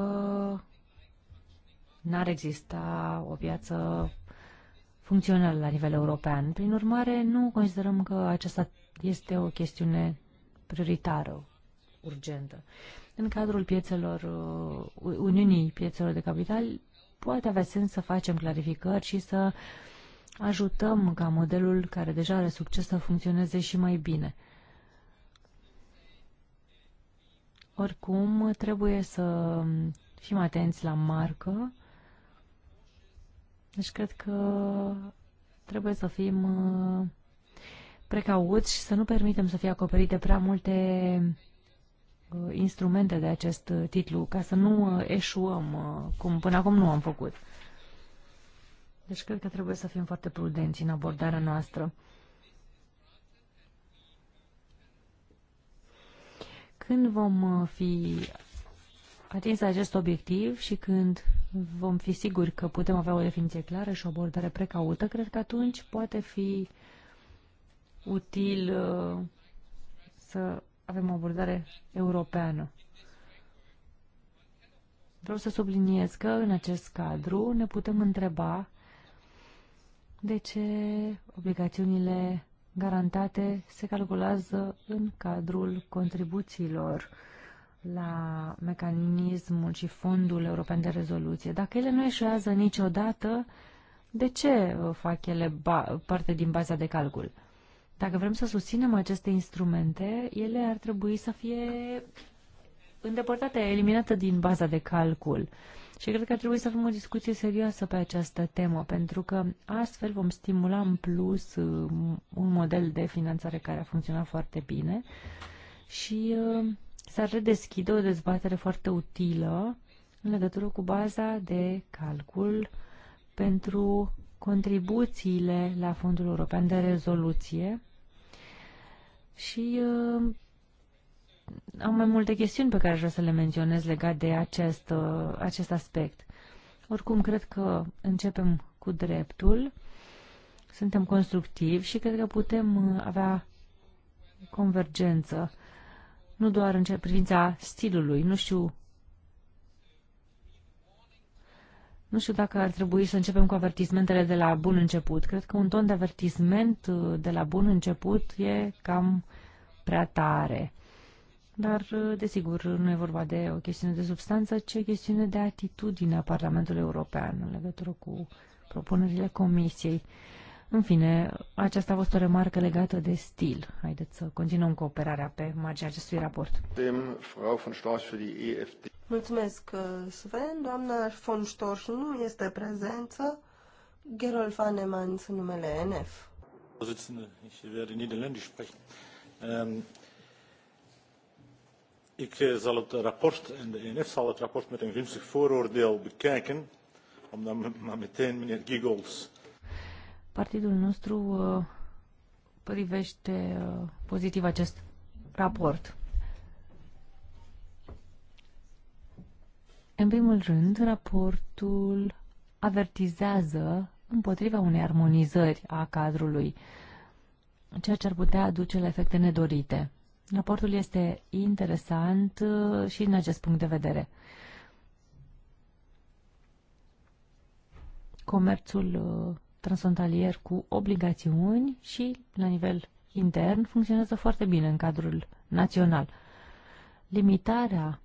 n-ar exista o viață funcțională la nivel european. Prin urmare, nu considerăm că aceasta este o chestiune prioritară, urgentă. În cadrul piețelor, uh, Uniunii Piețelor de Capital, poate avea sens să facem clarificări și să ajutăm ca modelul care deja are succes să funcționeze și mai bine. Oricum, trebuie să fim atenți la marcă, deci cred că trebuie să fim uh, precauți și să nu permitem să fie acoperite prea multe uh, instrumente de acest uh, titlu, ca să nu eșuăm, cum până acum nu am făcut. Deci cred că trebuie să fim foarte prudenți în abordarea noastră. Când vom fi atins acest obiectiv și când vom fi siguri că putem avea o definiție clară și o abordare precaută, cred că atunci poate fi util uh, să avem o abordare europeană. Vreau să subliniez că în acest cadru ne putem întreba de ce obligațiunile garantate se calculează în cadrul contribuțiilor la mecanismul și fondul european de rezoluție. Dacă ele nu eșuează niciodată, de ce uh, fac ele parte din baza de calcul? Dacă vrem să susținem aceste instrumente, ele ar trebui să fie îndepărtate, eliminate din baza de calcul. Și cred că ar trebui să avem o discuție serioasă pe această temă, pentru că astfel vom stimula în plus uh, un model de finanțare care a funcționat foarte bine și uh, s-ar redeschide o dezbatere foarte utilă în legătură cu baza de calcul pentru contribuțiile la Fondul European de Rezoluție și uh, am mai multe chestiuni pe care aș vrea să le menționez legat de acest, uh, acest aspect. Oricum, cred că începem cu dreptul, suntem constructivi și cred că putem uh, avea convergență nu doar în privința stilului, nu știu Nu știu dacă ar trebui să începem cu avertismentele de la bun început. Cred că un ton de avertisment uh, de la bun început e cam prea tare. Dar, uh, desigur, nu e vorba de o chestiune de substanță, ci o chestiune de atitudine a Parlamentului European în legătură cu propunerile Comisiei. În fine, aceasta a fost o remarcă legată de stil. Haideți să continuăm cooperarea pe marginea acestui raport. Mulțumesc, uh, Sven. Doamna von Storch nu este prezență. Gerol Gerolf Anemann, numele NF. ich werde niederländisch sprechen. Ähm, ik eh, zal het rapport en de ENF zal het rapport met een gunstig vooroordeel bekijken, om dan maar meteen meneer Giegold Partidul nostru uh, privește uh, pozitiv acest raport. În primul rând, raportul avertizează împotriva unei armonizări a cadrului, ceea ce ar putea aduce la efecte nedorite. Raportul este interesant uh, și în acest punct de vedere. Comerțul transfrontalier cu obligațiuni și, la nivel intern, funcționează foarte bine în cadrul național. Limitarea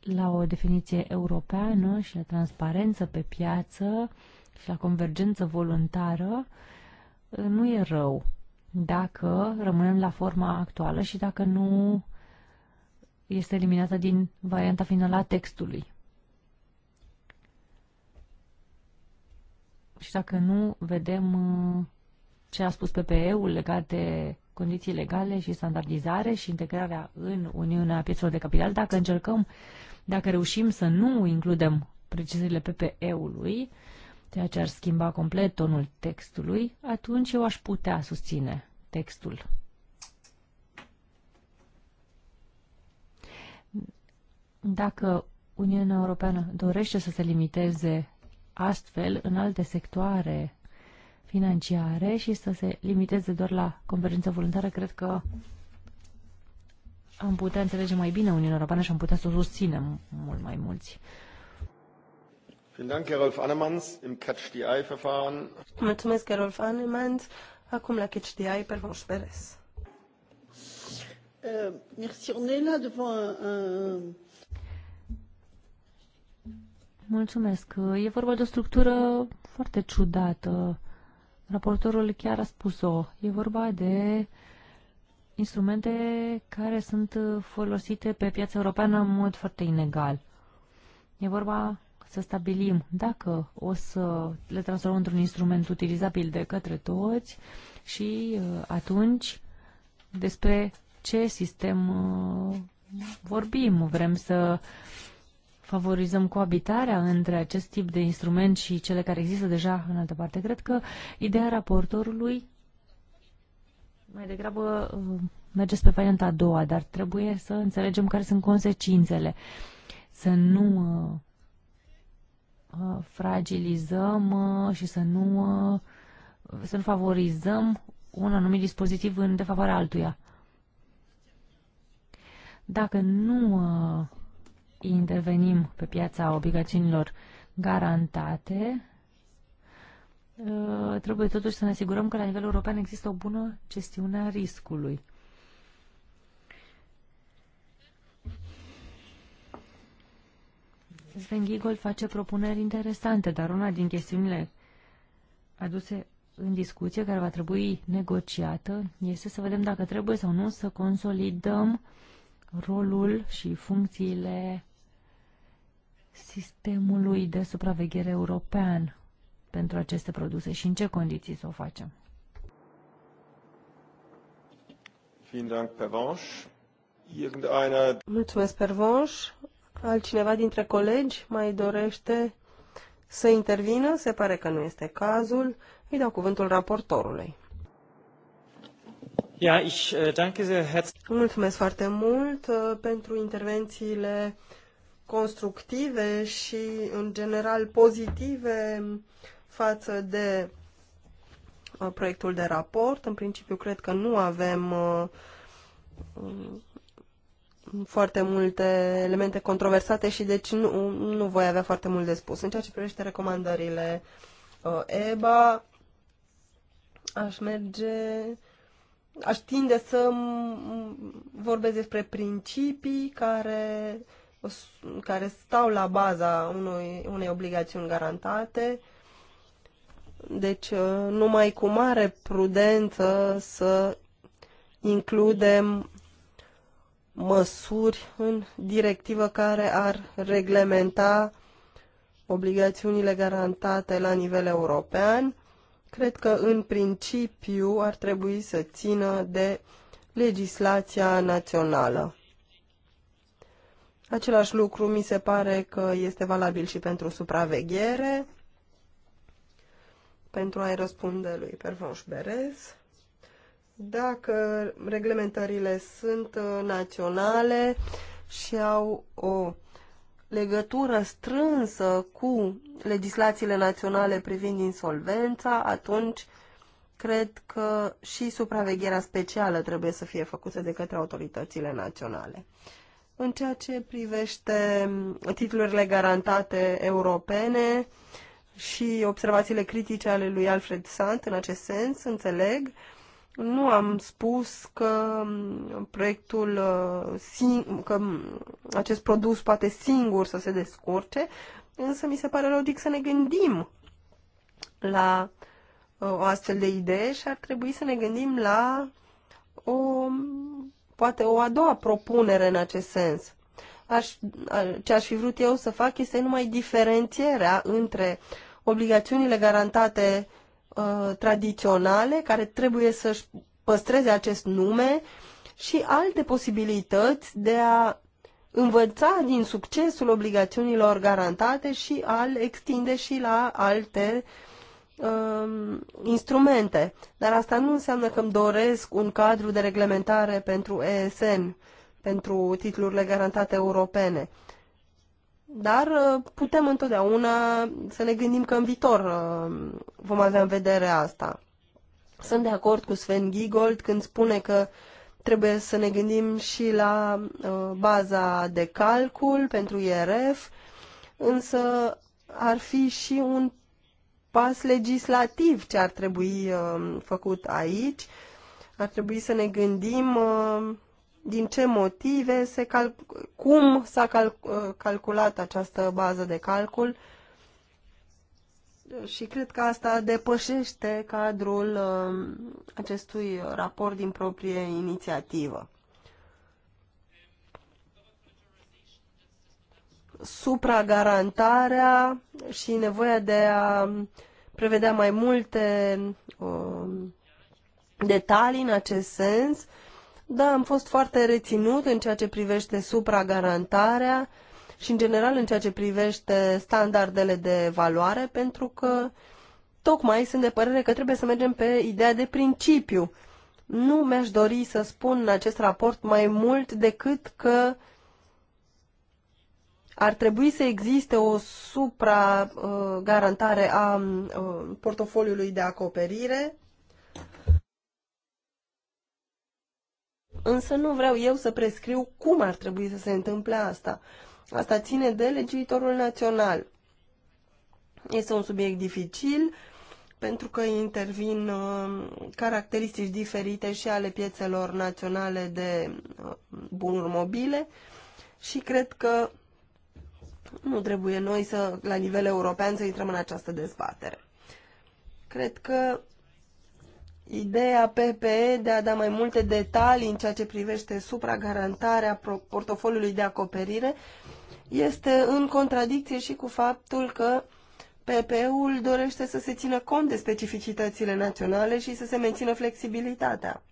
la o definiție europeană și la transparență pe piață și la convergență voluntară nu e rău dacă rămânem la forma actuală și dacă nu este eliminată din varianta finală a textului. și dacă nu, vedem uh, ce a spus PPE-ul legat de condiții legale și standardizare și integrarea în Uniunea Piețelor de Capital, dacă încercăm, dacă reușim să nu includem precizările PPE-ului, ceea ce ar schimba complet tonul textului, atunci eu aș putea susține textul. Dacă Uniunea Europeană dorește să se limiteze astfel în alte sectoare financiare și să se limiteze doar la convergență voluntară, cred că am putea înțelege mai bine Uniunea Europeană și am putea să o susținem mult mai mulți. Mulțumesc, Gerolf Anemans. Acum la Catch the Eye, per Vanș Perez. Uh, merci, on est là devant un, un Mulțumesc. E vorba de o structură foarte ciudată. Raportorul chiar a spus-o. E vorba de instrumente care sunt folosite pe piața europeană în mod foarte inegal. E vorba să stabilim dacă o să le transformăm într-un instrument utilizabil de către toți și uh, atunci despre ce sistem uh, vorbim. Vrem să favorizăm coabitarea între acest tip de instrument și cele care există deja în altă parte. Cred că ideea raportorului mai degrabă uh, merge pe varianta a doua, dar trebuie să înțelegem care sunt consecințele. Să nu uh, uh fragilizăm uh, și să nu, uh, să nu favorizăm un anumit dispozitiv în defavoarea altuia. Dacă nu uh, intervenim pe piața obligațiunilor garantate, uh, trebuie totuși să ne asigurăm că la nivel european există o bună gestiune a riscului. Sven Giegold face propuneri interesante, dar una din chestiunile aduse în discuție, care va trebui negociată, este să vedem dacă trebuie sau nu să consolidăm rolul și funcțiile sistemului de supraveghere european pentru aceste produse și în ce condiții să o facem. Mulțumesc, Pervonș. Altcineva dintre colegi mai dorește să intervină? Se pare că nu este cazul. Îi dau cuvântul raportorului. Ja, ich, eh, danke sehr Mulțumesc foarte mult eh, pentru intervențiile uh, constructive și, în general, pozitive față de uh, proiectul de raport. În principiu, cred că nu avem uh, um, foarte multe elemente controversate și deci nu, nu voi avea foarte mult de spus. În ceea ce privește recomandările uh, EBA, aș merge, aș tinde să vorbesc despre principii care care stau la baza unui, unei obligațiuni garantate. Deci, uh, numai cu mare prudență să includem măsuri în directivă care ar reglementa obligațiunile garantate la nivel european. Cred că, în principiu, ar trebui să țină de legislația națională. Același lucru mi se pare că este valabil și pentru supraveghere, pentru a-i răspunde lui Pervanș Berez. Dacă reglementările sunt uh, naționale și au o legătură strânsă cu legislațiile naționale privind insolvența, atunci cred că și supravegherea specială trebuie să fie făcută de către autoritățile naționale. În ceea ce privește titlurile garantate europene și observațiile critice ale lui Alfred Sant în acest sens, înțeleg, nu am spus că proiectul, uh, că acest produs poate singur să se descurce, însă mi se pare logic să ne gândim la uh, o astfel de idee și ar trebui să ne gândim la o poate o a doua propunere în acest sens. Aș, ce aș fi vrut eu să fac este numai diferențierea între obligațiunile garantate uh, tradiționale, care trebuie să-și păstreze acest nume, și alte posibilități de a învăța din succesul obligațiunilor garantate și al extinde și la alte uh, Um, instrumente, dar asta nu înseamnă că îmi doresc un cadru de reglementare pentru ESN, pentru titlurile garantate europene. Dar uh, putem întotdeauna să ne gândim că în viitor uh, vom avea în vedere asta. Sunt de acord cu Sven Giegold când spune că trebuie să ne gândim și la uh, baza de calcul pentru IRF, însă ar fi și un pas legislativ ce ar trebui um, făcut aici. Ar trebui să ne gândim um, din ce motive, se cum s-a cal- uh, calculat această bază de calcul și cred că asta depășește cadrul um, acestui raport din proprie inițiativă. Supragarantarea și nevoia de a prevedea mai multe um, detalii în acest sens. Da, am fost foarte reținut în ceea ce privește supragarantarea și, în general, în ceea ce privește standardele de valoare, pentru că tocmai sunt de părere că trebuie să mergem pe ideea de principiu. Nu mi-aș dori să spun în acest raport mai mult decât că uh, ar trebui să existe o supra-garantare a portofoliului de acoperire, însă nu vreau eu să prescriu cum ar trebui să se întâmple asta. Asta ține de legiuitorul național. Este un subiect dificil pentru că intervin caracteristici diferite și ale piețelor naționale de bunuri mobile și cred că nu trebuie noi să, la nivel european, să intrăm în această dezbatere. Cred că ideea PPE de a da mai multe detalii în ceea ce privește supragarantarea portofoliului de acoperire este în contradicție și cu faptul că PPE-ul dorește să se țină cont de specificitățile naționale și să se mențină flexibilitatea.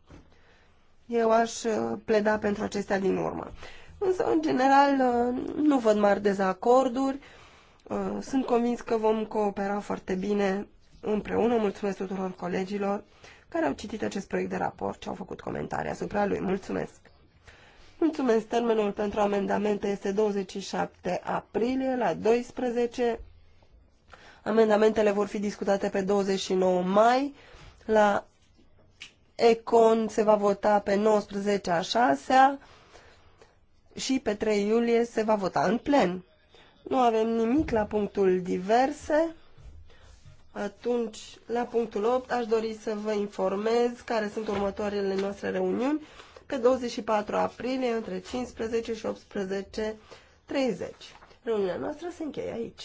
Eu aș uh, pleda pentru acestea din urmă. Însă, în general, uh, nu văd mari dezacorduri. Uh, sunt convins că vom coopera foarte bine împreună. Mulțumesc tuturor colegilor care au citit acest proiect de raport și au făcut comentarii asupra lui. Mulțumesc! Mulțumesc! Termenul pentru amendamente este 27 aprilie la 12. Amendamentele vor fi discutate pe 29 mai. La Econ se va vota pe 19 a 6 -a și pe 3 iulie se va vota în plen. Nu avem nimic la punctul diverse. Atunci, la punctul 8, aș dori să vă informez care sunt următoarele noastre reuniuni pe 24 aprilie între 15 și 18.30. Reuniunea noastră se încheie aici.